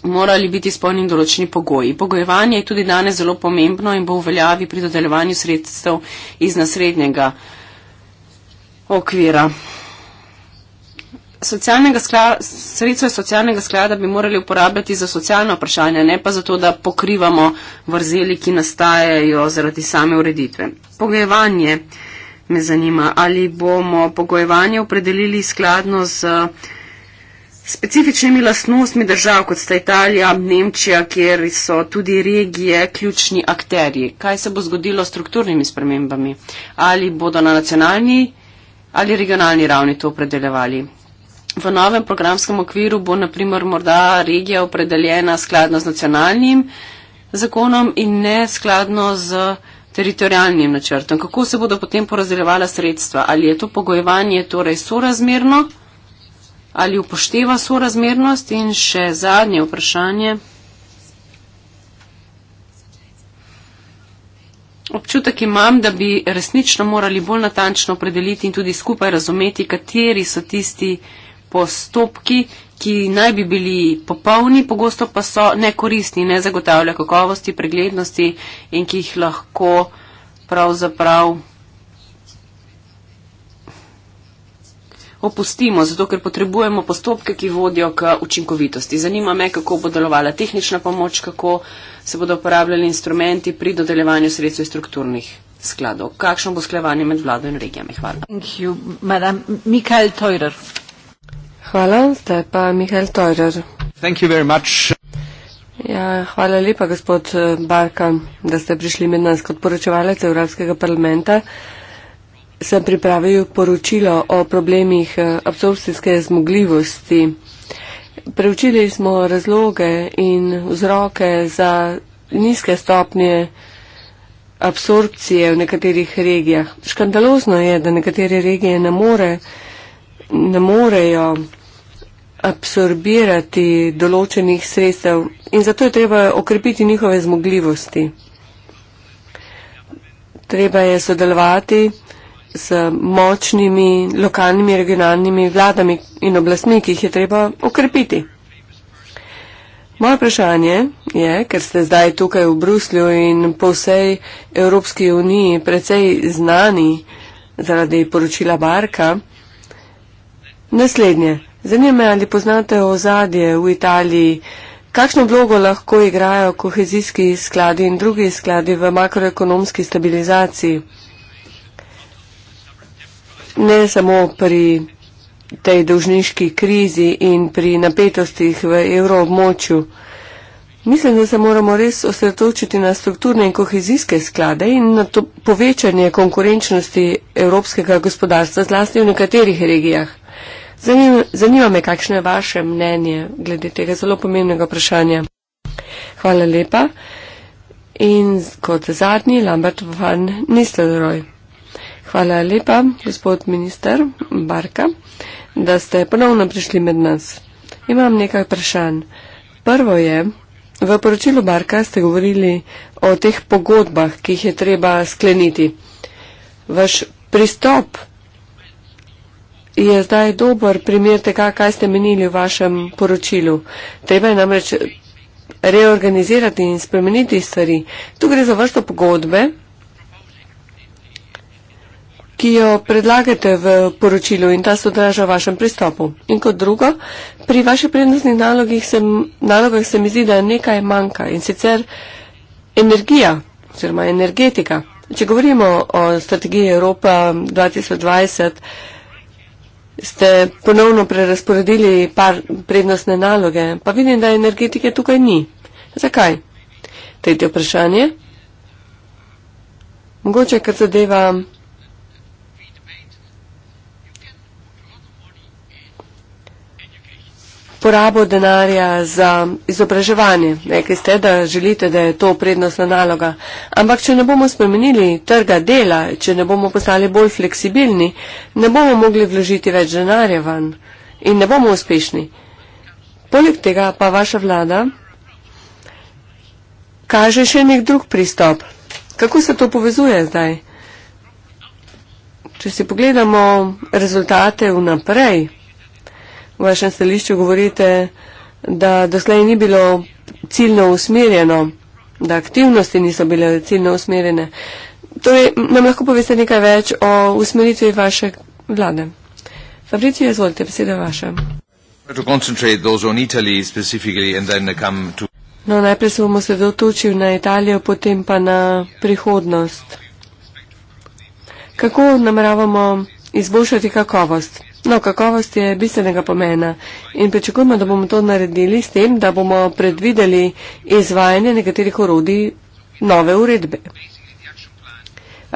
morali biti spolnjeni določeni pogoji. Pogojevanje je tudi danes zelo pomembno in bo v veljavi pri dodeljevanju sredstev iz naslednjega okvira. Sredstva socialnega sklada bi morali uporabljati za socialno vprašanje, ne pa zato, da pokrivamo vrzeli, ki nastajajo zaradi same ureditve. Pogojevanje me zanima, ali bomo pogojevanje opredelili skladno z uh, specifičnimi lastnostmi držav, kot sta Italija, Nemčija, kjer so tudi regije ključni akterji. Kaj se bo zgodilo s strukturnimi spremembami? Ali bodo na nacionalni ali regionalni ravni to opredeljevali? V novem programskem okviru bo naprimer morda regija opredeljena skladno z nacionalnim zakonom in ne skladno z teritorijalnim načrtom. Kako se bodo potem porazdeljevala sredstva? Ali je to pogojevanje torej sorazmerno? ali upošteva sorazmernost in še zadnje vprašanje. Občutek imam, da bi resnično morali bolj natančno opredeliti in tudi skupaj razumeti, kateri so tisti postopki, ki naj bi bili popolni, pogosto pa so nekoristni, ne zagotavlja kakovosti, preglednosti in ki jih lahko pravzaprav. Prav opustimo, zato ker potrebujemo postopke, ki vodijo k učinkovitosti. Zanima me, kako bo delovala tehnična pomoč, kako se bodo uporabljali instrumenti pri dodeljevanju sredstev strukturnih skladov. Kakšno bo sklevanje med vlado in regijami? Hvala. Hvala, zdaj pa Mihael Teurer. Ja, hvala lepa, gospod Barka, da ste prišli med nas kot poročevalec Evropskega parlamenta. Uh, sem pripravil poročilo o problemih eh, absorpcijske zmogljivosti. Preučili smo razloge in vzroke za nizke stopnje absorpcije v nekaterih regijah. Škandalozno je, da nekatere regije ne, more, ne morejo absorbirati določenih sredstev in zato je treba okrepiti njihove zmogljivosti. Treba je sodelovati z močnimi lokalnimi, regionalnimi vladami in oblastmi, ki jih je treba ukrepiti. Moje vprašanje je, ker ste zdaj tukaj v Bruslju in po vsej Evropski uniji precej znani zaradi poročila Barka, naslednje. Zanima me, ali poznate ozadje v Italiji, kakšno vlogo lahko igrajo kohezijski skladi in drugi skladi v makroekonomski stabilizaciji ne samo pri tej dolžniški krizi in pri napetostih v evroobmočju. Mislim, da se moramo res osredotočiti na strukturne in kohezijske sklade in na to povečanje konkurenčnosti evropskega gospodarstva, zlasti v nekaterih regijah. Zanim, zanima me, kakšno je vaše mnenje glede tega zelo pomembnega vprašanja. Hvala lepa. In kot zadnji, Lambert van Nistelrooy. Hvala lepa, gospod minister Barka, da ste ponovno prišli med nas. Imam nekaj vprašanj. Prvo je, v poročilu Barka ste govorili o teh pogodbah, ki jih je treba skleniti. Vaš pristop je zdaj dober primer tega, kaj ste menili v vašem poročilu. Treba je namreč reorganizirati in spremeniti stvari. Tu gre za vrsto pogodbe ki jo predlagate v poročilu in ta se odraža v vašem pristopu. In kot drugo, pri vaših prednostnih nalogih sem, nalogah se mi zdi, da nekaj manjka in sicer energija oziroma energetika. Če govorimo o strategiji Evropa 2020, ste ponovno prerasporedili par prednostne naloge, pa vidim, da energetike tukaj ni. Zakaj? Tretje vprašanje. Mogoče, ker zadeva porabo denarja za izobraževanje. Rekli ste, da želite, da je to prednostna naloga. Ampak, če ne bomo spremenili trga dela, če ne bomo postali bolj fleksibilni, ne bomo mogli vložiti več denarja van in ne bomo uspešni. Poleg tega pa vaša vlada kaže še nek drug pristop. Kako se to povezuje zdaj? Če si pogledamo rezultate vnaprej, v vašem stališču govorite, da doslej ni bilo ciljno usmerjeno, da aktivnosti niso bile ciljno usmerjene. Torej, nam lahko poveste nekaj več o usmeritvi vaše vlade. Fabricio, izvolite, beseda vaša. No, najprej se bomo sredotočili na Italijo, potem pa na prihodnost. Kako nameravamo izboljšati kakovost No, kakovost je bistvenega pomena in pričakujemo, da bomo to naredili s tem, da bomo predvideli izvajanje nekaterih orodij nove uredbe.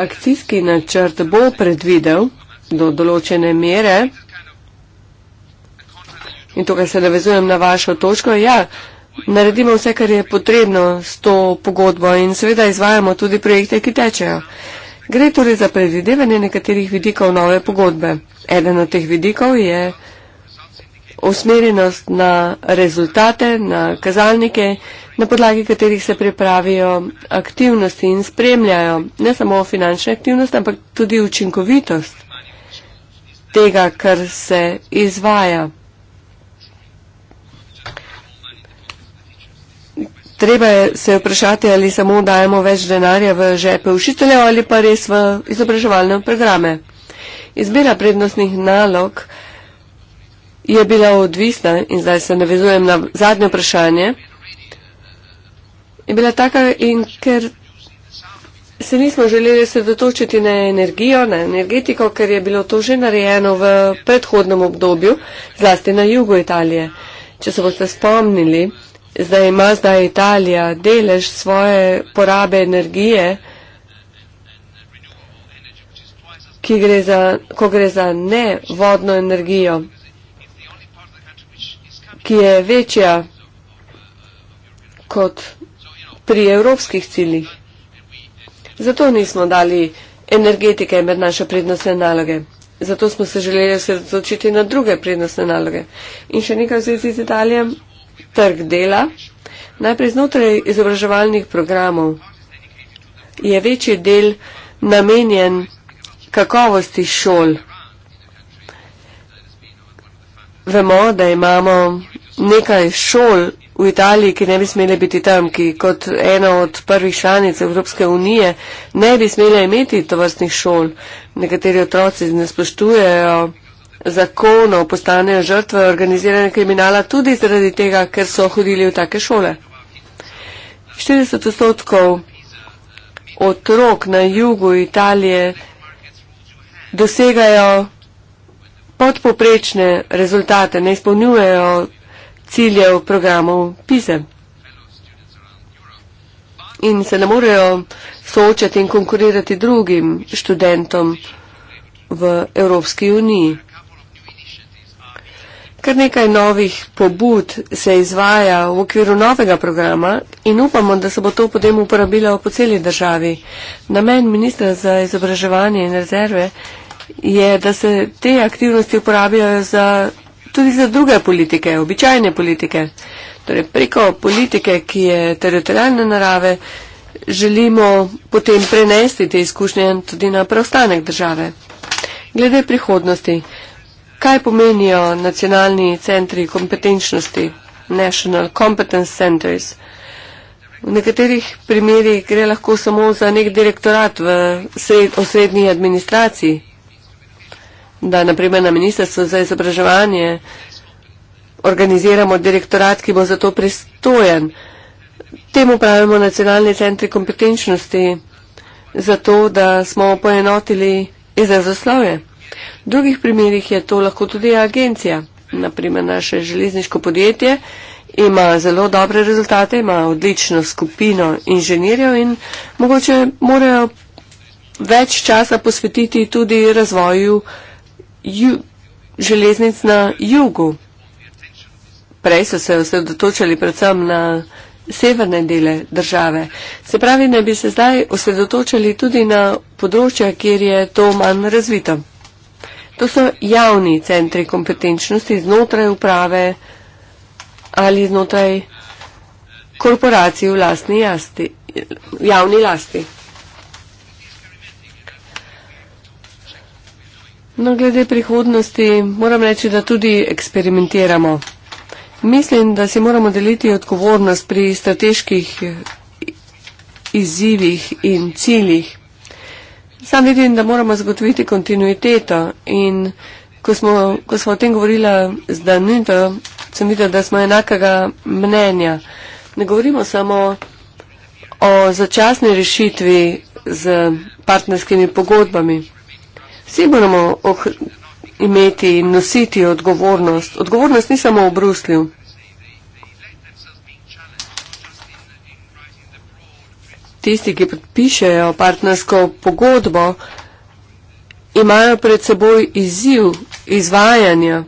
Akcijski načrt bo predvidel do določene mere in tukaj se navezujem na vašo točko. Ja, naredimo vse, kar je potrebno s to pogodbo in seveda izvajamo tudi projekte, ki tečejo. Gre torej za predvidevanje nekaterih vidikov nove pogodbe. Eden od teh vidikov je usmerjenost na rezultate, na kazalnike, na podlagi katerih se pripravijo aktivnosti in spremljajo ne samo finančne aktivnosti, ampak tudi učinkovitost tega, kar se izvaja. Treba je se vprašati, ali samo dajemo več denarja v žepe učiteljev ali pa res v izobraževalne programe. Izbira prednostnih nalog je bila odvisna in zdaj se navezujem na zadnje vprašanje. Je bila taka in ker se nismo želeli sredotočiti na energijo, na energetiko, ker je bilo to že narejeno v predhodnem obdobju, zlasti na jugu Italije. Če se boste spomnili, zdaj ima zdaj Italija delež svoje porabe energije, ki gre za, ko gre za nevodno energijo, ki je večja kot pri evropskih ciljih. Zato nismo dali energetike med naše prednostne naloge. Zato smo se želeli osredotočiti na druge prednostne naloge. In še nekaj v zvezi z Italijem trg dela. Najprej znotraj izobraževalnih programov je večji del namenjen kakovosti šol. Vemo, da imamo nekaj šol v Italiji, ki ne bi smele biti tam, ki kot ena od prvih članic Evropske unije ne bi smele imeti tovrstnih šol. Nekateri otroci ne spoštujejo zakonov postanejo žrtve organizirane kriminala tudi zaradi tega, ker so hodili v take šole. 40 odstotkov otrok na jugu Italije dosegajo podpoprečne rezultate, ne izpolnjujejo ciljev programov PISE in se ne morejo soočati in konkurirati drugim študentom v Evropski uniji. Kar nekaj novih pobud se izvaja v okviru novega programa in upamo, da se bo to potem uporabilo po celi državi. Namen ministra za izobraževanje in rezerve je, da se te aktivnosti uporabljajo za, tudi za druge politike, običajne politike. Torej preko politike, ki je teritorijalne narave, želimo potem prenesti te izkušnje tudi na preostanek države. Glede prihodnosti. Kaj pomenijo nacionalni centri kompetenčnosti, National Competence Centers? V nekaterih primerjih gre lahko samo za nek direktorat v sred, osrednji administraciji, da naprimer na Ministrstvo za izobraževanje organiziramo direktorat, ki bo zato prestojen. Temu pravimo nacionalni centri kompetenčnosti, zato da smo poenotili izrazoslovje. V drugih primerjih je to lahko tudi agencija. Naprimer, naše železniško podjetje ima zelo dobre rezultate, ima odlično skupino inženirjev in mogoče morajo več časa posvetiti tudi razvoju ju, železnic na jugu. Prej so se osredotočali predvsem na severne dele države. Se pravi, ne bi se zdaj osredotočali tudi na področja, kjer je to manj razvito. To so javni centri kompetenčnosti znotraj uprave ali znotraj korporacij v, lasti, v javni lasti. No, glede prihodnosti moram reči, da tudi eksperimentiramo. Mislim, da si moramo deliti odgovornost pri strateških izzivih in ciljih Sam vidim, da moramo zagotoviti kontinuiteto in ko smo, ko smo o tem govorila z Danito, sem videla, da smo enakega mnenja. Ne govorimo samo o začasni rešitvi z partnerskimi pogodbami. Vsi moramo imeti in nositi odgovornost. Odgovornost ni samo v Bruslju. tisti, ki podpišejo partnersko pogodbo, imajo pred seboj izziv izvajanja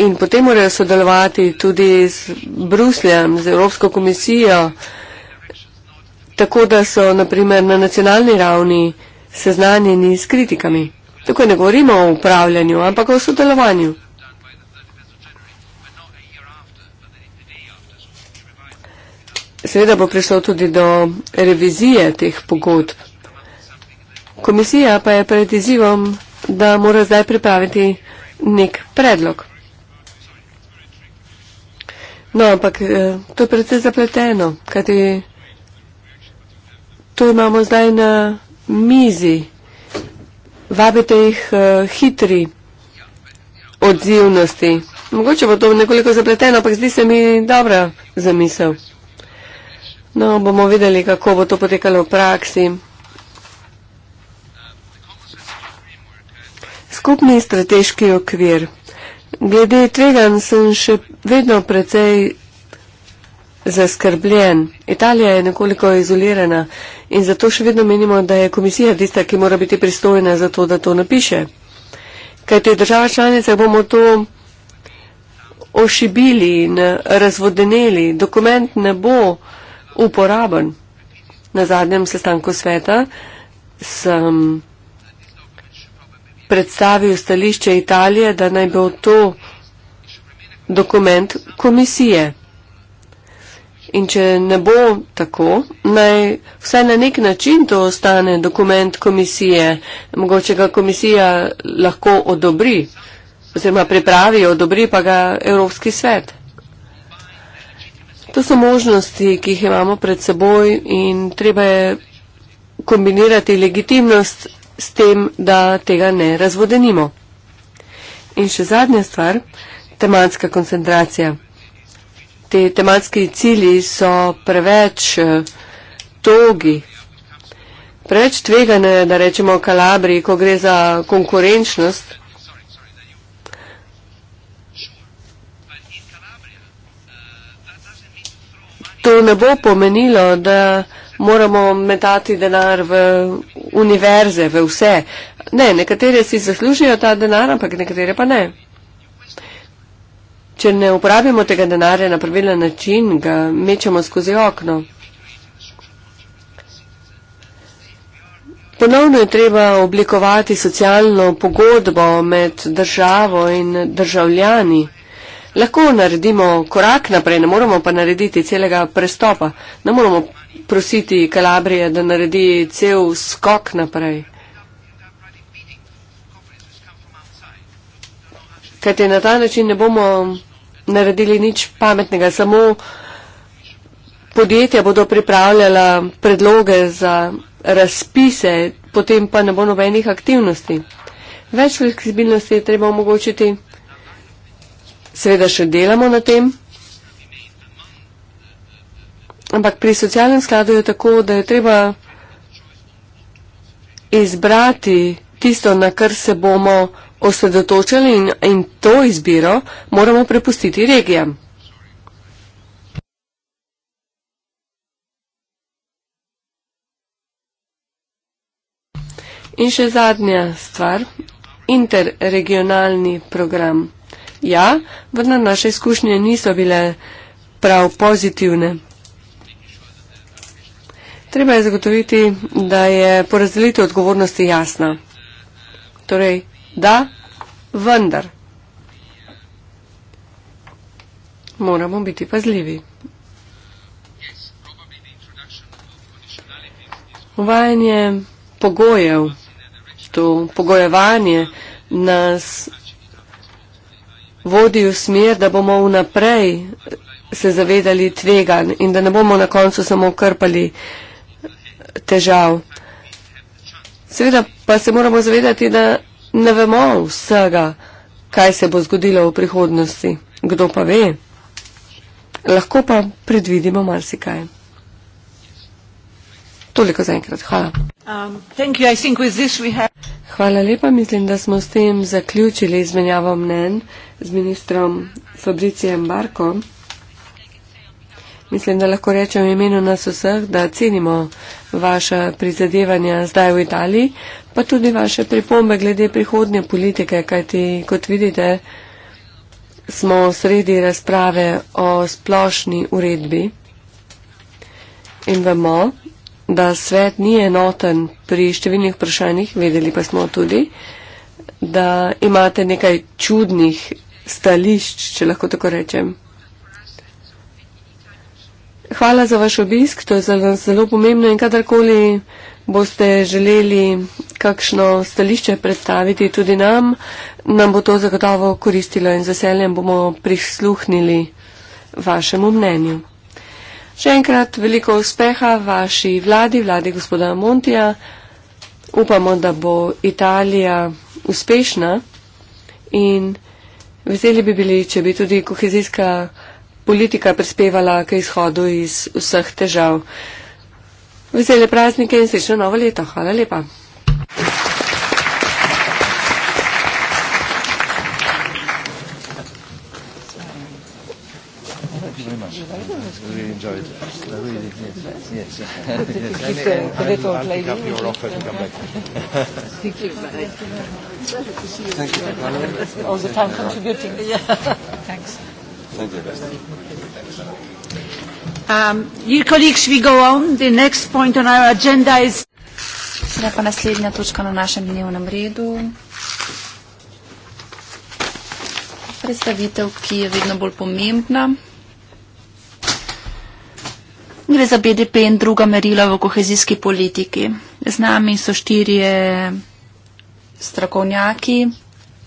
in potem morajo sodelovati tudi z Brusljem, z Evropsko komisijo, tako da so naprimer na nacionalni ravni seznanjeni s kritikami. Tukaj ne govorimo o upravljanju, ampak o sodelovanju. Seveda bo prišlo tudi do revizije teh pogodb. Komisija pa je pred izzivom, da mora zdaj pripraviti nek predlog. No, ampak eh, to je predvsej zapleteno, kajti to imamo zdaj na mizi. Vabite jih uh, hitri odzivnosti. Mogoče bo to nekoliko zapleteno, ampak zdi se mi dobra zamisel. No, bomo videli, kako bo to potekalo v praksi. Skupni strateški okvir. Glede tvegan sem še vedno precej zaskrbljen. Italija je nekoliko izolirana in zato še vedno menimo, da je komisija tista, ki mora biti pristojna za to, da to napiše. Kaj te država članice bomo to ošibili in razvodeneli. Dokument ne bo uporaben. Na zadnjem sestanku sveta sem predstavil stališče Italije, da naj bo to dokument komisije. In če ne bo tako, naj vsaj na nek način to ostane dokument komisije, mogoče ga komisija lahko odobri oziroma pripravi, odobri pa ga Evropski svet. To so možnosti, ki jih imamo pred seboj in treba je kombinirati legitimnost s tem, da tega ne razvodenimo. In še zadnja stvar, tematska koncentracija. Te tematski cilji so preveč eh, togi, preveč tvegane, da rečemo kalabri, ko gre za konkurenčnost. To ne bo pomenilo, da moramo metati denar v univerze, v vse. Ne, nekatere si zaslužijo ta denar, ampak nekatere pa ne. Če ne uporabimo tega denarja na pravilen način, ga mečemo skozi okno. Ponovno je treba oblikovati socialno pogodbo med državo in državljani lahko naredimo korak naprej, ne moremo pa narediti celega prestopa. Ne moremo prositi Kalabrije, da naredi cel skok naprej. Kajte na ta način ne bomo naredili nič pametnega, samo podjetja bodo pripravljala predloge za razpise, potem pa ne bo nobenih aktivnosti. Več fleksibilnosti je treba omogočiti. Seveda še delamo na tem. Ampak pri socialnem skladu je tako, da je treba izbrati tisto, na kar se bomo osredotočili in, in to izbiro moramo prepustiti regijam. In še zadnja stvar, interregionalni program. Ja, vendar naše izkušnje niso bile prav pozitivne. Treba je zagotoviti, da je porazdelitev odgovornosti jasna. Torej, da, vendar. Moramo biti pazljivi. Uvajanje pogojev, to pogojevanje nas vodi v smer, da bomo vnaprej se zavedali tvegan in da ne bomo na koncu samo krpali težav. Seveda pa se moramo zavedati, da ne vemo vsega, kaj se bo zgodilo v prihodnosti. Kdo pa ve? Lahko pa predvidimo marsikaj. Toliko za enkrat. Hvala. Um, Hvala lepa. Mislim, da smo s tem zaključili izmenjavo mnen z ministrom Fabricijem Barko. Mislim, da lahko rečem v imenu nas vseh, da cenimo vaša prizadevanja zdaj v Italiji, pa tudi vaše pripombe glede prihodnje politike, kajti kot vidite, smo sredi razprave o splošni uredbi in vemo, da svet ni enoten pri številnih vprašanjih, vedeli pa smo tudi, da imate nekaj čudnih stališč, če lahko tako rečem. Hvala za vaš obisk, to je za nas zelo pomembno in kadarkoli boste želeli kakšno stališče predstaviti tudi nam, nam bo to zagotovo koristilo in z veseljem bomo prisluhnili vašemu mnenju. Še enkrat veliko uspeha vaši vladi, vladi gospoda Montija. Upamo, da bo Italija uspešna in. Veseli bi bili, če bi tudi kohezijska politika prispevala k izhodu iz vseh težav. Vesele praznike in srečno novo leto. Hvala lepa. Thank you very much. I really enjoyed it. I really did. Yes. yes pleasure to see you. Thank you. Thank you. All the time contributing. Yeah. Thanks. Thank you. Um, dear colleagues, we go on. The next point on our agenda is. Sedaj ja, pa naslednja točka na našem dnevnem redu. Predstavitev, ki je vedno bolj pomembna. Gre za BDP in druga merila v kohezijski politiki. Z nami so štirje strokovnjaki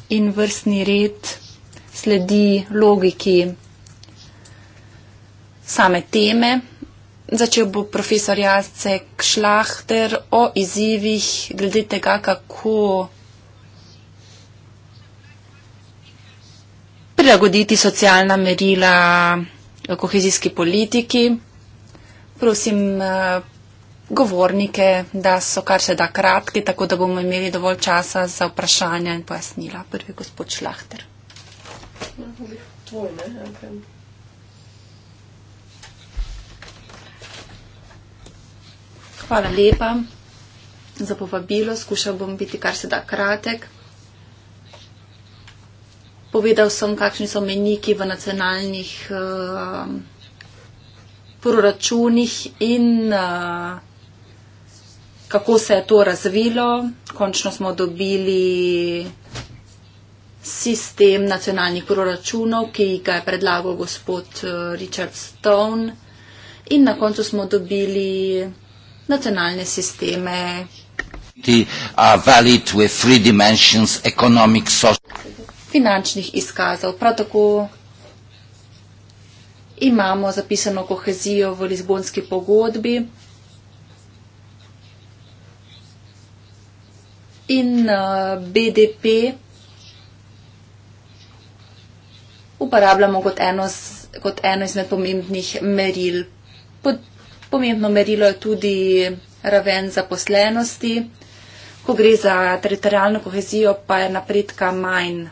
in vrstni red sledi logiki same teme. Začel bo profesor Jacek Šlahter o izzivih glede tega, kako prilagoditi socialna merila kohezijski politiki. Prosim, eh, govornike, da so kar se da kratki, tako da bomo imeli dovolj časa za vprašanja in pojasnila. Prvi je gospod Šlahter. Tvoj, ne? Hvala lepa za povabilo. Skušal bom biti kar se da kratek. Povedal sem, kakšni so meniki v nacionalnih uh, proračunih in uh, kako se je to razvilo. Končno smo dobili sistem nacionalnih proračunov, ki ga je predlagal gospod eh, Richard Stone in na koncu smo dobili nacionalne sisteme. Finančnih izkazov. Prav tako imamo zapisano kohezijo v Lizbonski pogodbi. in uh, BDP uporabljamo kot eno, kot eno izmed pomembnih meril. Pomembno merilo je tudi raven zaposlenosti. Ko gre za teritorijalno kohezijo, pa je napredka manj.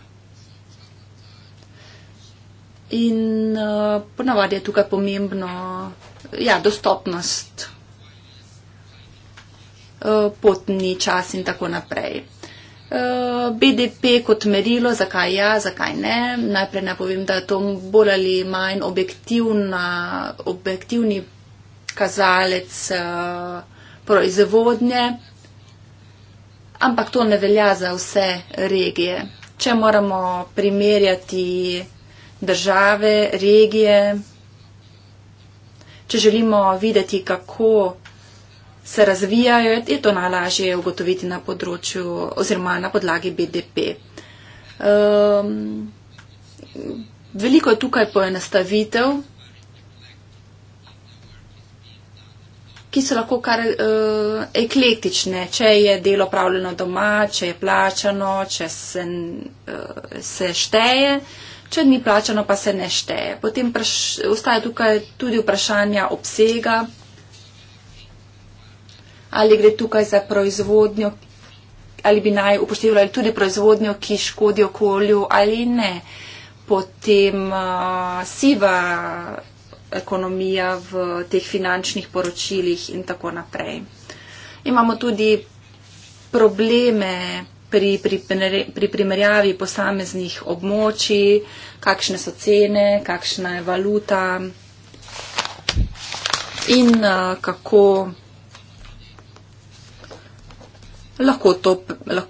In uh, ponavadi je tukaj pomembno ja, dostopnost. Eh, potni čas in tako naprej. Eh, BDP kot merilo, zakaj ja, zakaj ne. Najprej ne povem, da je to bolj ali manj objektivni kazalec eh, proizvodnje, ampak to ne velja za vse regije. Če moramo primerjati države, regije, če želimo videti, kako se razvijajo, je to najlažje ugotoviti na področju oziroma na podlagi BDP. Um, ehm, veliko je tukaj poenostavitev, ki so lahko kar uh, eklektične, če je delo pravljeno doma, če je plačano, če se, uh, se šteje, če ni plačano, pa se ne šteje. Potem vstaja tukaj tudi vprašanja obsega ali gre tukaj za proizvodnjo, ali bi naj upoštevali tudi proizvodnjo, ki škodi okolju ali ne. Potem uh, siva ekonomija v teh finančnih poročilih in tako naprej. Imamo tudi probleme pri, pri, pri primerjavi posameznih območij, kakšne so cene, kakšna je valuta in uh, kako lahko to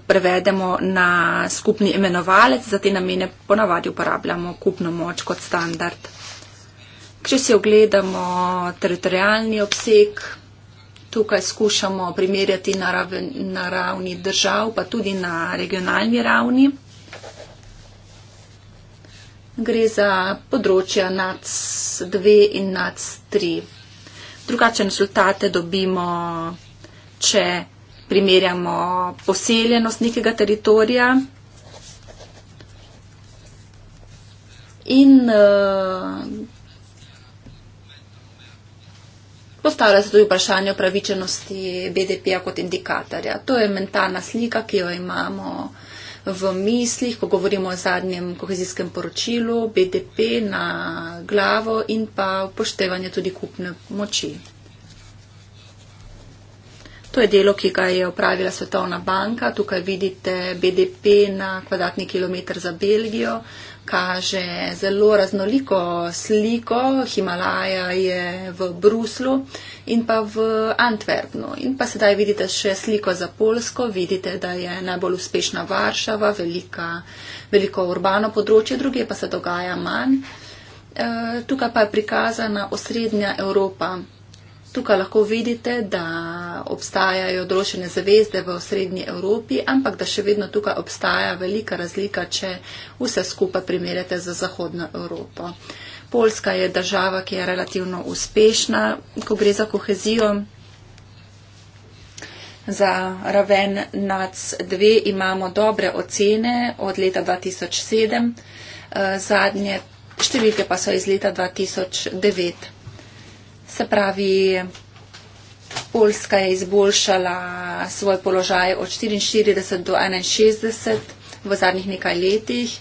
prevedemo na skupni imenovalec, za te namene ponavadi uporabljamo kupno moč kot standard. Če si ogledamo teritorijalni obseg, tukaj skušamo primerjati na, rav, na ravni držav, pa tudi na regionalni ravni. Gre za področja nad 2 in nad 3. Drugačne rezultate dobimo, če primerjamo poseljenost nekega teritorija in uh, postavlja se tudi vprašanje upravičenosti BDP-ja kot indikatorja. To je mentalna slika, ki jo imamo v mislih, ko govorimo o zadnjem kohezijskem poročilu, BDP na glavo in pa upoštevanje tudi kupne moči. To je delo, ki ga je opravila Svetovna banka. Tukaj vidite BDP na kvadratni kilometr za Belgijo. Kaže zelo raznoliko sliko. Himalaja je v Bruslu in pa v Antwerpnu. In pa sedaj vidite še sliko za Polsko. Vidite, da je najbolj uspešna Varšava, velika, veliko urbano področje, druge pa se dogaja manj. Eh, tukaj pa je prikazana osrednja Evropa. Tukaj lahko vidite, da obstajajo določene zvezde v srednji Evropi, ampak da še vedno tukaj obstaja velika razlika, če vse skupaj primerjate za zahodno Evropo. Poljska je država, ki je relativno uspešna, ko gre za kohezijo. Za raven NAC 2 imamo dobre ocene od leta 2007, eh, zadnje številke pa so iz leta 2009. Se pravi, Poljska je izboljšala svoj položaj od 44 do 61 v zadnjih nekaj letih.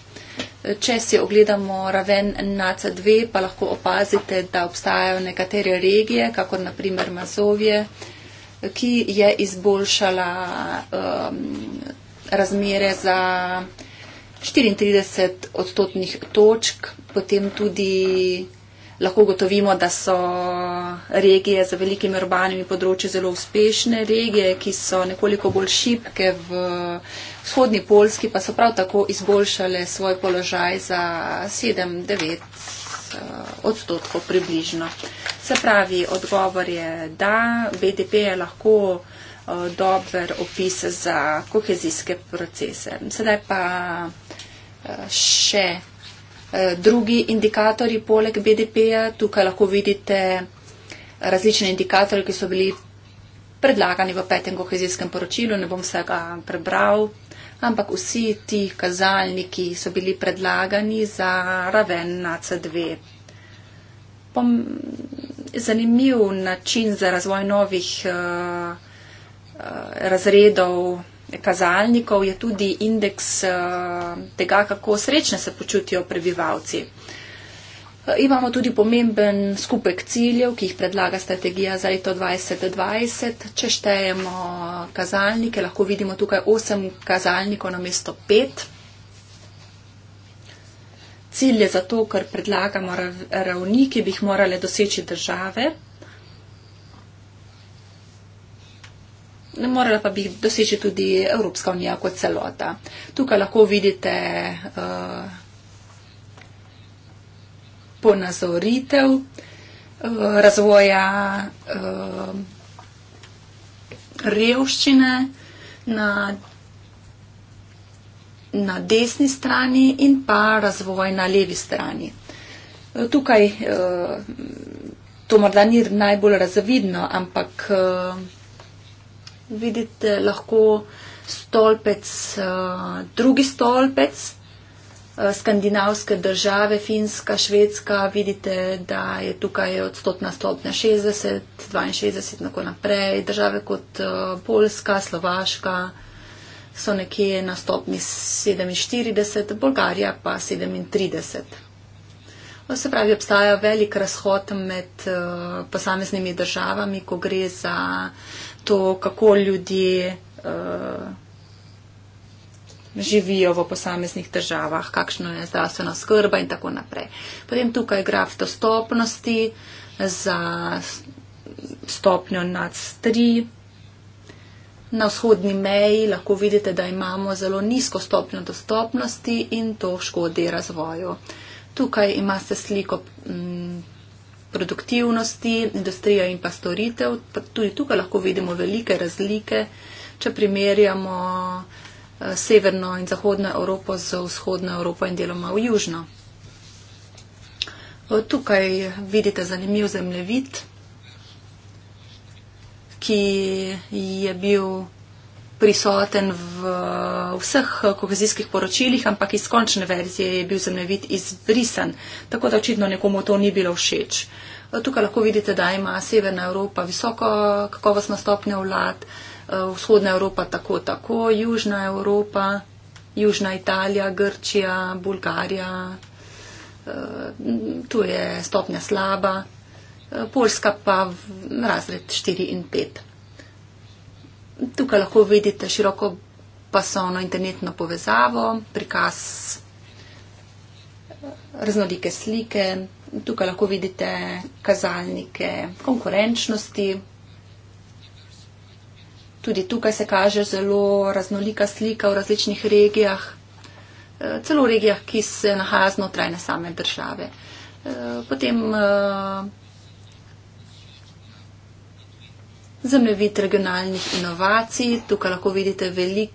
Če si ogledamo raven NAC2, pa lahko opazite, da obstajajo nekatere regije, kako naprimer Mazovje, ki je izboljšala um, razmere za 34 odstotnih točk, potem tudi lahko gotovimo, da so regije z velikimi urbanimi področji zelo uspešne, regije, ki so nekoliko bolj šipke v vzhodni Polski, pa so prav tako izboljšale svoj položaj za 7-9 eh, odstotkov približno. Se pravi, odgovor je, da BDP je lahko eh, dober opis za kohezijske procese. Sedaj pa eh, še Eh, drugi indikatorji poleg BDP-ja. Tukaj lahko vidite eh, različne indikatorje, ki so bili predlagani v petem kohezijskem poročilu. Ne bom vsega prebral, ampak vsi ti kazalniki so bili predlagani za raven NAC2. Pom zanimiv način za razvoj novih uh, uh, razredov kazalnikov je tudi indeks eh, tega, kako srečne se počutijo prebivalci. Eh, imamo tudi pomemben skupek ciljev, ki jih predlaga strategija za leto 2020. Če štejemo eh, kazalnike, lahko vidimo tukaj 8 kazalnikov na mesto 5. Cilj je zato, ker predlagamo ravni, ki bi jih morale doseči države. ne morala pa bi doseči tudi Evropska unija kot celota. Tukaj lahko vidite uh, ponazoritev uh, razvoja uh, revščine na, na desni strani in pa razvoj na levi strani. Tukaj uh, to morda ni najbolj razvidno, ampak uh, vidite lahko stolpec, eh, drugi stolpec eh, skandinavske države, Finska, Švedska, vidite, da je tukaj odstotna stopnja 60, 62 in tako naprej. Države kot eh, Poljska, Slovaška so nekje na stopni 47, Bolgarija pa 37. No, se pravi, obstaja velik razhod med uh, posameznimi državami, ko gre za uh, to, kako ljudje uh, živijo v posameznih državah, kakšno je zdravstvena skrba in tako naprej. Potem tukaj je graf dostopnosti za stopnjo nad 3. Na vzhodni meji lahko vidite, da imamo zelo nizko stopnjo dostopnosti in to škodi razvoju. Tukaj imate sliko. Mm, produktivnosti, industrija in pa storitev. Pa tudi tukaj lahko vidimo velike razlike, če primerjamo eh, severno in zahodno Evropo z vzhodno Evropo in deloma v južno. Tukaj vidite zanimiv zemljevid, ki je bil prisoten v vseh kohezijskih poročilih, ampak iz končne verzije je bil zemljevid izbrisan, tako da očitno nekomu to ni bilo všeč. Tukaj lahko vidite, da ima Severna Evropa visoko kakovostno stopnjo vlad, Vzhodna Evropa tako, tako, Južna Evropa, Južna Italija, Grčija, Bulgarija, eh, tu je stopnja slaba, eh, Poljska pa razred 4 in 5 tukaj lahko vidite široko pasovno internetno povezavo, prikaz eh, raznolike slike, tukaj lahko vidite kazalnike konkurenčnosti. Tudi tukaj se kaže zelo raznolika slika v različnih regijah, eh, celo v regijah, ki se nahajajo znotraj ne same države. Eh, potem zemljevid regionalnih inovacij. Tukaj lahko vidite velik,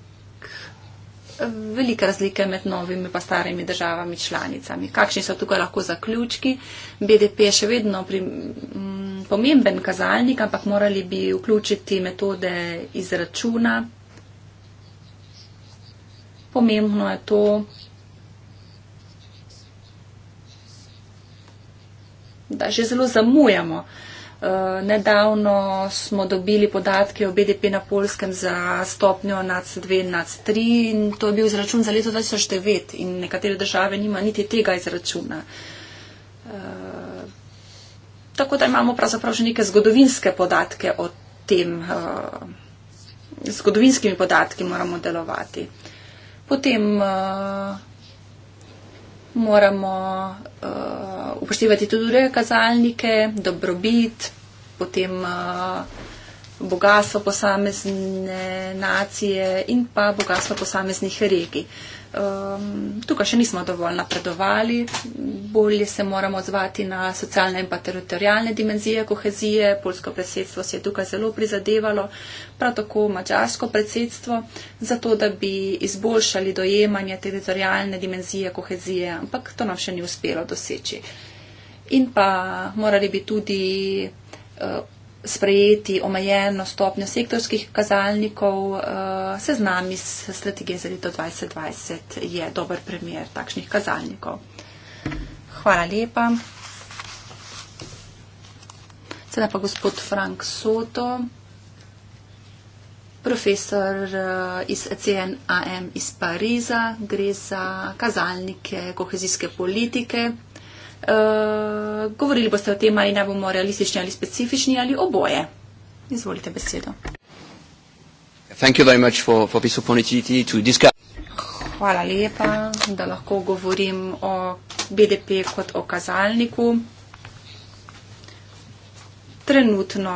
velike razlike med novimi pa starimi državami članicami. Kakšni so tukaj lahko zaključki? BDP je še vedno pri, m, mm, pomemben kazalnik, ampak morali bi vključiti metode izračuna. Pomembno je to, da že zelo zamujamo. Eh, nedavno smo dobili podatke o BDP na polskem za stopnjo NAC2 in NAC3 in to je bil izračun za leto 2009 in nekatere države nima niti tega izračuna. Eh, tako da imamo pravzaprav že neke zgodovinske podatke o tem, eh, zgodovinskimi podatki moramo delovati. Potem moramo uh, upoštevati tudi druge kazalnike, dobrobit, potem uh, eh, bogatstvo posamezne nacije in pa bogatstvo posameznih regij. Uh, um, tukaj še nismo dovolj napredovali, bolje se moramo odzvati na socialne in pa teritorijalne dimenzije kohezije. Polsko predsedstvo se je tukaj zelo prizadevalo, prav tako mačarsko predsedstvo, zato da bi izboljšali dojemanje teritorijalne dimenzije kohezije, ampak to nam še ni uspelo doseči. In pa morali bi tudi. Uh, sprejeti omejeno stopnjo sektorskih kazalnikov, eh, se z nami s strategije za leto 2020 je dober primer takšnih kazalnikov. Hvala lepa. Sedaj pa gospod Frank Soto, profesor eh, iz CNAM iz Pariza, gre za kazalnike kohezijske politike. Eh, govorili boste o tem, ali naj bomo realistični ali specifični ali oboje. Izvolite besedo. For, for Hvala lepa, da lahko govorim o BDP kot o kazalniku. Trenutno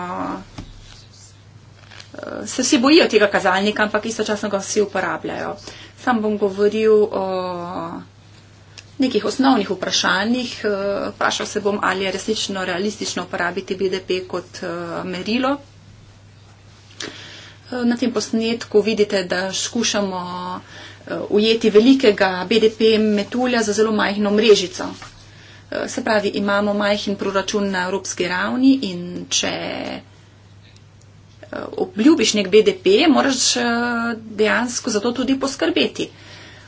eh, se vsi bojijo tega kazalnika, ampak istočasno ga vsi uporabljajo. Sam bom govoril o nekih osnovnih vprašanjih. Eh, vprašal se bom, ali je resnično realistično uporabiti BDP kot eh, merilo. Eh, na tem posnetku vidite, da skušamo ujeti velikega BDP metulja za zelo majhno mrežico. Se pravi, imamo majhen proračun na evropski ravni in če obljubiš nek BDP, moraš dejansko za to tudi poskrbeti.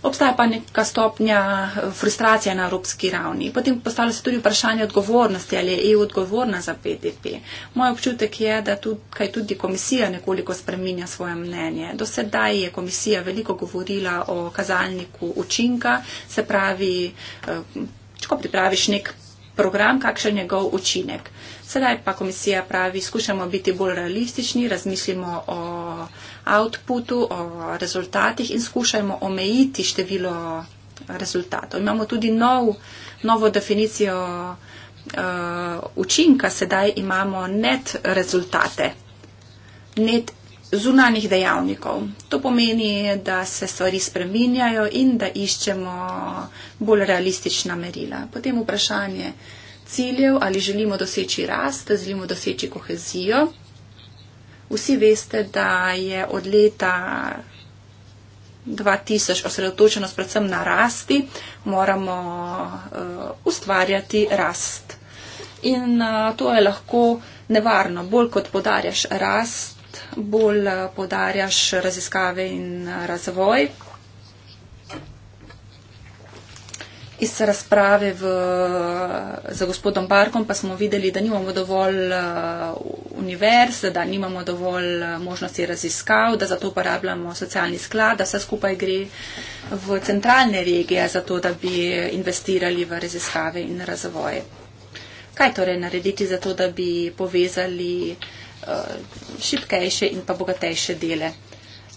Obstaja pa neka stopnja eh, frustracije na evropski ravni. Potem postavlja se tudi vprašanje odgovornosti, ali je EU odgovorna za BDP. Moj občutek je, da tukaj tudi komisija nekoliko spreminja svoje mnenje. Do sedaj je komisija veliko govorila o kazalniku učinka, se pravi, eh, ko pripraviš nek program, kakšen je njegov učinek. Sedaj pa komisija pravi, skušamo biti bolj realistični, razmislimo o outputu, o rezultatih in skušajmo omejiti število rezultatov. Imamo tudi nov, novo definicijo uh, učinka, sedaj imamo net rezultate, net zunanih dejavnikov. To pomeni, da se stvari spreminjajo in da iščemo bolj realistična merila. Potem vprašanje ciljev, ali želimo doseči rast, želimo doseči kohezijo. Vsi veste, da je od leta 2000 osredotočenost predvsem na rasti, moramo uh, ustvarjati rast. In uh, to je lahko nevarno, bolj kot podarjaš rast, bolj eh, podarjaš raziskave in razvoj. iz razprave v, za gospodom Barkom pa smo videli, da nimamo dovolj eh, univerz, da nimamo dovolj eh, možnosti raziskav, da zato uporabljamo socialni sklad, da vse skupaj gre v centralne regije, zato da bi investirali v raziskave in razvoje. Kaj torej narediti za to, da bi povezali uh, eh, šipkejše in pa bogatejše dele?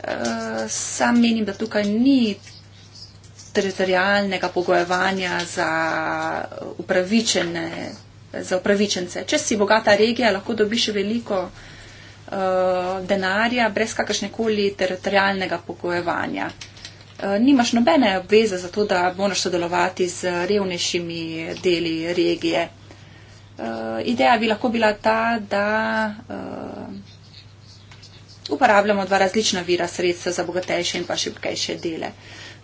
Uh, sam menim, da tukaj ni teritorijalnega pogojevanja za upravičene, za upravičence. Če si bogata regija, lahko dobiš veliko uh, denarja brez kakršnekoli teritorijalnega pogojevanja. Eh, nimaš nobene obveze za to, da boš sodelovati z revnejšimi deli regije. Eh, ideja bi lahko bila ta, da uporabljamo dva različna vira sredstva za bogatejše in pa šibkejše dele.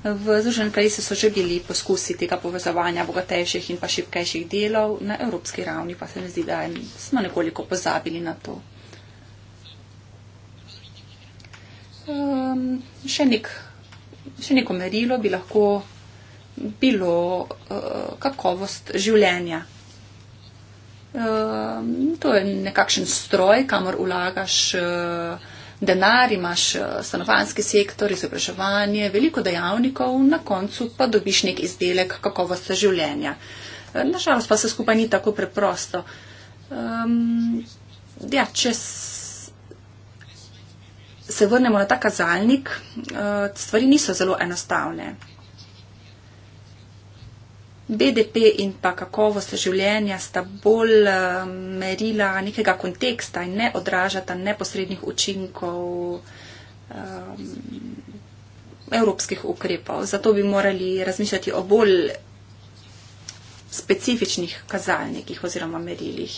V Združenem kraljestvu so že bili poskusi tega povezovanja bogatejših in pa šipkejših delov, na evropski ravni pa se mi zdi, da smo nekoliko pozabili na to. Um, še, nek, še neko merilo bi lahko bilo uh, kakovost življenja. Uh, to je nekakšen stroj, kamor vlagaš. Uh, denar, imaš eh, stanovanski sektor, izobraževanje, veliko dejavnikov, na koncu pa dobiš nek izdelek kakovosti življenja. Eh, Nažalost pa se skupaj ni tako preprosto. Um, ja, če se vrnemo na ta kazalnik, eh, stvari niso zelo enostavne. BDP in pa kakovost življenja sta bolj eh, merila nekega konteksta in ne odražata neposrednih učinkov um, evropskih ukrepov. Zato bi morali razmišljati o bolj specifičnih kazalnikih oziroma merilih.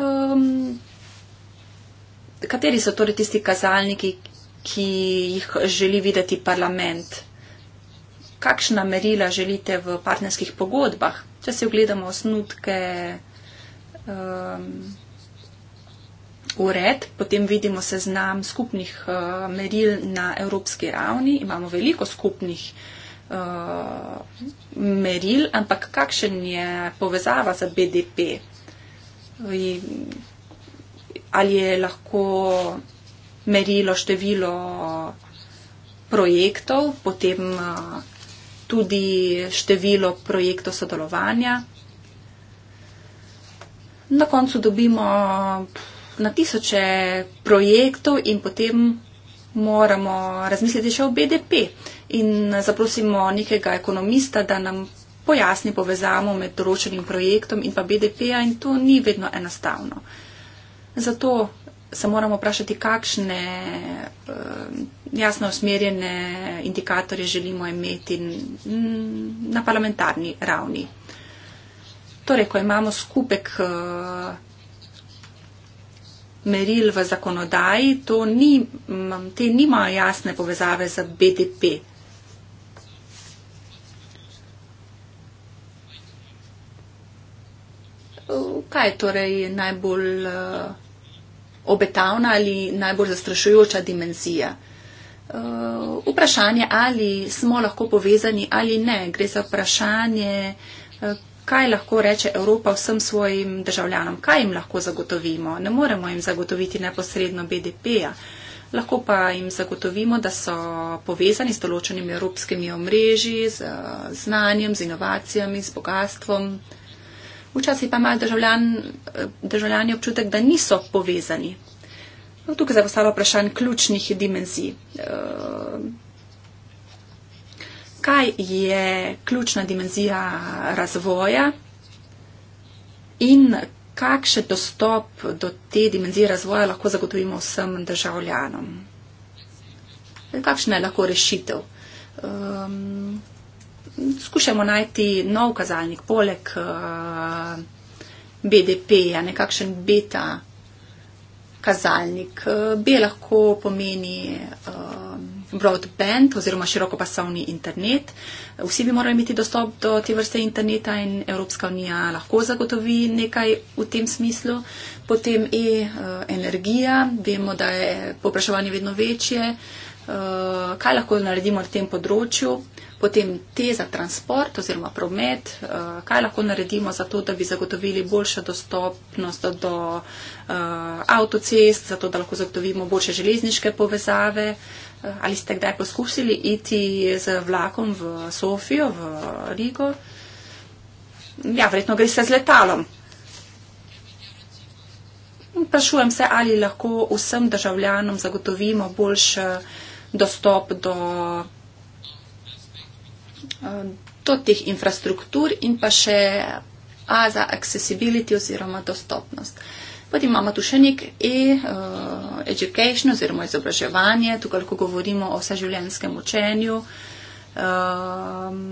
Um, kateri so torej tisti kazalniki, ki jih želi videti parlament? kakšna merila želite v partnerskih pogodbah. Če si ogledamo osnutke um, ured, potem vidimo seznam skupnih uh, meril na evropski ravni. Imamo veliko skupnih uh, meril, ampak kakšen je povezava za BDP? Ali je lahko merilo število projektov, potem uh, tudi število projektov sodelovanja. Na koncu dobimo na tisoče projektov in potem moramo razmisliti še o BDP in zaprosimo nekega ekonomista, da nam pojasni povezamo med določenim projektom in pa BDP-a in to ni vedno enostavno. Zato se moramo vprašati, kakšne eh, jasno usmerjene indikatorje želimo imeti na parlamentarni ravni. Torej, ko imamo skupek eh, meril v zakonodaji, ni, te nimajo jasne povezave z BDP. Kaj je torej najbolj eh, obetavna ali najbolj zastrašujoča dimenzija. Eh, vprašanje, ali smo lahko povezani ali ne, gre za vprašanje, eh, kaj lahko reče Evropa vsem svojim državljanom, kaj jim lahko zagotovimo. Ne moremo jim zagotoviti neposredno BDP-ja, lahko pa jim zagotovimo, da so povezani z določenimi evropskimi omrežji, z znanjem, z inovacijami, z bogatstvom. Včasih pa imajo državljan, državljani občutek, da niso povezani. No, tukaj se postavlja vprašanje ključnih dimenzij. Eh, kaj je ključna dimenzija razvoja in kakšen dostop do te dimenzije razvoja lahko zagotovimo vsem državljanom? Kakšna je lahko rešitev? Ehm, skušamo najti nov kazalnik, poleg uh, eh, BDP-ja, nekakšen beta kazalnik. Eh, B lahko pomeni uh, broadband oziroma širokopasovni internet. Vsi bi morali imeti dostop do te vrste interneta in Evropska unija lahko zagotovi nekaj v tem smislu. Potem E, uh, energija. Vemo, da je popraševanje vedno večje. Uh, kaj lahko naredimo na tem področju? Uh, Potem te za transport oziroma promet, eh, kaj lahko naredimo za to, da bi zagotovili boljšo dostopnost do eh, avtocest, zato da lahko zagotovimo boljše železniške povezave. Eh, ali ste kdaj poskusili iti z vlakom v Sofijo, v Rigo? Ja, verjetno gre se z letalom. Prašujem se, ali lahko vsem državljanom zagotovimo boljši dostop do Eh, do teh infrastruktur in pa še A za accessibility oziroma dostopnost. Potem imamo tu še nek E, uh, education oziroma izobraževanje, tukaj lahko govorimo o vseživljenjskem učenju. Um,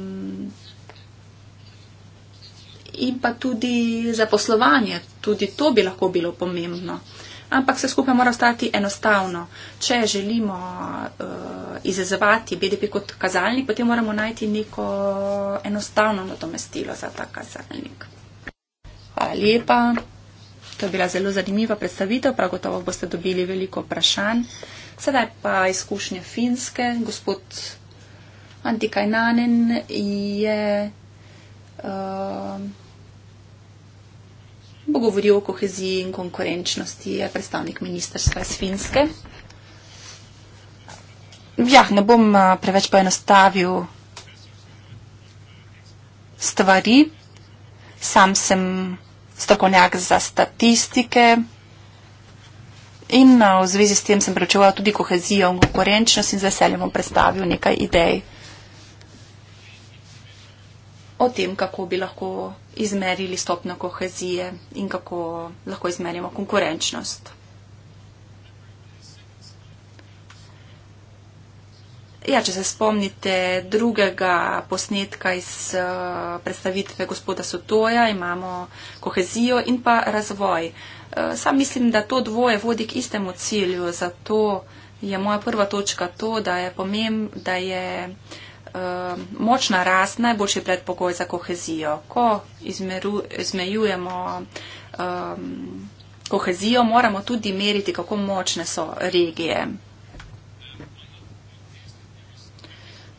in pa tudi zaposlovanje, tudi to bi lahko bilo pomembno ampak vse skupaj mora ostati enostavno. Če želimo uh, izazvati BDP kot kazalnik, potem moramo najti neko enostavno nadomestilo za ta kazalnik. Hvala lepa. To je bila zelo zanimiva predstavitev, prav gotovo boste dobili veliko vprašanj. Sedaj pa izkušnje finske. Gospod Antikajnanen je. Uh, bo govoril o koheziji in konkurenčnosti, je predstavnik ministrstva iz Finske. Ja, ne bom eh, preveč poenostavil stvari. Sam sem strokovnjak za statistike in eh, v zvezi s tem sem preučeval tudi kohezijo in konkurenčnost in z veseljem bom predstavil nekaj idej o tem, kako bi lahko izmerili stopno kohezije in kako lahko izmerimo konkurenčnost. Ja, če se spomnite drugega posnetka iz eh, predstavitve gospoda Sotoja, imamo kohezijo in pa razvoj. Eh, sam mislim, da to dvoje vodi k istemu cilju, zato je moja prva točka to, da je pomembno, da je. Eh, močna rast najboljši predpogoj za kohezijo. Ko izmeru, izmejujemo um, kohezijo, moramo tudi meriti, kako močne so regije.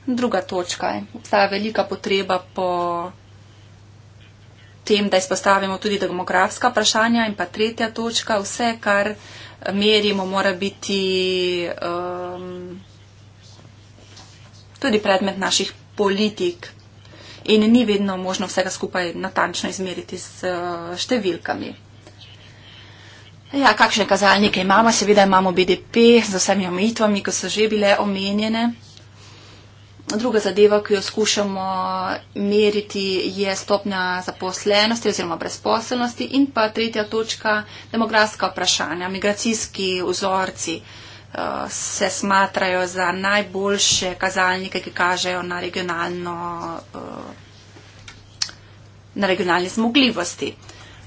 Druga točka je, obstaja velika potreba po tem, da izpostavimo tudi demografska vprašanja in pa tretja točka, vse, kar merimo, mora biti. Um, tudi predmet naših politik in ni vedno možno vsega skupaj natančno izmeriti s eh, številkami. Ja, kakšne kazalnike imamo? Seveda imamo BDP z vsemi omejitvami, ko so že bile omenjene. Druga zadeva, ki jo skušamo meriti, je stopnja zaposlenosti oziroma brezposelnosti in pa tretja točka, demografska vprašanja, migracijski vzorci. Uh, Eh, se smatrajo za najboljše kazalnike, ki kažejo na, regionalno, eh, na regionalne zmogljivosti.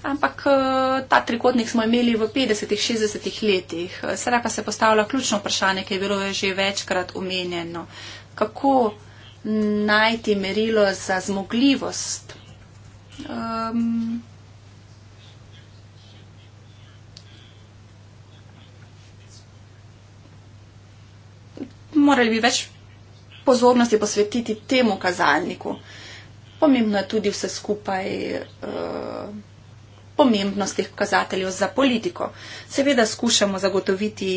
Ampak eh, ta trikotnik smo imeli v 50-ih, 60-ih letih. Sedaj pa se postavlja ključno vprašanje, ki je bilo že večkrat omenjeno. Kako najti merilo za zmogljivost? Um, morali bi več pozornosti posvetiti temu kazalniku. Pomembno je tudi vse skupaj uh, pomembnost teh kazateljev za politiko. Seveda skušamo zagotoviti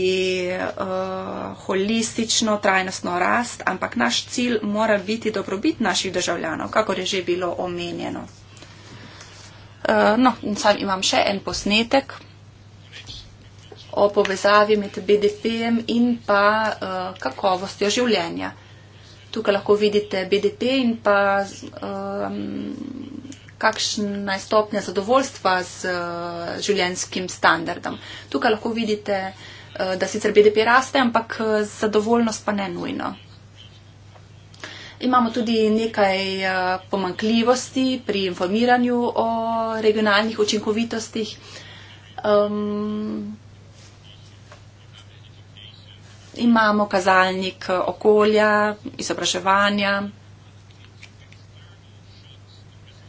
uh, holistično, trajnostno rast, ampak naš cilj mora biti dobrobit naših državljanov, kakor je že bilo omenjeno. Uh, no, in sam imam še en posnetek o povezavi med BDP-jem in pa uh, kakovostjo življenja. Tukaj lahko vidite BDP in pa um, kakšna je stopnja zadovoljstva z uh, eh, življenskim standardom. Tukaj lahko vidite, uh, da sicer BDP raste, ampak zadovoljnost pa ne nujno. Imamo tudi nekaj pomankljivosti pri informiranju o regionalnih učinkovitostih. Um, imamo kazalnik eh, okolja, izobraževanja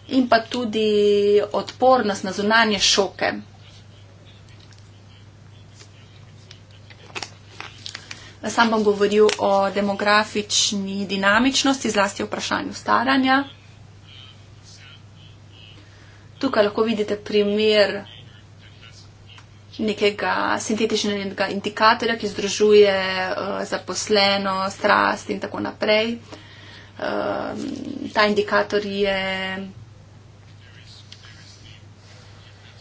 in pa tudi odpornost na zunanje šoke. Sam bom govoril o demografični dinamičnosti, zlasti o vprašanju staranja. Tukaj lahko vidite primer nekega sintetičnega indikatorja, ki združuje uh, zaposleno, strast in tako naprej. Um, ta indikator je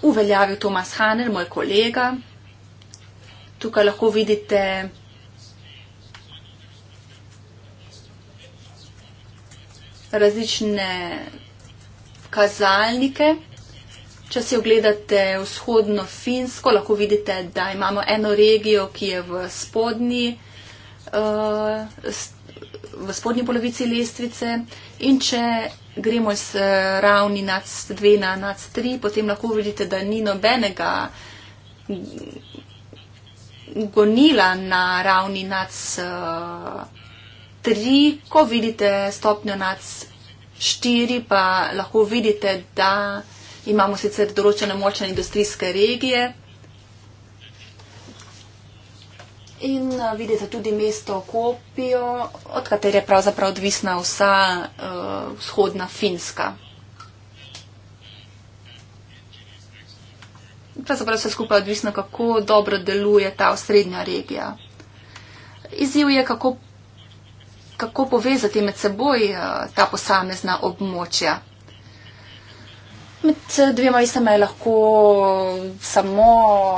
uveljavil Tomas Haner, moj kolega. Tukaj lahko vidite različne kazalnike. Če si ogledate vzhodno Finsko, lahko vidite, da imamo eno regijo, ki je v spodnji, eh, v spodnji polovici lestvice. In če gremo z eh, ravni nad 2 na nad 3, potem lahko vidite, da ni nobenega gonila na ravni nad 3. Eh, Ko vidite stopnjo nad 4, pa lahko vidite, da imamo sicer določene močne industrijske regije. In eh, vidite tudi mesto Kopijo, od katere je pravzaprav odvisna vsa uh, vzhodna Finska. Pravzaprav se skupaj odvisno, kako dobro deluje ta osrednja regija. Izziv je, kako, kako povezati med seboj uh, ta posamezna območja med eh, dvema istama je lahko eh, samo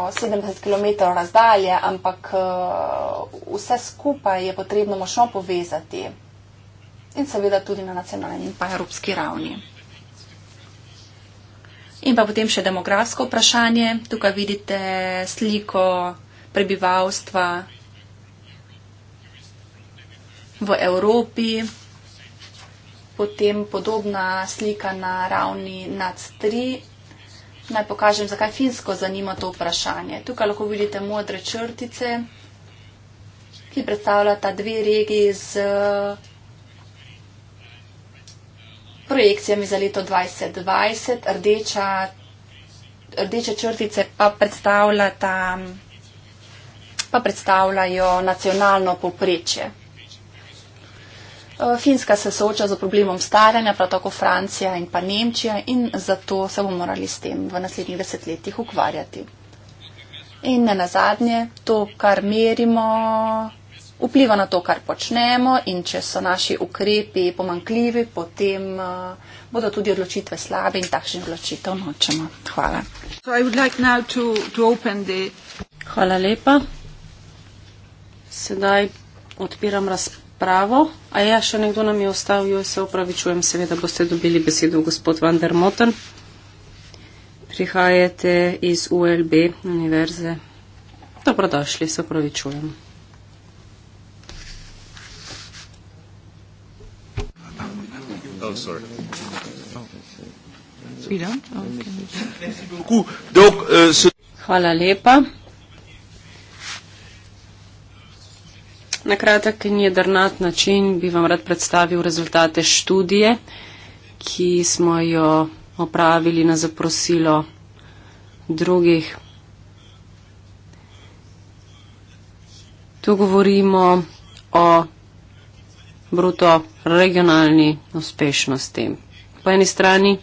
70 km razdalje, ampak eh, vse skupaj je potrebno močno povezati in seveda tudi na nacionalni in pa evropski ravni. In pa potem še demografsko vprašanje. Tukaj vidite sliko prebivalstva v Evropi potem podobna slika na ravni NAC3. Naj pokažem, zakaj Finsko zanima to vprašanje. Tukaj lahko vidite modre črtice, ki predstavljata dve regiji z projekcijami za leto 2020. Rdeča, rdeče črtice pa predstavljata pa predstavljajo nacionalno poprečje. Eh, Finska se sooča z problemom staranja, prav tako Francija in pa Nemčija in zato se bomo morali s tem v naslednjih desetletjih ukvarjati. In ne nazadnje, to, kar merimo, vpliva na to, kar počnemo in če so naši ukrepi pomankljivi, potem uh, bodo tudi odločitve slabe in takšne odločitev nočemo. Hvala. Like to, to the... Hvala lepa. Sedaj odpiram razpravo pravo. A ja, še nekdo nam je ostal, jo se upravičujem, seveda boste dobili besedo, gospod Vander Moten. Prihajate iz ULB univerze. Dobrodošli, se upravičujem. Oh, oh, euh, Hvala lepa. Na kratek in jedrnat način bi vam rad predstavil rezultate študije, ki smo jo opravili na zaprosilo drugih. Tu govorimo o bruto regionalni uspešnosti. Po eni strani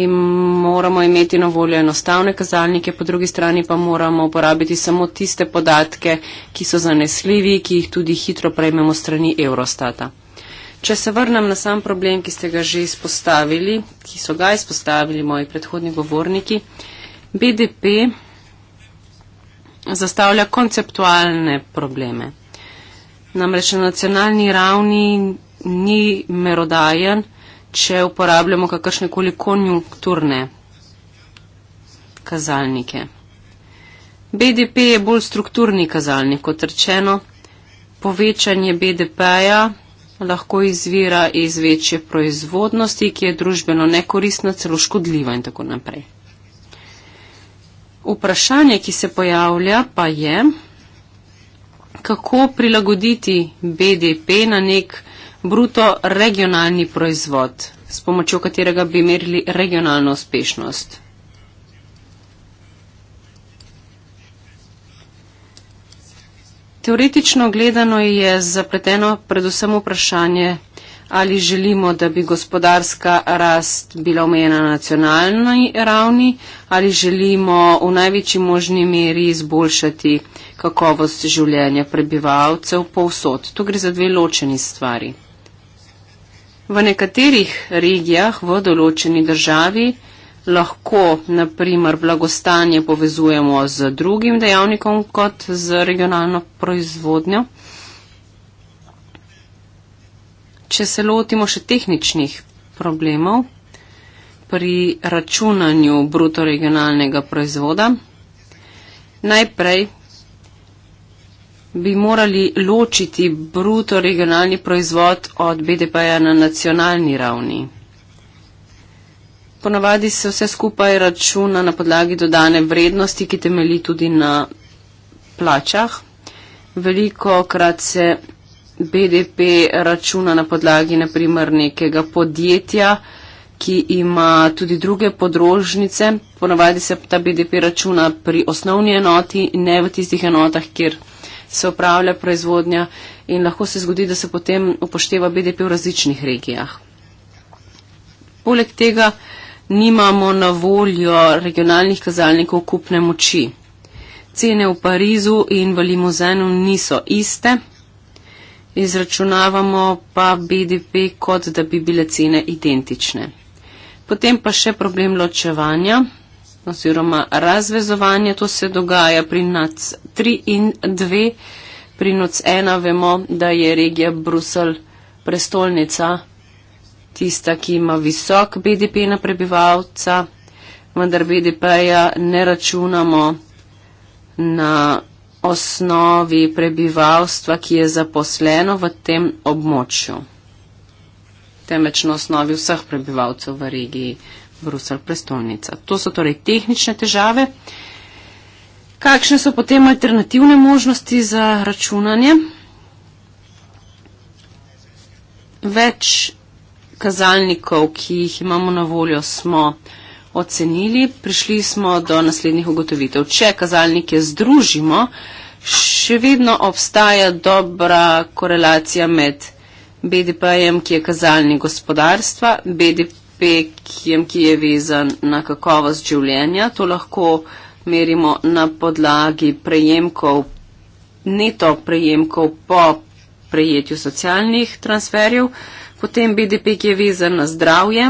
in moramo imeti na voljo enostavne kazalnike, po drugi strani pa moramo uporabiti samo tiste podatke, ki so zanesljivi, ki jih tudi hitro prejmemo strani Eurostata. Če se vrnem na sam problem, ki ste ga že izpostavili, ki so ga izpostavili moji predhodni govorniki, BDP zastavlja konceptualne probleme. Namreč na nacionalni ravni ni merodajen, če uporabljamo kakršne koli konjunkturne kazalnike. BDP je bolj strukturni kazalnik, kot rečeno. Povečanje BDP-ja lahko izvira iz večje proizvodnosti, ki je družbeno nekoristna, celo škodljiva in tako naprej. Vprašanje, ki se pojavlja, pa je, kako prilagoditi BDP na nek način, bruto regionalni proizvod, s pomočjo katerega bi merili regionalno uspešnost. Teoretično gledano je zapleteno predvsem vprašanje, ali želimo, da bi gospodarska rast bila omejena na nacionalni ravni, ali želimo v največji možni meri izboljšati kakovost življenja prebivalcev povsod. Tu gre za dve ločeni stvari. V nekaterih regijah v določeni državi lahko naprimer blagostanje povezujemo z drugim dejavnikom kot z regionalno proizvodnjo. Če se lotimo še tehničnih problemov pri računanju bruto regionalnega proizvoda, najprej bi morali ločiti bruto regionalni proizvod od BDP-ja na nacionalni ravni. Ponavadi se vse skupaj računa na podlagi dodane vrednosti, ki temeli tudi na plačah. Veliko krat se BDP računa na podlagi naprimer nekega podjetja, ki ima tudi druge podrožnice. Ponavadi se ta BDP računa pri osnovni enoti, ne v tistih enotah, kjer se upravlja proizvodnja in lahko se zgodi, da se potem upošteva BDP v različnih regijah. Poleg tega nimamo na voljo regionalnih kazalnikov kupne moči. Cene v Parizu in v Limuzenu niso iste, izračunavamo pa BDP, kot da bi bile cene identične. Potem pa še problem ločevanja oziroma razvezovanje, to se dogaja pri NAC 3 in 2. Pri NAC 1 vemo, da je regija Brusel prestolnica, tista, ki ima visok BDP na prebivalca, vendar BDP-ja ne računamo na osnovi prebivalstva, ki je zaposleno v tem območju, temveč na osnovi vseh prebivalcev v regiji. Bruselj prestolnica. To so torej tehnične težave. Kakšne so potem alternativne možnosti za računanje? Več kazalnikov, ki jih imamo na voljo, smo ocenili. Prišli smo do naslednjih ugotovitev. Če kazalnike združimo, še vedno obstaja dobra korelacija med BDP-jem, ki je kazalnik gospodarstva, BDP pekjem, ki je vezan na kakovost življenja. To lahko merimo na podlagi prejemkov, neto prejemkov po prejetju socialnih transferjev. Potem BDP, ki je vezan na zdravje.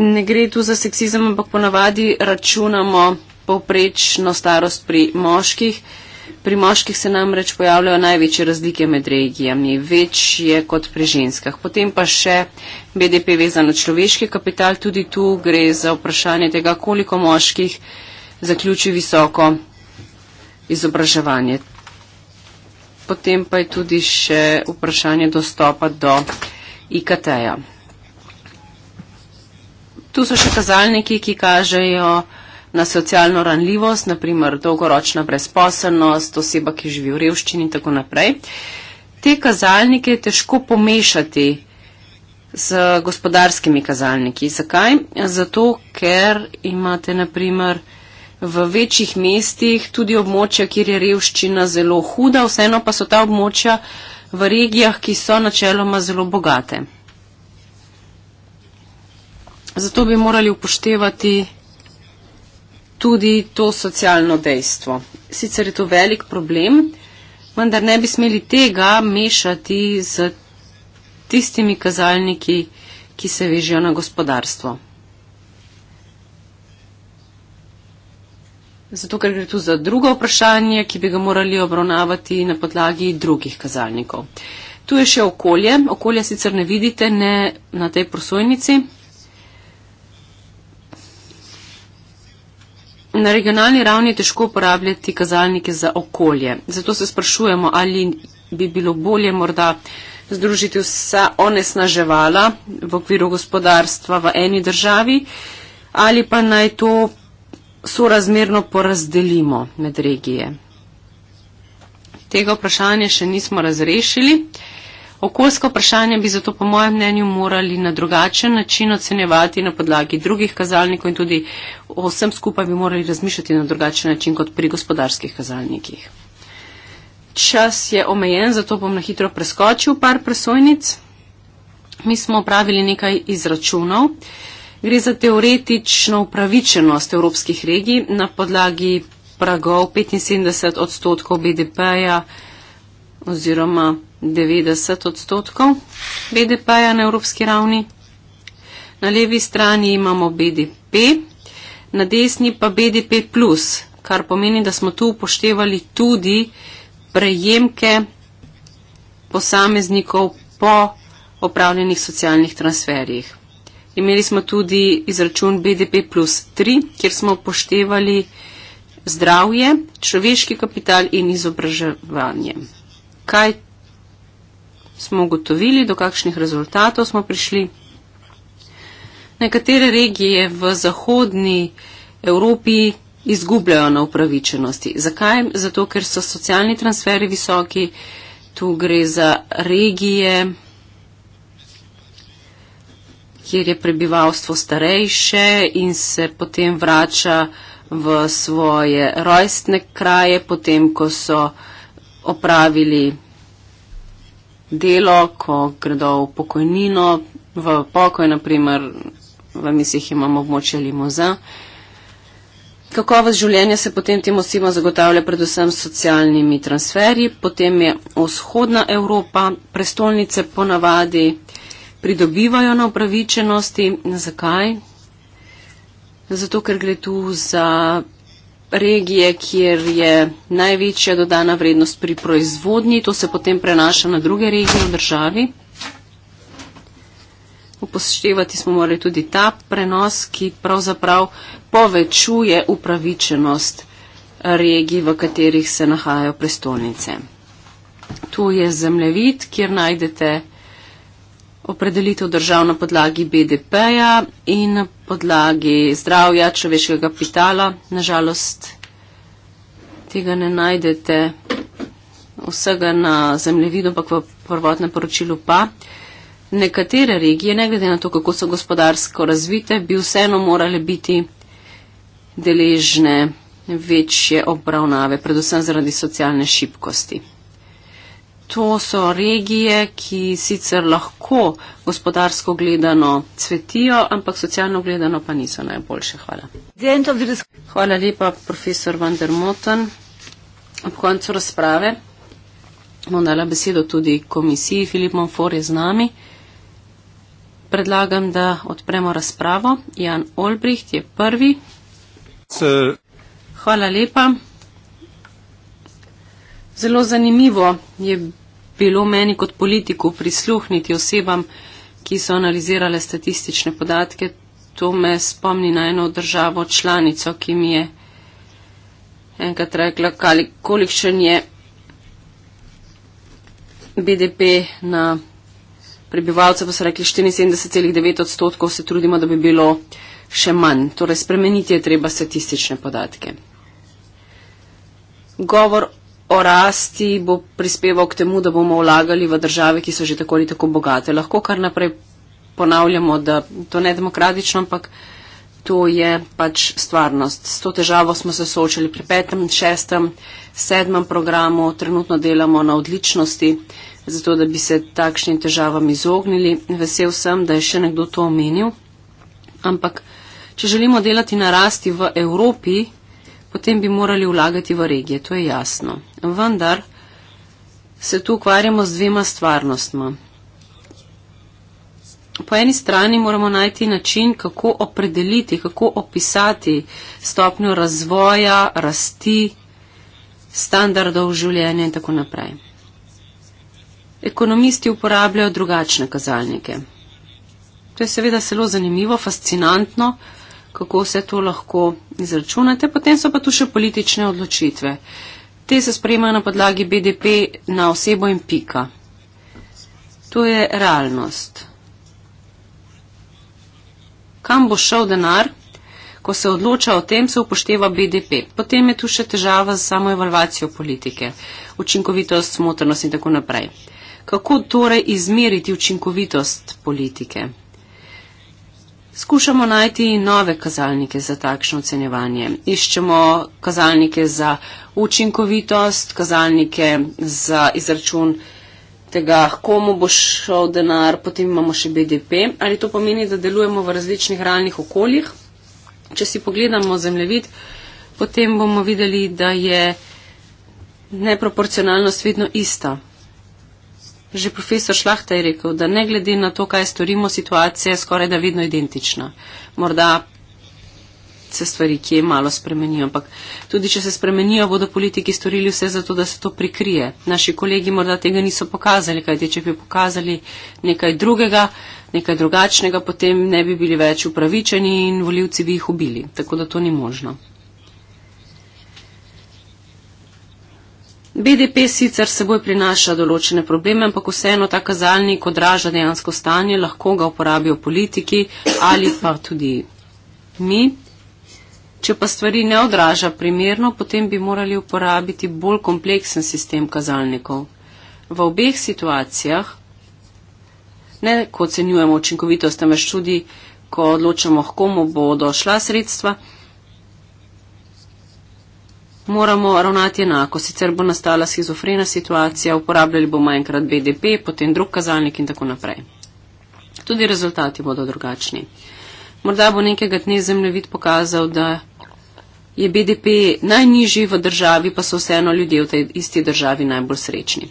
Ne gre tu za seksizem, ampak ponavadi računamo povprečno starost pri moških. Pri moških se namreč pojavljajo največje razlike med regijami, večje kot pri ženskah. Potem pa še BDP vezan na človeški kapital, tudi tu gre za vprašanje tega, koliko moških zaključi visoko izobraževanje. Potem pa je tudi še vprašanje dostopa do IKT-ja. Tu so še kazalniki, ki kažejo, na socialno ranljivost, naprimer dolgoročna brezposelnost, oseba, ki živi v revščini in tako naprej. Te kazalnike je težko pomešati z gospodarskimi kazalniki. Zakaj? Zato, ker imate naprimer v večjih mestih tudi območja, kjer je revščina zelo huda, vseeno pa so ta območja v regijah, ki so načeloma zelo bogate. Zato bi morali upoštevati tudi to socialno dejstvo. Sicer je to velik problem, vendar ne bi smeli tega mešati z tistimi kazalniki, ki se vežijo na gospodarstvo. Zato, ker gre tu za drugo vprašanje, ki bi ga morali obravnavati na podlagi drugih kazalnikov. Tu je še okolje. Okolje sicer ne vidite ne na tej prosojnici, Na regionalni ravni je težko uporabljati kazalnike za okolje. Zato se sprašujemo, ali bi bilo bolje morda združiti vsa onesnaževala v okviru gospodarstva v eni državi ali pa naj to sorazmerno porazdelimo med regije. Tega vprašanja še nismo razrešili. Uh, Okoljsko vprašanje bi zato po mojem mnenju morali na drugačen način ocenjevati na podlagi drugih kazalnikov in tudi o vsem skupaj bi morali razmišljati na drugačen način kot pri gospodarskih kazalnikih. Čas je omejen, zato bom na hitro preskočil par presojnic. Mi smo opravili nekaj izračunov. Gre za teoretično upravičenost evropskih regij na podlagi pragov 75 odstotkov BDP-ja oziroma 90 odstotkov BDP-ja na evropski ravni. Na levi strani imamo BDP, na desni pa BDP, plus, kar pomeni, da smo tu upoštevali tudi prejemke posameznikov po opravljenih socialnih transferjih. Imeli smo tudi izračun BDP plus 3, kjer smo upoštevali zdravje, človeški kapital in izobraževanje. Kaj smo ugotovili, do kakšnih rezultatov smo prišli. Nekatere regije v zahodni Evropi izgubljajo na upravičenosti. Zakaj? Zato, ker so socialni transferi visoki. Tu gre za regije, kjer je prebivalstvo starejše in se potem vrača v svoje rojstne kraje, potem ko so opravili delo, ko gredo v pokojnino, v pokoj, naprimer v mislih imamo območje limoza. Kakovost življenja se potem tem osebam zagotavlja predvsem s socialnimi transferji, potem je vzhodna Evropa, prestolnice ponavadi pridobivajo na upravičenosti. Zakaj? Zato, ker gre tu za regije, kjer je največja dodana vrednost pri proizvodnji, to se potem prenaša na druge regije v državi. Upoštevati smo morali tudi ta prenos, ki pravzaprav povečuje upravičenost regij, v katerih se nahajajo prestolnice. Tu je zemljevid, kjer najdete opredelitev držav na podlagi BDP-ja in podlagi zdravja človeškega kapitala. Nažalost, tega ne najdete vsega na zemljevidu, ampak v prvotnem poročilu pa. Nekatere regije, ne glede na to, kako so gospodarsko razvite, bi vseeno morale biti deležne večje obravnave, predvsem zaradi socialne šibkosti to so regije, ki sicer lahko gospodarsko gledano cvetijo, ampak socialno gledano pa niso najboljše. Hvala. Hvala lepa, profesor Van der Moten. Ob koncu razprave bom dala besedo tudi komisiji. Filip Monfor je z nami. Predlagam, da odpremo razpravo. Jan Olbricht je prvi. Hvala lepa. Zelo zanimivo je bilo meni kot politiku prisluhniti osebam, ki so analizirale statistične podatke. To me spomni na eno državo članico, ki mi je enkrat rekla, kolikšen je BDP na prebivalce, pa so rekli 74,9 odstotkov, se trudimo, da bi bilo še manj. Torej, spremeniti je treba statistične podatke. Govor o rasti bo prispeval k temu, da bomo vlagali v države, ki so že tako ali tako bogate. Lahko kar naprej ponavljamo, da to ne je demokratično, ampak to je pač stvarnost. S to težavo smo se soočili pri petem, šestem, sedmem programu, trenutno delamo na odličnosti, zato da bi se takšnim težavam izognili. Vesel sem, da je še nekdo to omenil. Ampak, če želimo delati na rasti v Evropi, potem bi morali vlagati v regije, to je jasno. Vendar se tu ukvarjamo z dvema stvarnostma. Po eni strani moramo najti način, kako opredeliti, kako opisati stopnjo razvoja, rasti, standardov življenja in tako naprej. Ekonomisti uporabljajo drugačne kazalnike. To je seveda zelo zanimivo, fascinantno, kako vse to lahko izračunate. Potem so pa tu še politične odločitve. Te se sprejmajo na podlagi BDP na osebo in pika. To je realnost. Kam bo šel denar? Ko se odloča o tem, se upošteva BDP. Potem je tu še težava z samo evalvacijo politike, učinkovitost, smotrnost in tako naprej. Kako torej izmeriti učinkovitost politike? skušamo najti nove kazalnike za takšno ocenjevanje. Iščemo kazalnike za učinkovitost, kazalnike za izračun tega, komu bo šel denar, potem imamo še BDP. Ali to pomeni, da delujemo v različnih realnih okoljih? Če si pogledamo zemljevid, potem bomo videli, da je neproporcionalnost vedno ista Že profesor Šlahta je rekel, da ne glede na to, kaj storimo, situacija je skoraj da vedno identična. Morda se stvari kje malo spremenijo, ampak tudi če se spremenijo, bodo politiki storili vse za to, da se to prikrije. Naši kolegi morda tega niso pokazali, kajti če bi pokazali nekaj drugega, nekaj drugačnega, potem ne bi bili več upravičeni in voljivci bi jih ubili. Tako da to ni možno. BDP sicer seboj prinaša določene probleme, ampak vseeno ta kazalnik odraža dejansko stanje, lahko ga uporabijo politiki ali pa tudi mi. Če pa stvari ne odraža primerno, potem bi morali uporabiti bolj kompleksen sistem kazalnikov. V obeh situacijah, ne ko ocenjujemo učinkovitost, temveč tudi, ko odločamo, komu bodo šla sredstva, moramo ravnati enako, sicer bo nastala schizofrena situacija, uporabljali bomo enkrat BDP, potem drug kazalnik in tako naprej. Tudi rezultati bodo drugačni. Morda bo nekega dne zemljevid pokazal, da je BDP najnižji v državi, pa so vseeno ljudje v tej isti državi najbolj srečni.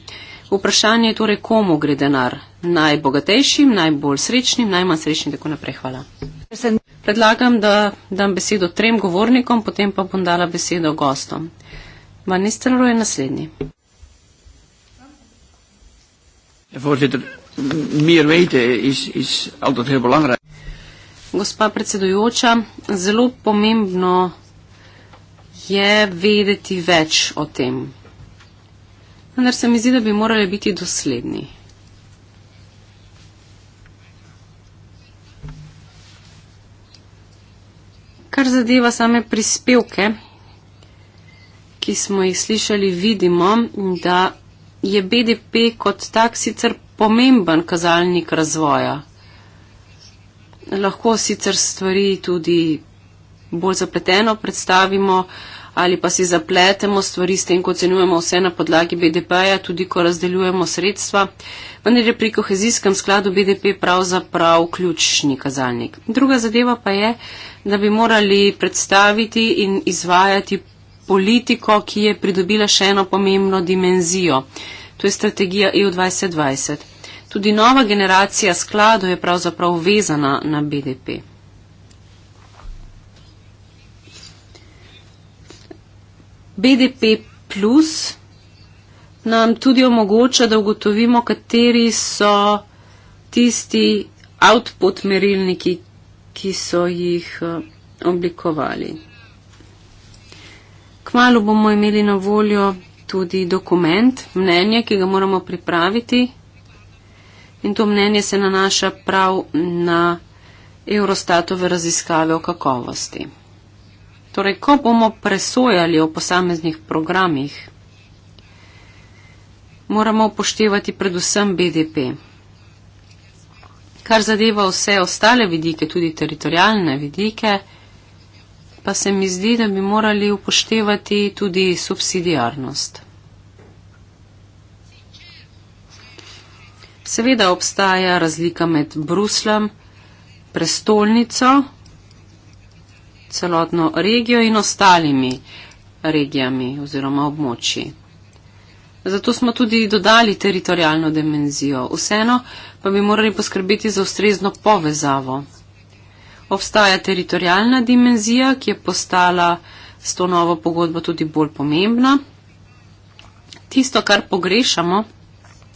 Vprašanje je torej, komu gre denar? Najbogatejšim, najbolj srečnim, najmanj srečnim in tako naprej. Hvala. Predlagam, da dam besedo trem govornikom, potem pa bom dala besedo gostom. Ministr Roj je naslednji. Gospa predsedujoča, zelo pomembno je vedeti več o tem vendar se mi zdi, da bi morali biti dosledni. Kar zadeva same prispevke, ki smo jih slišali, vidimo, da je BDP kot tak sicer pomemben kazalnik razvoja. Lahko sicer stvari tudi bolj zapleteno predstavimo, uh, ali pa si zapletemo stvari s tem, ko ocenjujemo vse na podlagi BDP-ja, tudi ko razdeljujemo sredstva, vendar je pri kohezijskem skladu BDP pravzaprav ključni kazalnik. Druga zadeva pa je, da bi morali predstaviti in izvajati politiko, ki je pridobila še eno pomembno dimenzijo. To je strategija EU 2020. Tudi nova generacija skladov je pravzaprav vezana na BDP. BDP plus nam tudi omogoča, da ugotovimo, kateri so tisti output merilniki, ki so jih eh, oblikovali. Kmalo bomo imeli na voljo tudi dokument, mnenje, ki ga moramo pripraviti. In to mnenje se nanaša prav na Eurostatove raziskave o kakovosti. Torej, ko bomo presojali o posameznih programih, moramo upoštevati predvsem BDP. Kar zadeva vse ostale vidike, tudi teritorijalne vidike, pa se mi zdi, da bi morali upoštevati tudi subsidijarnost. Seveda obstaja razlika med Bruslem, prestolnico, celotno regijo in ostalimi regijami oziroma območji. Zato smo tudi dodali teritorijalno dimenzijo. Vseeno pa bi morali poskrbeti za ustrezno povezavo. Obstaja teritorijalna dimenzija, ki je postala s to novo pogodbo tudi bolj pomembna. Tisto, kar pogrešamo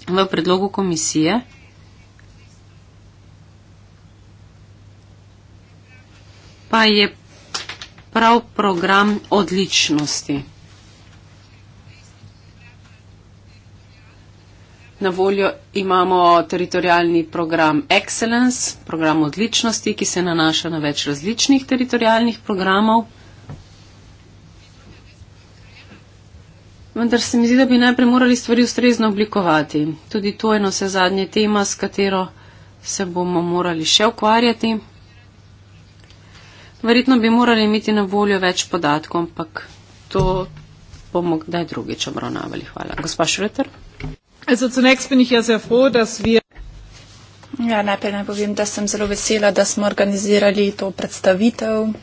v predlogu komisije, pa je prav program odličnosti. Na voljo imamo teritorijalni program Excellence, program odličnosti, ki se nanaša na več različnih teritorijalnih programov. Vendar se mi zdi, da bi najprej morali stvari ustrezno oblikovati. Tudi to je na vse zadnje tema, s katero se bomo morali še ukvarjati. Verjetno bi morali imeti na voljo več podatkov, ampak to bomo kdaj drugič obravnavali. Hvala. Gospa Šreter. Ja, ja, najprej naj povem, da sem zelo vesela, da smo organizirali to predstavitev.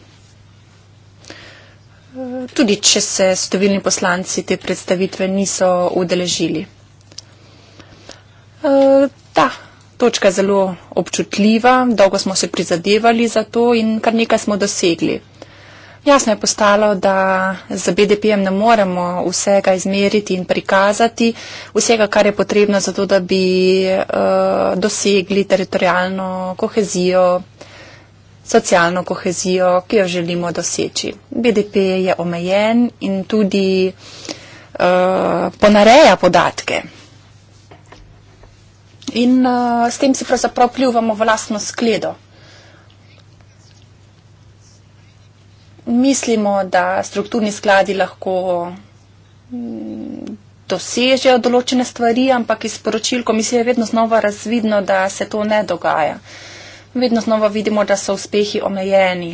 Tudi, če se stovilni poslanci te predstavitve niso udeležili. Eh, da, točka zelo občutljiva, dolgo smo se prizadevali za to in kar nekaj smo dosegli. Jasno je postalo, da z BDP-jem ne moremo vsega izmeriti in prikazati, vsega, kar je potrebno za to, da bi uh, dosegli teritorijalno kohezijo, socialno kohezijo, ki jo želimo doseči. BDP je omejen in tudi uh, ponareja podatke. In uh, s tem si pravzaprav pljuvamo v lastno skledo. Mislimo, da strukturni skladi lahko mm, dosežejo določene stvari, ampak iz poročil komisije je vedno znova razvidno, da se to ne dogaja. Vedno znova vidimo, da so uspehi omejeni.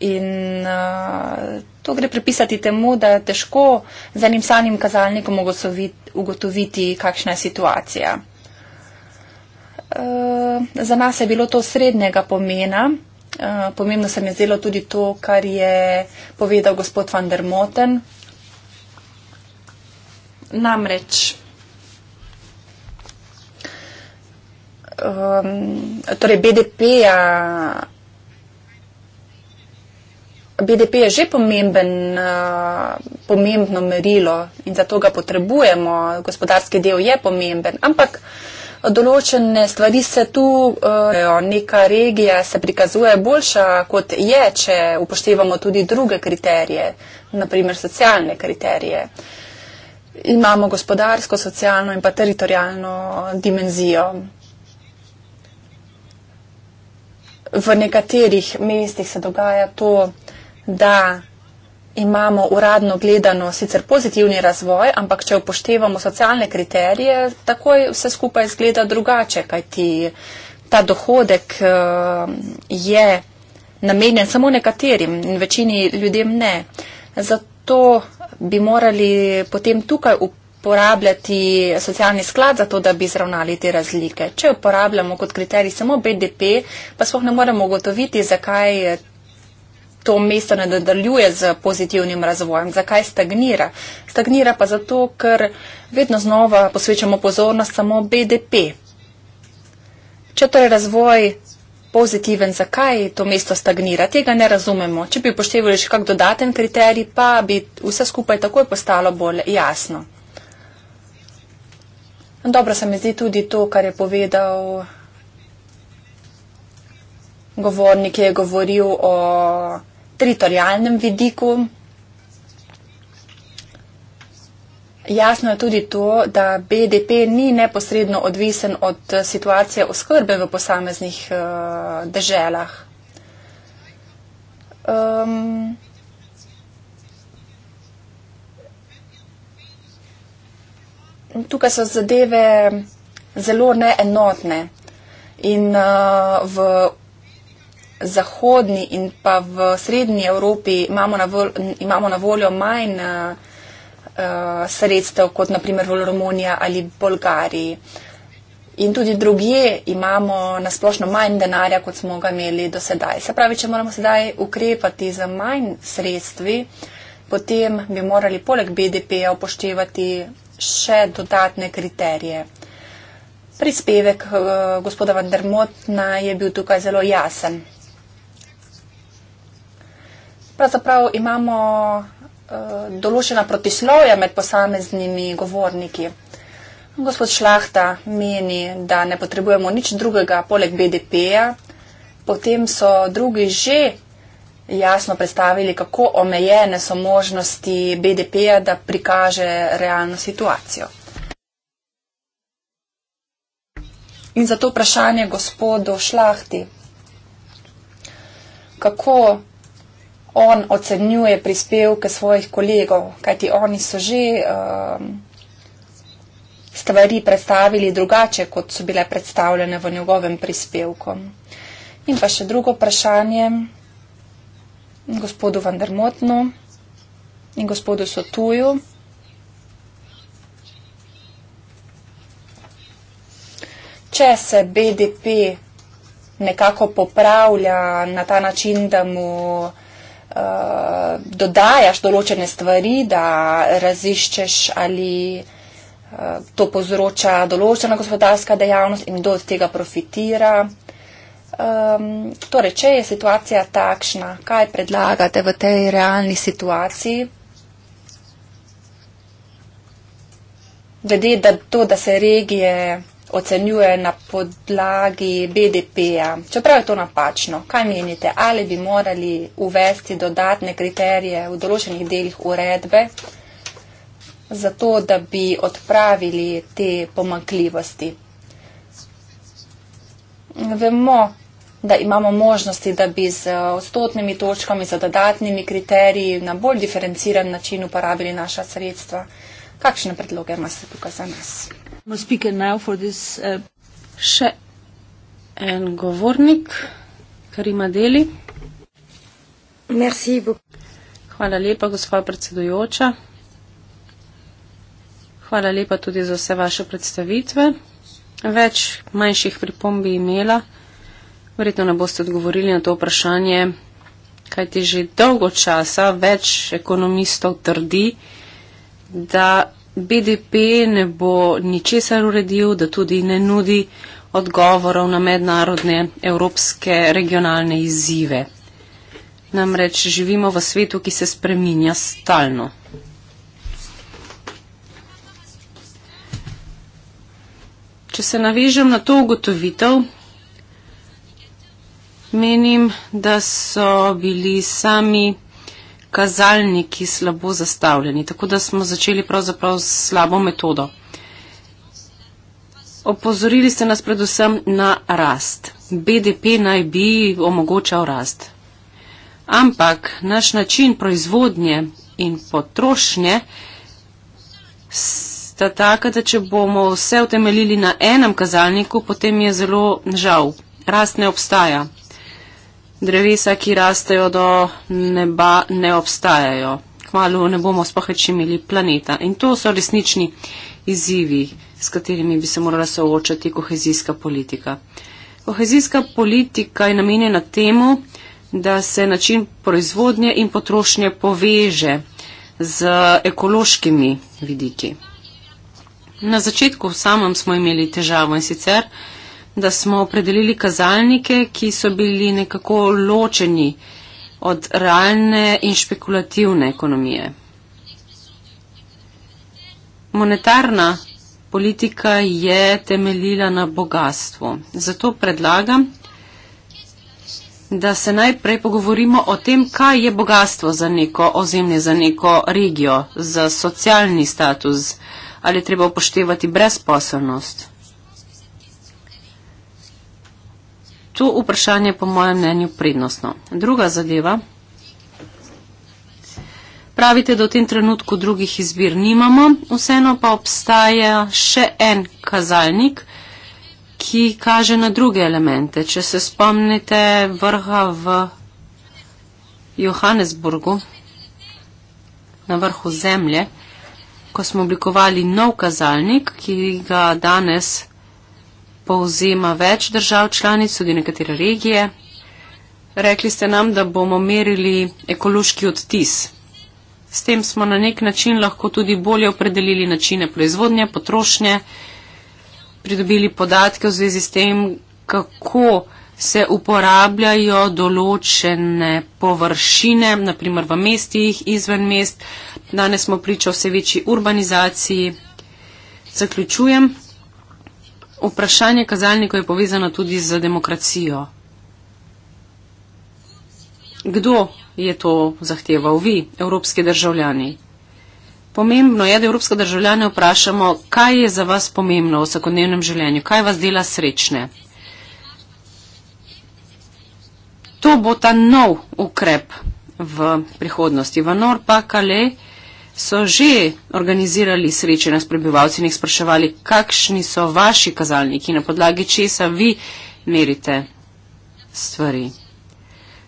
In uh, to gre pripisati temu, da je težko z enim samim kazalnikom ugotoviti, kakšna je situacija. Eh, za nas je bilo to srednjega pomena. Eh, pomembno se mi je zdelo tudi to, kar je povedal gospod Van der Moten. Namreč. Um, torej, BDP, BDP je že pomemben, uh, pomembno merilo in zato ga potrebujemo. Gospodarski del je pomemben, ampak uh, določene stvari se tu, eh, neka regija se prikazuje boljša, kot je, če upoštevamo tudi druge kriterije, naprimer socialne kriterije. Imamo gospodarsko, socialno in pa teritorijalno dimenzijo. V nekaterih mestih se dogaja to, da imamo uradno gledano sicer pozitivni razvoj, ampak če upoštevamo socialne kriterije, takoj vse skupaj zgleda drugače, kajti ta dohodek eh, je namenjen samo nekaterim in večini ljudem ne. Zato bi morali potem tukaj uporabljati socialni sklad za to, da bi zravnali te razlike. Če uporabljamo kot kriterij samo BDP, pa smo ne moremo ugotoviti, zakaj to mesto ne nadaljuje z pozitivnim razvojem, zakaj stagnira. Stagnira pa zato, ker vedno znova posvečamo pozornost samo BDP. Če torej razvoj pozitiven, zakaj to mesto stagnira, tega ne razumemo. Če bi upoštevali še kak dodaten kriterij, pa bi vse skupaj takoj postalo bolj jasno. Dobro se mi zdi tudi to, kar je povedal govornik, ki je govoril o teritorijalnem vidiku. Jasno je tudi to, da BDP ni neposredno odvisen od eh, situacije oskrbe v posameznih eh, deželah. Um, tukaj so zadeve zelo neenotne in uh, v zahodni in pa v srednji Evropi imamo na, vol, imamo na voljo manj uh, sredstev kot naprimer v Romuniji ali Bolgariji. In tudi druge imamo nasplošno manj denarja, kot smo ga imeli do sedaj. Se pravi, če moramo sedaj ukrepati za manj sredstvi, potem bi morali poleg BDP-ja upoštevati še dodatne kriterije. Prispevek uh, gospoda Vandermotna je bil tukaj zelo jasen pravzaprav imamo uh, določena protislovja med posameznimi govorniki. Gospod Šlahta meni, da ne potrebujemo nič drugega poleg BDP-ja, potem so drugi že jasno predstavili, kako omejene so možnosti BDP-ja, da prikaže realno situacijo. In zato vprašanje gospodu Šlahti. Kako on ocenjuje prispevke svojih kolegov, kajti oni so že um, stvari predstavili drugače, kot so bile predstavljene v njegovem prispevku. In pa še drugo vprašanje gospodu Vandermotnu in gospodu Sotuju. Če se BDP nekako popravlja na ta način, da mu Eh, dodajaš določene stvari, da raziščeš, ali uh, to povzroča določena gospodarska dejavnost in kdo od tega profitira. Um, torej, če je situacija takšna, kaj predlagate v tej realni situaciji? Glede na to, da se regije ocenjuje na podlagi BDP-ja. Čeprav je to napačno, kaj menite, ali bi morali uvesti dodatne kriterije v določenih delih uredbe, zato da bi odpravili te pomankljivosti? Vemo, da imamo možnosti, da bi z odstotnimi točkami, z dodatnimi kriteriji na bolj diferenciran način uporabili naša sredstva. Kakšne predloge imate tukaj za nas? This, uh, še en govornik, kar ima deli. Merci, Hvala lepa, gospod predsedujoča. Hvala lepa tudi za vse vaše predstavitve. Več manjših pripomb bi imela. Verjetno ne boste odgovorili na to vprašanje, kajti že dolgo časa več ekonomistov trdi, da BDP ne bo ničesar uredil, da tudi ne nudi odgovorov na mednarodne evropske regionalne izzive. Namreč živimo v svetu, ki se spreminja stalno. Če se navežem na to ugotovitev, menim, da so bili sami kazalniki slabo zastavljeni, tako da smo začeli pravzaprav s slabo metodo. Opozorili ste nas predvsem na rast. BDP naj bi omogočal rast. Ampak naš način proizvodnje in potrošnje sta taka, da če bomo vse utemeljili na enem kazalniku, potem je zelo žal. Rast ne obstaja drevesa, ki rastejo do neba, ne obstajajo. Kmalo ne bomo sploh več imeli planeta. In to so resnični izzivi, s katerimi bi se morala soočati kohezijska politika. Kohezijska politika je namenjena temu, da se način proizvodnje in potrošnje poveže z ekološkimi vidiki. Na začetku samem smo imeli težavo in sicer da smo opredelili kazalnike, ki so bili nekako ločeni od realne in špekulativne ekonomije. Monetarna politika je temeljila na bogatstvu. Zato predlagam, da se najprej pogovorimo o tem, kaj je bogatstvo za neko ozemlje, za neko regijo, za socialni status, ali treba upoštevati brezposobnost. Tu vprašanje po mojem mnenju prednostno. Druga zadeva. Pravite, da v tem trenutku drugih izbir nimamo, vseeno pa obstaja še en kazalnik, ki kaže na druge elemente. Če se spomnite vrha v Johannesburgu, na vrhu zemlje, ko smo oblikovali nov kazalnik, ki ga danes povzema več držav članic, tudi nekatere regije. Rekli ste nam, da bomo merili ekološki odtis. S tem smo na nek način lahko tudi bolje opredelili načine proizvodnje, potrošnje, pridobili podatke v zvezi s tem, kako se uporabljajo določene površine, naprimer v mestih, izven mest. Danes smo priča vse večji urbanizaciji. Zaključujem vprašanje kazalnikov je povezano tudi z demokracijo. Kdo je to zahteval? Vi, evropski državljani. Pomembno je, da evropske državljane vprašamo, kaj je za vas pomembno v vsakodnevnem življenju, kaj vas dela srečne. To bo ta nov ukrep v prihodnosti. V Norpa, Kalej so že organizirali srečanja s prebivalci in jih spraševali, kakšni so vaši kazalniki, na podlagi česa vi merite stvari.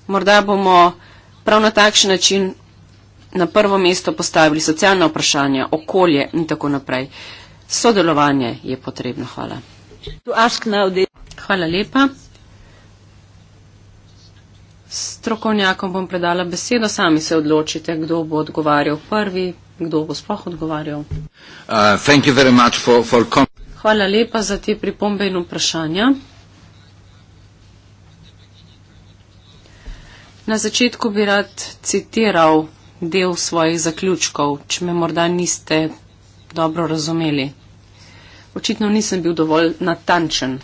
Morda bomo prav na takšen način na prvo mesto postavili socialna vprašanja, okolje in tako naprej. Sodelovanje je potrebno. Hvala. Hvala lepa strokovnjakom bom predala besedo, sami se odločite, kdo bo odgovarjal prvi, kdo bo sploh odgovarjal. Uh, for, for Hvala lepa za te pripombe in vprašanja. Na začetku bi rad citiral del svojih zaključkov, če me morda niste dobro razumeli. Očitno nisem bil dovolj natančen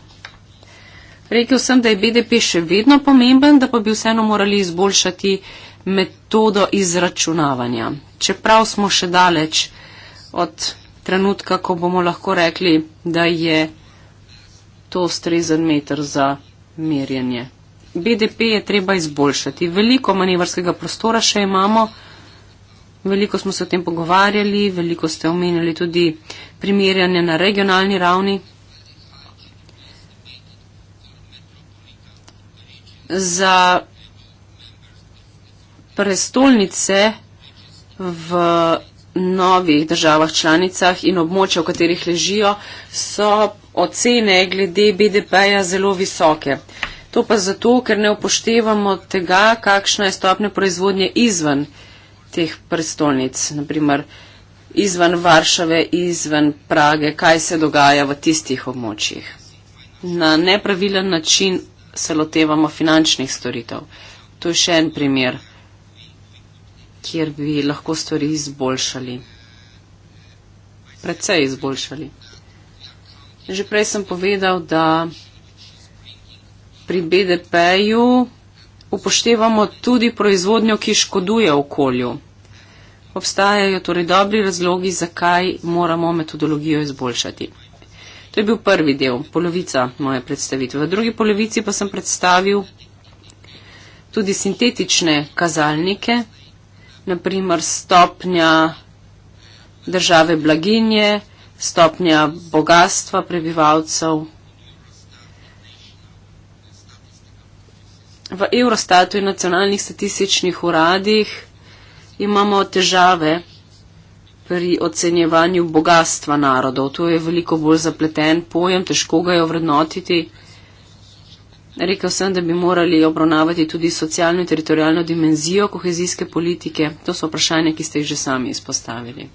rekel sem, da je BDP še vedno pomemben, da pa bi vseeno morali izboljšati metodo izračunavanja. Čeprav smo še daleč od trenutka, ko bomo lahko rekli, da je to strezen meter za merjenje. BDP je treba izboljšati. Veliko manevrskega prostora še imamo. Veliko smo se o tem pogovarjali, veliko ste omenjali tudi primerjanje na regionalni ravni, za prestolnice v novih državah članicah in območja, v katerih ležijo, so ocene glede BDP-ja zelo visoke. To pa zato, ker ne upoštevamo tega, kakšna je stopnja proizvodnje izven teh prestolnic, naprimer izven Varšave, izven Prage, kaj se dogaja v tistih območjih. Na nepravilen način se lotevamo finančnih storitev. To je še en primer, kjer bi lahko stvari izboljšali. Predvsej izboljšali. Že prej sem povedal, da pri BDP-ju upoštevamo tudi proizvodnjo, ki škoduje okolju. Obstajajo torej dobri razlogi, zakaj moramo metodologijo izboljšati. To je bil prvi del, polovica moje predstavitve. V drugi polovici pa sem predstavil tudi sintetične kazalnike, naprimer stopnja države blaginje, stopnja bogatstva prebivalcev. V Eurostatu in nacionalnih statističnih uradih imamo težave pri ocenjevanju bogatstva narodov. To je veliko bolj zapleten pojem, težko ga je ovrednotiti. Rekel sem, da bi morali obravnavati tudi socialno in teritorijalno dimenzijo kohezijske politike. To so vprašanja, ki ste jih že sami izpostavili.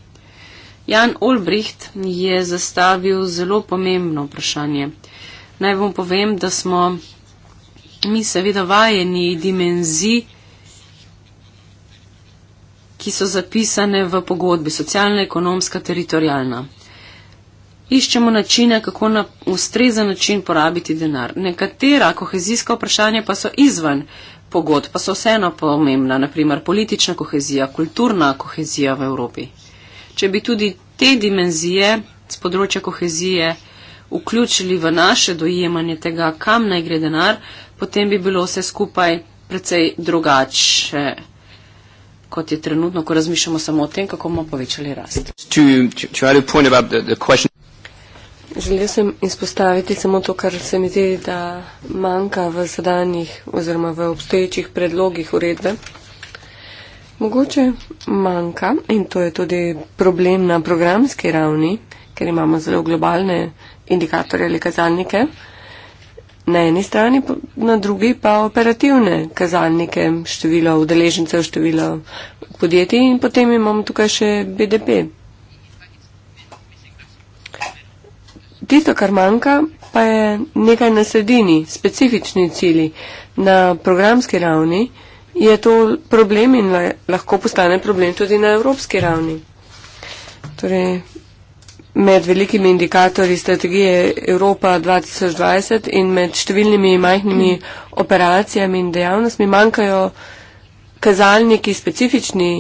Jan Olbricht je zastavil zelo pomembno vprašanje. Naj vam povem, da smo mi seveda vajeni dimenziji, ki so zapisane v pogodbi, socialna, ekonomska, teritorijalna. Iščemo načine, kako na ustrezen način porabiti denar. Nekatera kohezijska vprašanja pa so izven pogodb, pa so vseeno pomembna, naprimer politična kohezija, kulturna kohezija v Evropi. Če bi tudi te dimenzije z področja kohezije vključili v naše dojemanje tega, kam naj gre denar, potem bi bilo vse skupaj precej drugače kot je trenutno, ko razmišljamo samo o tem, kako bomo povečali rast. Želel sem izpostaviti samo to, kar se mi zdi, da manjka v sedanjih oziroma v obstoječih predlogih uredbe. Mogoče manjka in to je tudi problem na programski ravni, ker imamo zelo globalne indikatorje ali kazalnike na eni strani, na drugi pa operativne kazalnike števila udeležencev, števila podjetij in potem imamo tukaj še BDP. Tisto, kar manjka, pa je nekaj na sredini, specifični cilji. Na programski ravni je to problem in lahko postane problem tudi na evropski ravni. Torej, Med velikimi indikatorji strategije Evropa 2020 in med številnimi majhnimi operacijami in dejavnostmi manjkajo kazalniki specifični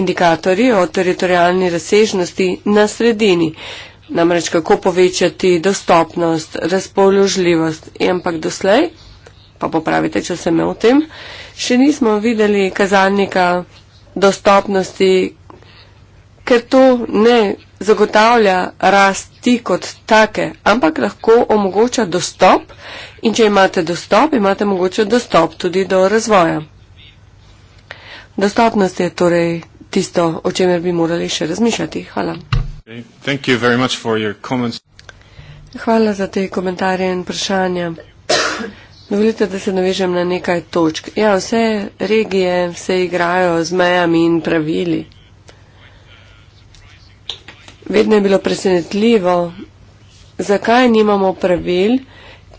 indikatorji o teritorijalni razsežnosti na sredini. Namreč kako povečati dostopnost, razpoložljivost. Ampak doslej, pa popravite, če se me o tem, še nismo videli kazalnika dostopnosti, ker to ne zagotavlja rasti kot take, ampak lahko omogoča dostop in če imate dostop, imate mogoče dostop tudi do razvoja. Dostopnost je torej tisto, o čemer bi morali še razmišljati. Hvala. Hvala za te komentarje in vprašanja. Dovolite, da se navežem na nekaj točk. Ja, vse regije se igrajo z mejami in pravili vedno je bilo presenetljivo, zakaj nimamo pravil,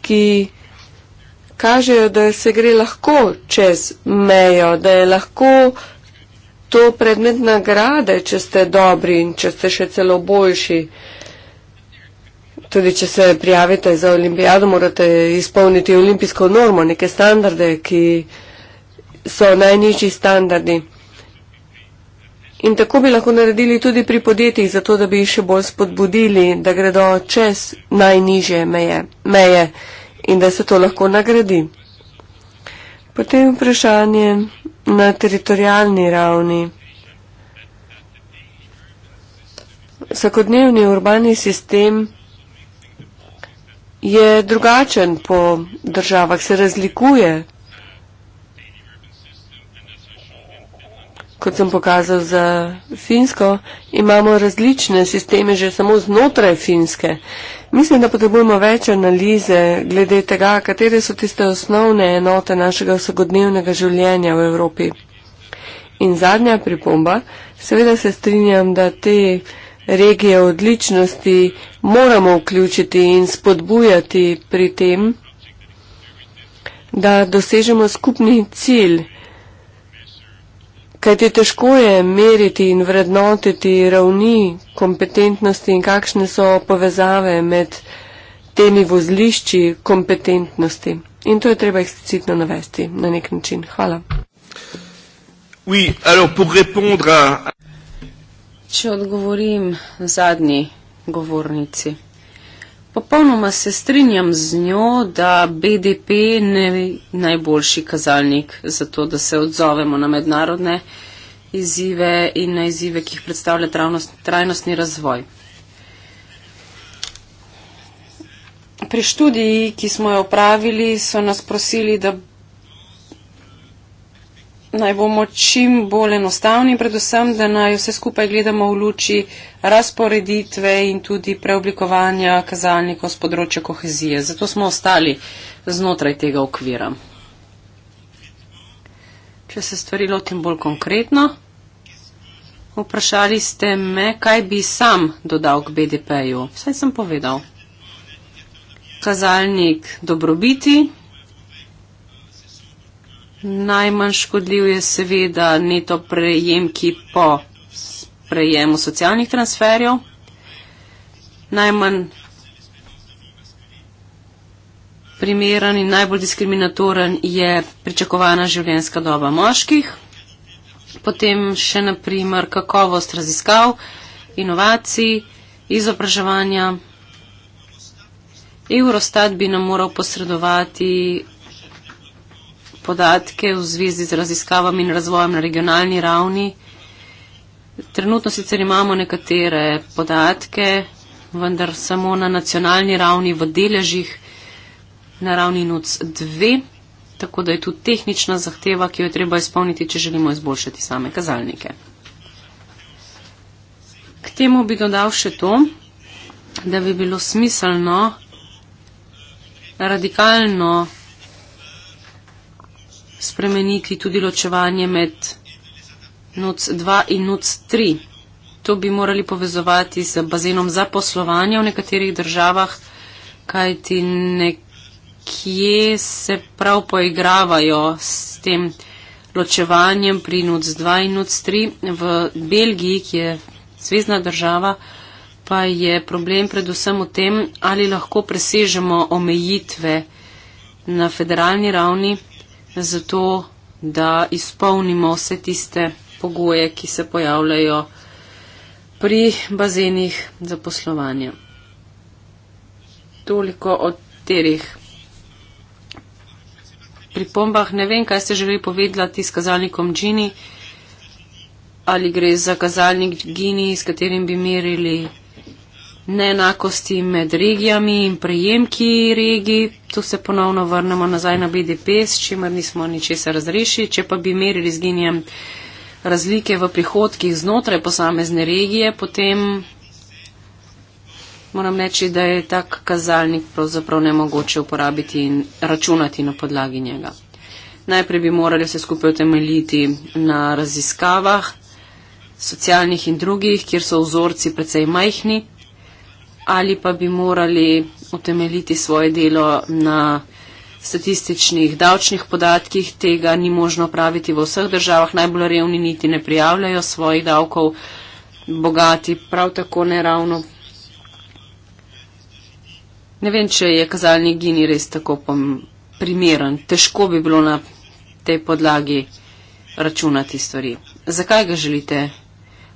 ki kažejo, da se gre lahko čez mejo, da je lahko to predmet nagrade, če ste dobri in če ste še celo boljši. Tudi, če se prijavite za olimpijado, morate izpolniti olimpijsko normo, neke standarde, ki so najnižji standardi. In tako bi lahko naredili tudi pri podjetjih, zato da bi jih še bolj spodbudili, da gredo čez najnižje meje, meje in da se to lahko nagradi. Potem vprašanje na teritorijalni ravni. Vsakodnevni urbani sistem je drugačen po državah, se razlikuje kot sem pokazal za Finsko, imamo različne sisteme že samo znotraj Finske. Mislim, da potrebujemo več analize glede tega, katere so tiste osnovne enote našega vsakodnevnega življenja v Evropi. In zadnja pripomba, seveda se strinjam, da te regije odličnosti moramo vključiti in spodbujati pri tem, da dosežemo skupni cilj. Kajti težko je meriti in vrednotiti ravni kompetentnosti in kakšne so povezave med temi vozlišči kompetentnosti. In to je treba eksplicitno navesti na nek način. Hvala. Oui, alors pour répondre à... Če odgovorim zadnji govornici. Popolnoma se strinjam z njo, da BDP ne najboljši kazalnik za to, da se odzovemo na mednarodne izzive in na izzive, ki jih predstavlja trajnostni razvoj. Pri študiji, ki smo jo opravili, so nas prosili, da naj bomo čim bolj enostavni, predvsem, da naj vse skupaj gledamo v luči razporeditve in tudi preoblikovanja kazalnikov z področja kohezije. Zato smo ostali znotraj tega okvira. Če se stvari lotim bolj konkretno, vprašali ste me, kaj bi sam dodal k BDP-ju. Vse sem povedal. Kazalnik dobrobiti. Najmanj škodljiv je seveda neto prejemki po prejemu socialnih transferjev. Najmanj primeren in najbolj diskriminatoren je pričakovana življenjska doba moških. Potem še naprimer kakovost raziskav, inovacij, izobraževanja. Eurostat bi nam moral posredovati podatke v zvezi z raziskavami in razvojem na regionalni ravni. Trenutno sicer imamo nekatere podatke, vendar samo na nacionalni ravni v deležih na ravni NUC 2, tako da je tu tehnična zahteva, ki jo je treba izpolniti, če želimo izboljšati same kazalnike. K temu bi dodal še to, da bi bilo smiselno radikalno spremeniti tudi ločevanje med NUC 2 in NUC 3. To bi morali povezovati z bazenom za poslovanje v nekaterih državah, kajti nekje se prav poigravajo s tem ločevanjem pri NUC 2 in NUC 3. V Belgiji, ki je zvezdna država, pa je problem predvsem v tem, ali lahko presežemo omejitve na federalni ravni zato, da izpolnimo vse tiste pogoje, ki se pojavljajo pri bazenih za poslovanje. Toliko o terih pripombah. Ne vem, kaj ste želeli povedati s kazalnikom Gini, ali gre za kazalnik Gini, s katerim bi merili neenakosti med regijami in prejemki regij, tu se ponovno vrnemo nazaj na BDP, s čimer nismo ničesar razrešili, če pa bi merili z genijem razlike v prihodkih znotraj posamezne regije, potem moram reči, da je tak kazalnik pravzaprav nemogoče uporabiti in računati na podlagi njega. Najprej bi morali vse skupaj utemeljiti na raziskavah socialnih in drugih, kjer so vzorci precej majhni, ali pa bi morali utemeljiti svoje delo na statističnih davčnih podatkih. Tega ni možno praviti v vseh državah. Najbolj revni niti ne prijavljajo svojih davkov, bogati prav tako neravno. Ne vem, če je kazalnik Gini res tako primeren. Težko bi bilo na tej podlagi računati stvari. Zakaj ga želite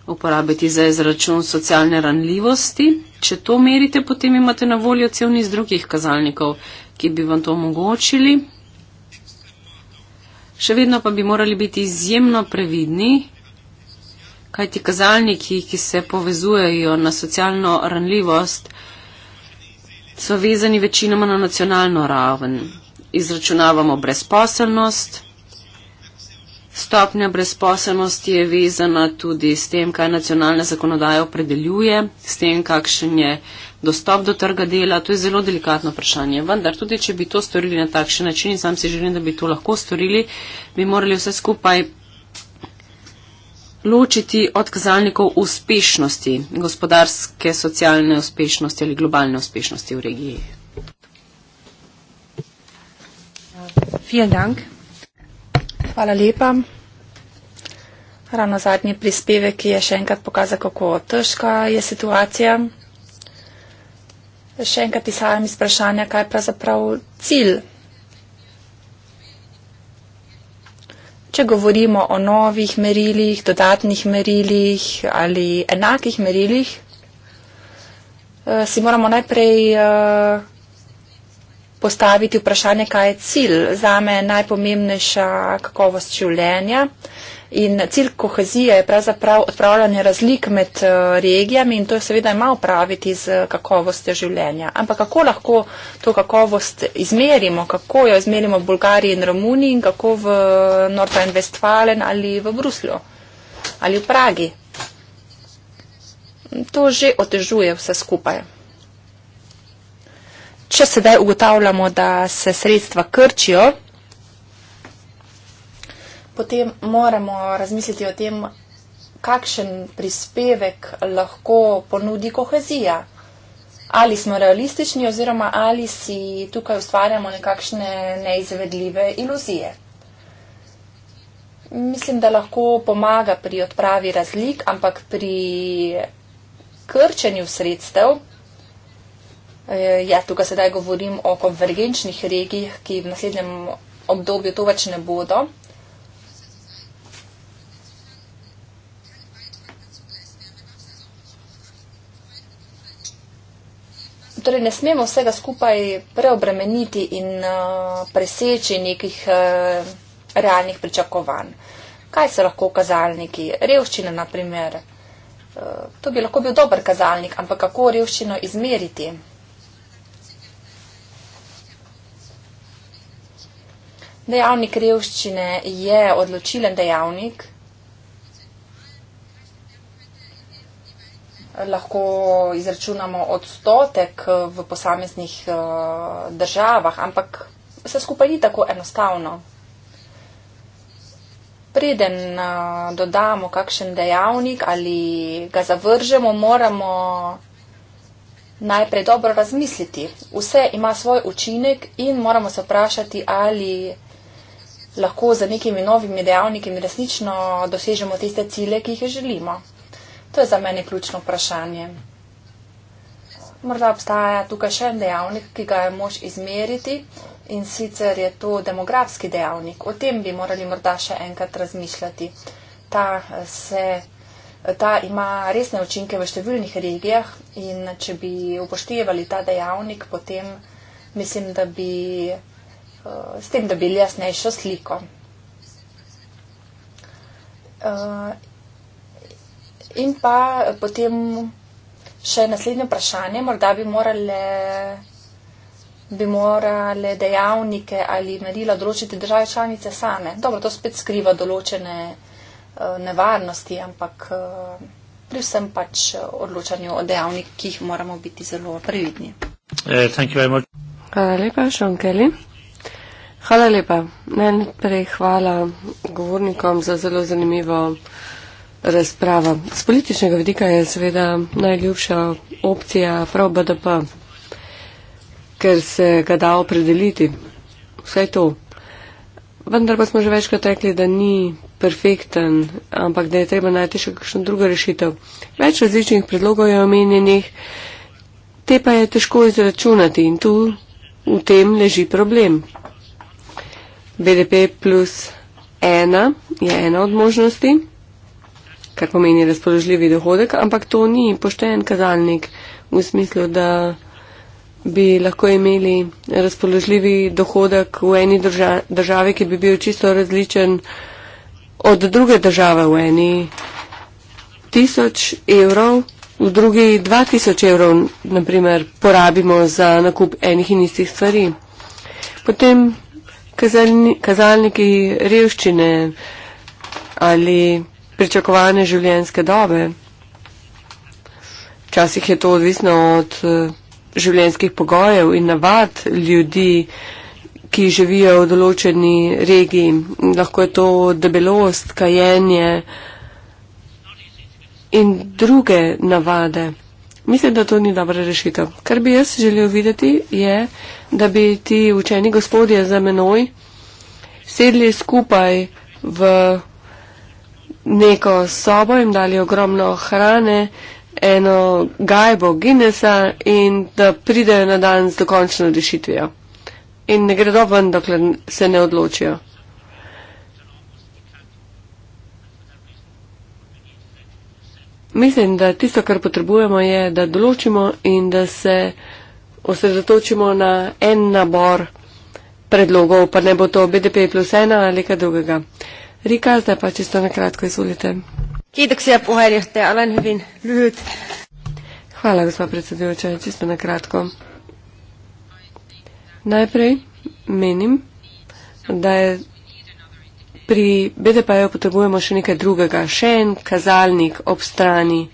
uporabiti za izračun socialne ranljivosti. Če to merite, potem imate na voljo cel niz drugih kazalnikov, ki bi vam to omogočili. Še vedno pa bi morali biti izjemno previdni, kajti kazalniki, ki se povezujejo na socialno ranljivost, so vezani večinoma na nacionalno raven. Izračunavamo brezposelnost, Stopnja brezposelnosti je vezana tudi s tem, kaj nacionalna zakonodaja opredeljuje, s tem, kakšen je dostop do trga dela. To je zelo delikatno vprašanje. Vendar tudi, če bi to storili na takšen način in sam si želim, da bi to lahko storili, bi morali vse skupaj ločiti od kazalnikov uspešnosti, gospodarske, socialne uspešnosti ali globalne uspešnosti v regiji. Vielen Dank. Hvala lepa. Ravno zadnji prispevek je še enkrat pokazal, kako težka je situacija. Še enkrat izhajam iz vprašanja, kaj je pravzaprav cilj. Če govorimo o novih merilih, dodatnih merilih ali enakih merilih, eh, si moramo najprej eh, postaviti vprašanje, kaj je cilj. Zame je najpomembnejša kakovost življenja. In cilj kohezije je pravzaprav odpravljanje razlik med eh, regijami in to seveda ima upraviti z kakovostjo življenja. Ampak kako lahko to kakovost izmerimo, kako jo izmerimo v Bulgariji in Romuniji in kako v eh, Nordrhein-Westfalen ali v Bruslju ali v Pragi? To že otežuje vse skupaj. Če sedaj ugotavljamo, da se sredstva krčijo, potem moramo razmisliti o tem, kakšen prispevek lahko ponudi kohezija. Ali smo realistični oziroma ali si tukaj ustvarjamo nekakšne neizvedljive iluzije. Mislim, da lahko pomaga pri odpravi razlik, ampak pri krčenju sredstev Eh, ja, tukaj sedaj govorim o konvergenčnih regijih, ki v naslednjem obdobju to več ne bodo. Torej, ne smemo vsega skupaj preobremeniti in uh, preseči nekih uh, realnih pričakovanj. Kaj so lahko kazalniki? Revščina, na primer. Uh, to bi lahko bil dober kazalnik, ampak kako revščino izmeriti? Dejavnik revščine je odločilen dejavnik. Lahko izračunamo odstotek eh, v posameznih eh, državah, ampak vse skupaj ni tako enostavno. Preden eh, dodamo kakšen dejavnik ali ga zavržemo, moramo najprej dobro razmisliti. Vse ima svoj učinek in moramo se vprašati, ali lahko z nekimi novimi dejavniki resnično dosežemo tiste cilje, ki jih želimo. To je za mene ključno vprašanje. Morda obstaja tukaj še en dejavnik, ki ga je mož izmeriti in sicer je to demografski dejavnik. O tem bi morali morda še enkrat razmišljati. Ta, se, ta ima resne učinke v številnih regijah in če bi upoštevali ta dejavnik, potem mislim, da bi Eh, s tem dobili jasnejšo sliko. Uh, in pa potem še naslednje vprašanje, morda bi morale, bi morale dejavnike ali merila določiti države članice same. Dobro, to spet skriva določene uh, nevarnosti, ampak uh, pri vsem pač odločanju o dejavnikih moramo biti zelo previdni. Hvala lepa, Šonkeli. Hvala lepa. Najprej hvala govornikom za zelo zanimivo razpravo. Z političnega vidika je seveda najljubša opcija prav BDP, ker se ga da opredeliti. Vse to. Vendar pa smo že večkrat rekli, da ni perfekten, ampak da je treba najti še kakšno drugo rešitev. Več različnih predlogov je omenjenih, te pa je težko izračunati in tu v tem leži problem. BDP plus ena je ena od možnosti, kar pomeni razpoložljivi dohodek, ampak to ni pošten kazalnik v smislu, da bi lahko imeli razpoložljivi dohodek v eni drža državi, ki bi bil čisto različen od druge države v eni tisoč evrov, v drugi dva tisoč evrov, naprimer, porabimo za nakup enih in istih stvari. Potem kazalniki revščine ali pričakovane življenjske dobe. Včasih je to odvisno od eh, življenjskih pogojev in navad ljudi, ki živijo v določeni regiji. Lahko je to debelost, kajenje in druge navade. Mislim, da to ni dobra rešitev. Kar bi jaz želel videti, je da bi ti učeni gospodje za menoj sedli skupaj v neko sobo, jim dali ogromno hrane, eno gajbo Guinnessa in da pridejo na dan z dokončno rešitvijo. In ne gredo ven, dokler se ne odločijo. Mislim, da tisto, kar potrebujemo, je, da določimo in da se osredotočimo na en nabor predlogov, pa ne bo to BDP plus ena ali kaj drugega. Rika, zdaj pa čisto na kratko izvolite. Hvala, gospod predsedujoča, čisto na kratko. Najprej menim, da je pri BDP-ju potrebujemo še nekaj drugega, še en kazalnik ob strani.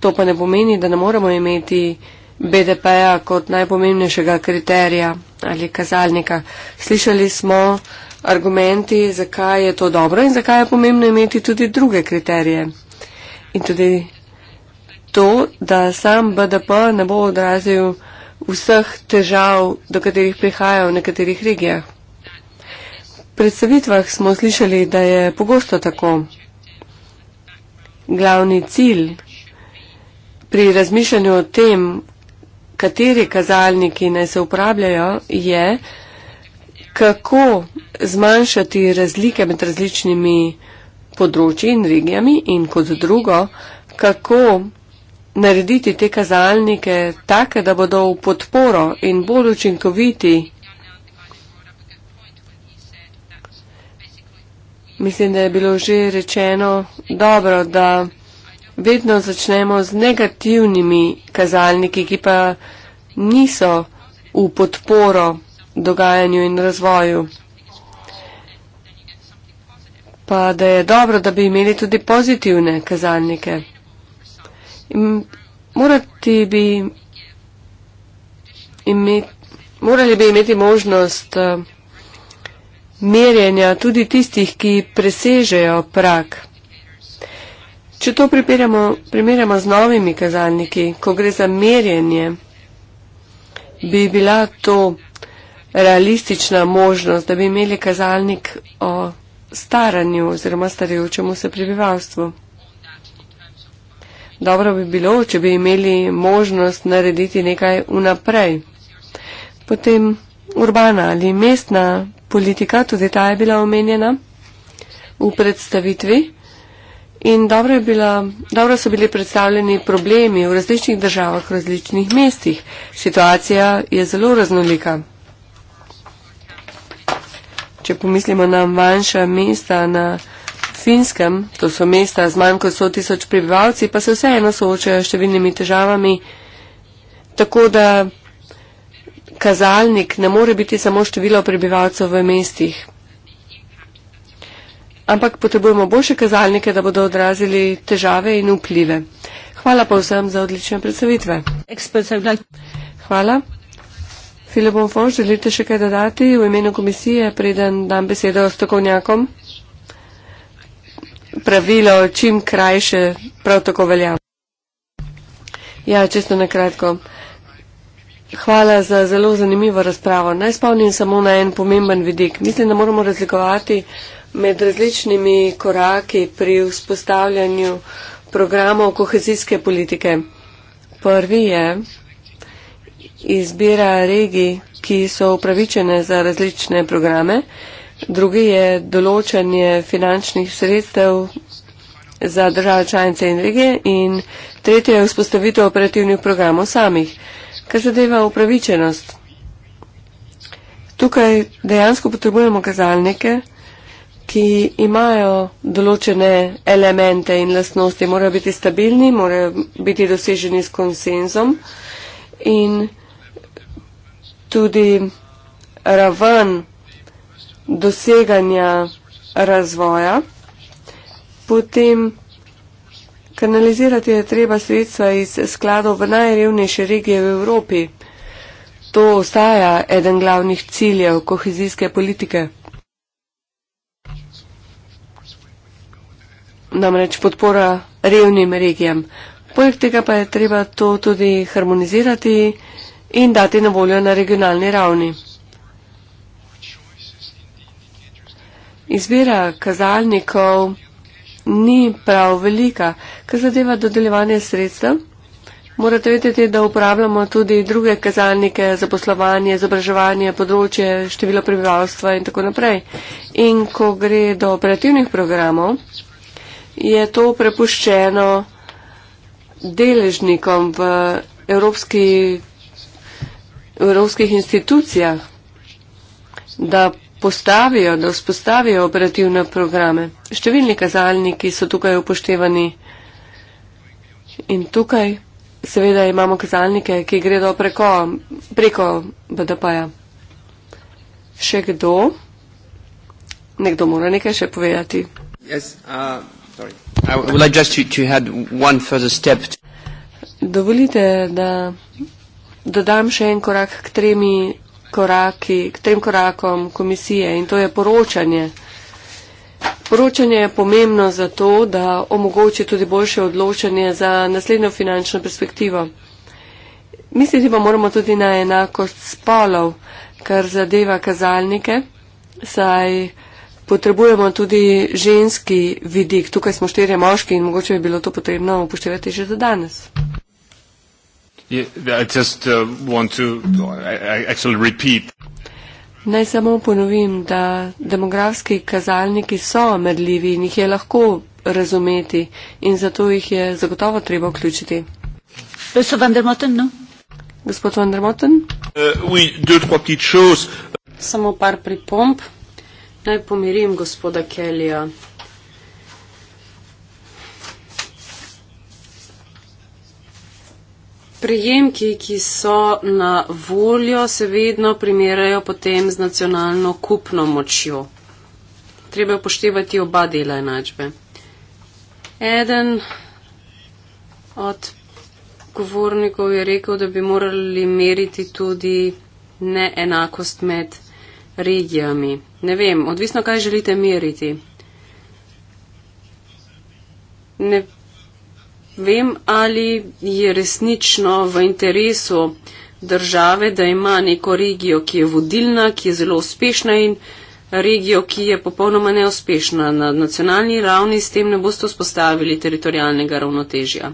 To pa ne pomeni, da ne moramo imeti BDP-ja kot najpomembnejšega kriterija ali kazalnika. Slišali smo argumenti, zakaj je to dobro in zakaj je pomembno imeti tudi druge kriterije. In tudi to, da sam BDP ne bo odrazil vseh težav, do katerih prihaja v nekaterih regijah. V predstavitvah smo slišali, da je pogosto tako. Glavni cilj pri razmišljanju o tem, kateri kazalniki naj se uporabljajo, je, kako zmanjšati razlike med različnimi področji in regijami in kot drugo, kako narediti te kazalnike take, da bodo v podporo in bolj učinkoviti. Mislim, da je bilo že rečeno dobro, da vedno začnemo z negativnimi kazalniki, ki pa niso v podporo dogajanju in razvoju. Pa da je dobro, da bi imeli tudi pozitivne kazalnike. Morati bi imeti, morali bi imeti možnost eh, merjenja tudi tistih, ki presežejo prak. Če to primerjamo, primerjamo z novimi kazalniki, ko gre za merjenje, bi bila to realistična možnost, da bi imeli kazalnik o staranju oziroma starejočemu se prebivalstvu. Dobro bi bilo, če bi imeli možnost narediti nekaj vnaprej. Potem urbana ali mestna politika, tudi ta je bila omenjena v predstavitvi. In dobro, bila, dobro so bili predstavljeni problemi v različnih državah, v različnih mestih. Situacija je zelo raznolika. Če pomislimo na manjša mesta na Finskem, to so mesta z manj kot 100 tisoč prebivalci, pa se vseeno soočajo številnimi težavami, tako da kazalnik ne more biti samo število prebivalcev v mestih ampak potrebujemo boljše kazalnike, da bodo odrazili težave in vplive. Hvala pa vsem za odlične predstavitve. Hvala. Filip Bonfon, želite še kaj dodati v imenu komisije, preden dam besedo strokovnjakom? Pravilo, čim krajše, prav tako velja. Ja, čisto na kratko. Hvala za zelo zanimivo razpravo. Naj spomnim samo na en pomemben vidik. Mislim, da moramo razlikovati. Med različnimi koraki pri vzpostavljanju programov kohezijske politike. Prvi je izbira regij, ki so upravičene za različne programe. Drugi je določanje finančnih sredstev za države članice in regije. In tretji je vzpostavitev operativnih programov samih. Kar zadeva upravičenost. Tukaj dejansko potrebujemo kazalnike ki imajo določene elemente in lastnosti, morajo biti stabilni, morajo biti doseženi s konsenzom in tudi raven doseganja razvoja, potem kanalizirati je treba sredstva iz skladov v najrevnejše regije v Evropi. To ostaja eden glavnih ciljev kohezijske politike. namreč podpora revnim regijam. Poleg tega pa je treba to tudi harmonizirati in dati na voljo na regionalni ravni. Izbira kazalnikov ni prav velika. Kar zadeva dodeljevanje sredstev, morate vedeti, da uporabljamo tudi druge kazalnike za poslovanje, izobraževanje, področje, število prebivalstva in tako naprej. In ko gre do operativnih programov, je to prepuščeno deležnikom v evropski, evropskih institucijah, da postavijo, da vzpostavijo operativne programe. Številni kazalniki so tukaj upoštevani in tukaj seveda imamo kazalnike, ki gredo preko, preko BDP-ja. Še kdo? Nekdo mora nekaj še povedati. Yes, uh... Dovolite, da dodam še en korak k, koraki, k trem korakom komisije in to je poročanje. Poročanje je pomembno zato, da omogoči tudi boljše odločanje za naslednjo finančno perspektivo. Misliti pa moramo tudi na enakost spolov, kar zadeva kazalnike, saj potrebujemo tudi ženski vidik. Tukaj smo štirje moški in mogoče bi bilo to potrebno upoštevati že za danes. Uh, Naj samo ponovim, da demografski kazalniki so merljivi in jih je lahko razumeti in zato jih je zagotovo treba vključiti. Van der Moten, no? Gospod Vandermoten? Uh, oui, Samo par pripomp. Naj pomirim gospoda Kelija. Prijemki, ki so na voljo, se vedno primerjajo potem z nacionalno kupno močjo. Treba je upoštevati oba dela enačbe. Eden od govornikov je rekel, da bi morali meriti tudi neenakost med regijami. Ne vem, odvisno, kaj želite meriti. Ne vem, ali je resnično v interesu države, da ima neko regijo, ki je vodilna, ki je zelo uspešna in regijo, ki je popolnoma neuspešna. Na nacionalni ravni s tem ne boste vzpostavili teritorijalnega ravnotežja.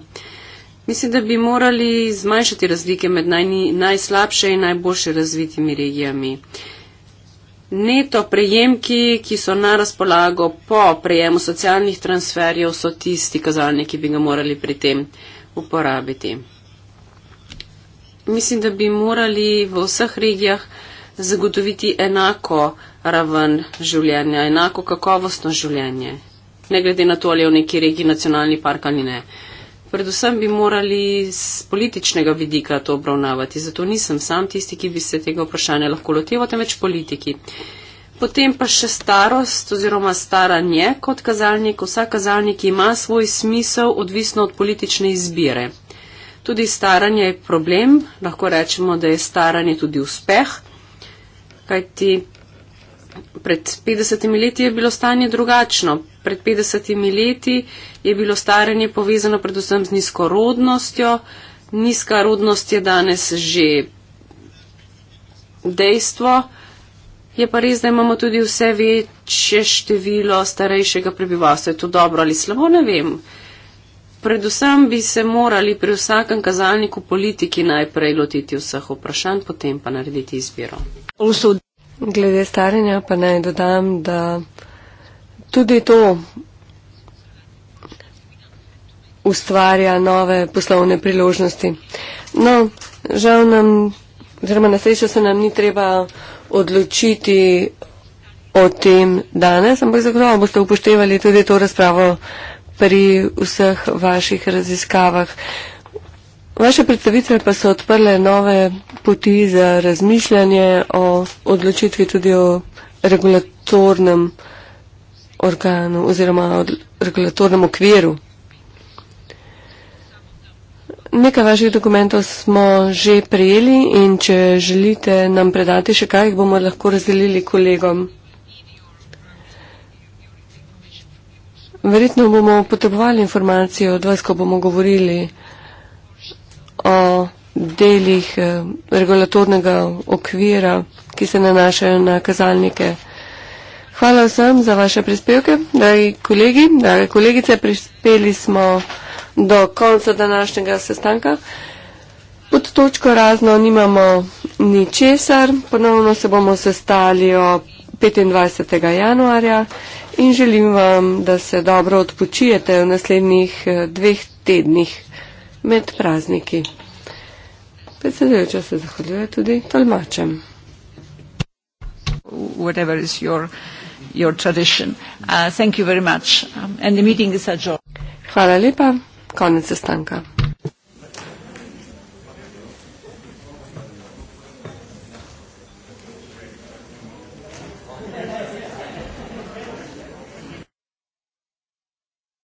Mislim, da bi morali zmanjšati razlike med naj, najslabše in najboljše razvitimi regijami. Uh, Neto prejemki, ki so na razpolago po prejemu socialnih transferjev, so tisti kazalniki, ki bi ga morali pri tem uporabiti. Mislim, da bi morali v vseh regijah zagotoviti enako raven življenja, enako kakovostno življenje, ne glede na to, ali je v neki regiji nacionalni park ali ne. Uh, predvsem bi morali z političnega vidika to obravnavati. Zato nisem sam tisti, ki bi se tega vprašanja lahko loteval, temveč politiki. Potem pa še starost oziroma staranje kot kazalnik. Vsak kazalnik ima svoj smisel, odvisno od politične izbire. Tudi staranje je problem, lahko rečemo, da je staranje tudi uspeh, kajti pred 50 leti je bilo stanje drugačno pred 50 leti je bilo staranje povezano predvsem z nizko rodnostjo. Nizka rodnost je danes že dejstvo. Je pa res, da imamo tudi vse večje število starejšega prebivalstva. Je to dobro ali slabo, ne vem. Predvsem bi se morali pri vsakem kazalniku politiki najprej lotiti vseh vprašanj, potem pa narediti izbiro. Glede staranja pa naj dodam, da tudi to ustvarja nove poslovne priložnosti. No, žal nam, oziroma na srečo se nam ni treba odločiti o tem danes, ampak zagotovo boste upoštevali tudi to razpravo pri vseh vaših raziskavah. Vaše predstavitve pa so odprle nove poti za razmišljanje o odločitvi tudi o regulatornem organu oziroma regulatornem okviru. Nekaj vaših dokumentov smo že prejeli in če želite nam predati še kaj, jih bomo lahko razdelili kolegom. Verjetno bomo potrebovali informacijo od vas, ko bomo govorili o delih eh, regulatornega okvira, ki se nanašajo na kazalnike. Hvala vsem za vaše prispevke, dragi kolegi, drage kolegice. Prispeli smo do konca današnjega sestanka. Pod točko razno nimamo ničesar. Ponovno se bomo sestali o 25. januarja in želim vam, da se dobro odpočijete v naslednjih eh, dveh tednih med prazniki. Predsedujoča se zahvaljuje tudi tolmačem. Whatever is your your tradition. Uh, thank you very much. Um, and the meeting is adjourned. Hvala lepa. Konec sestanka.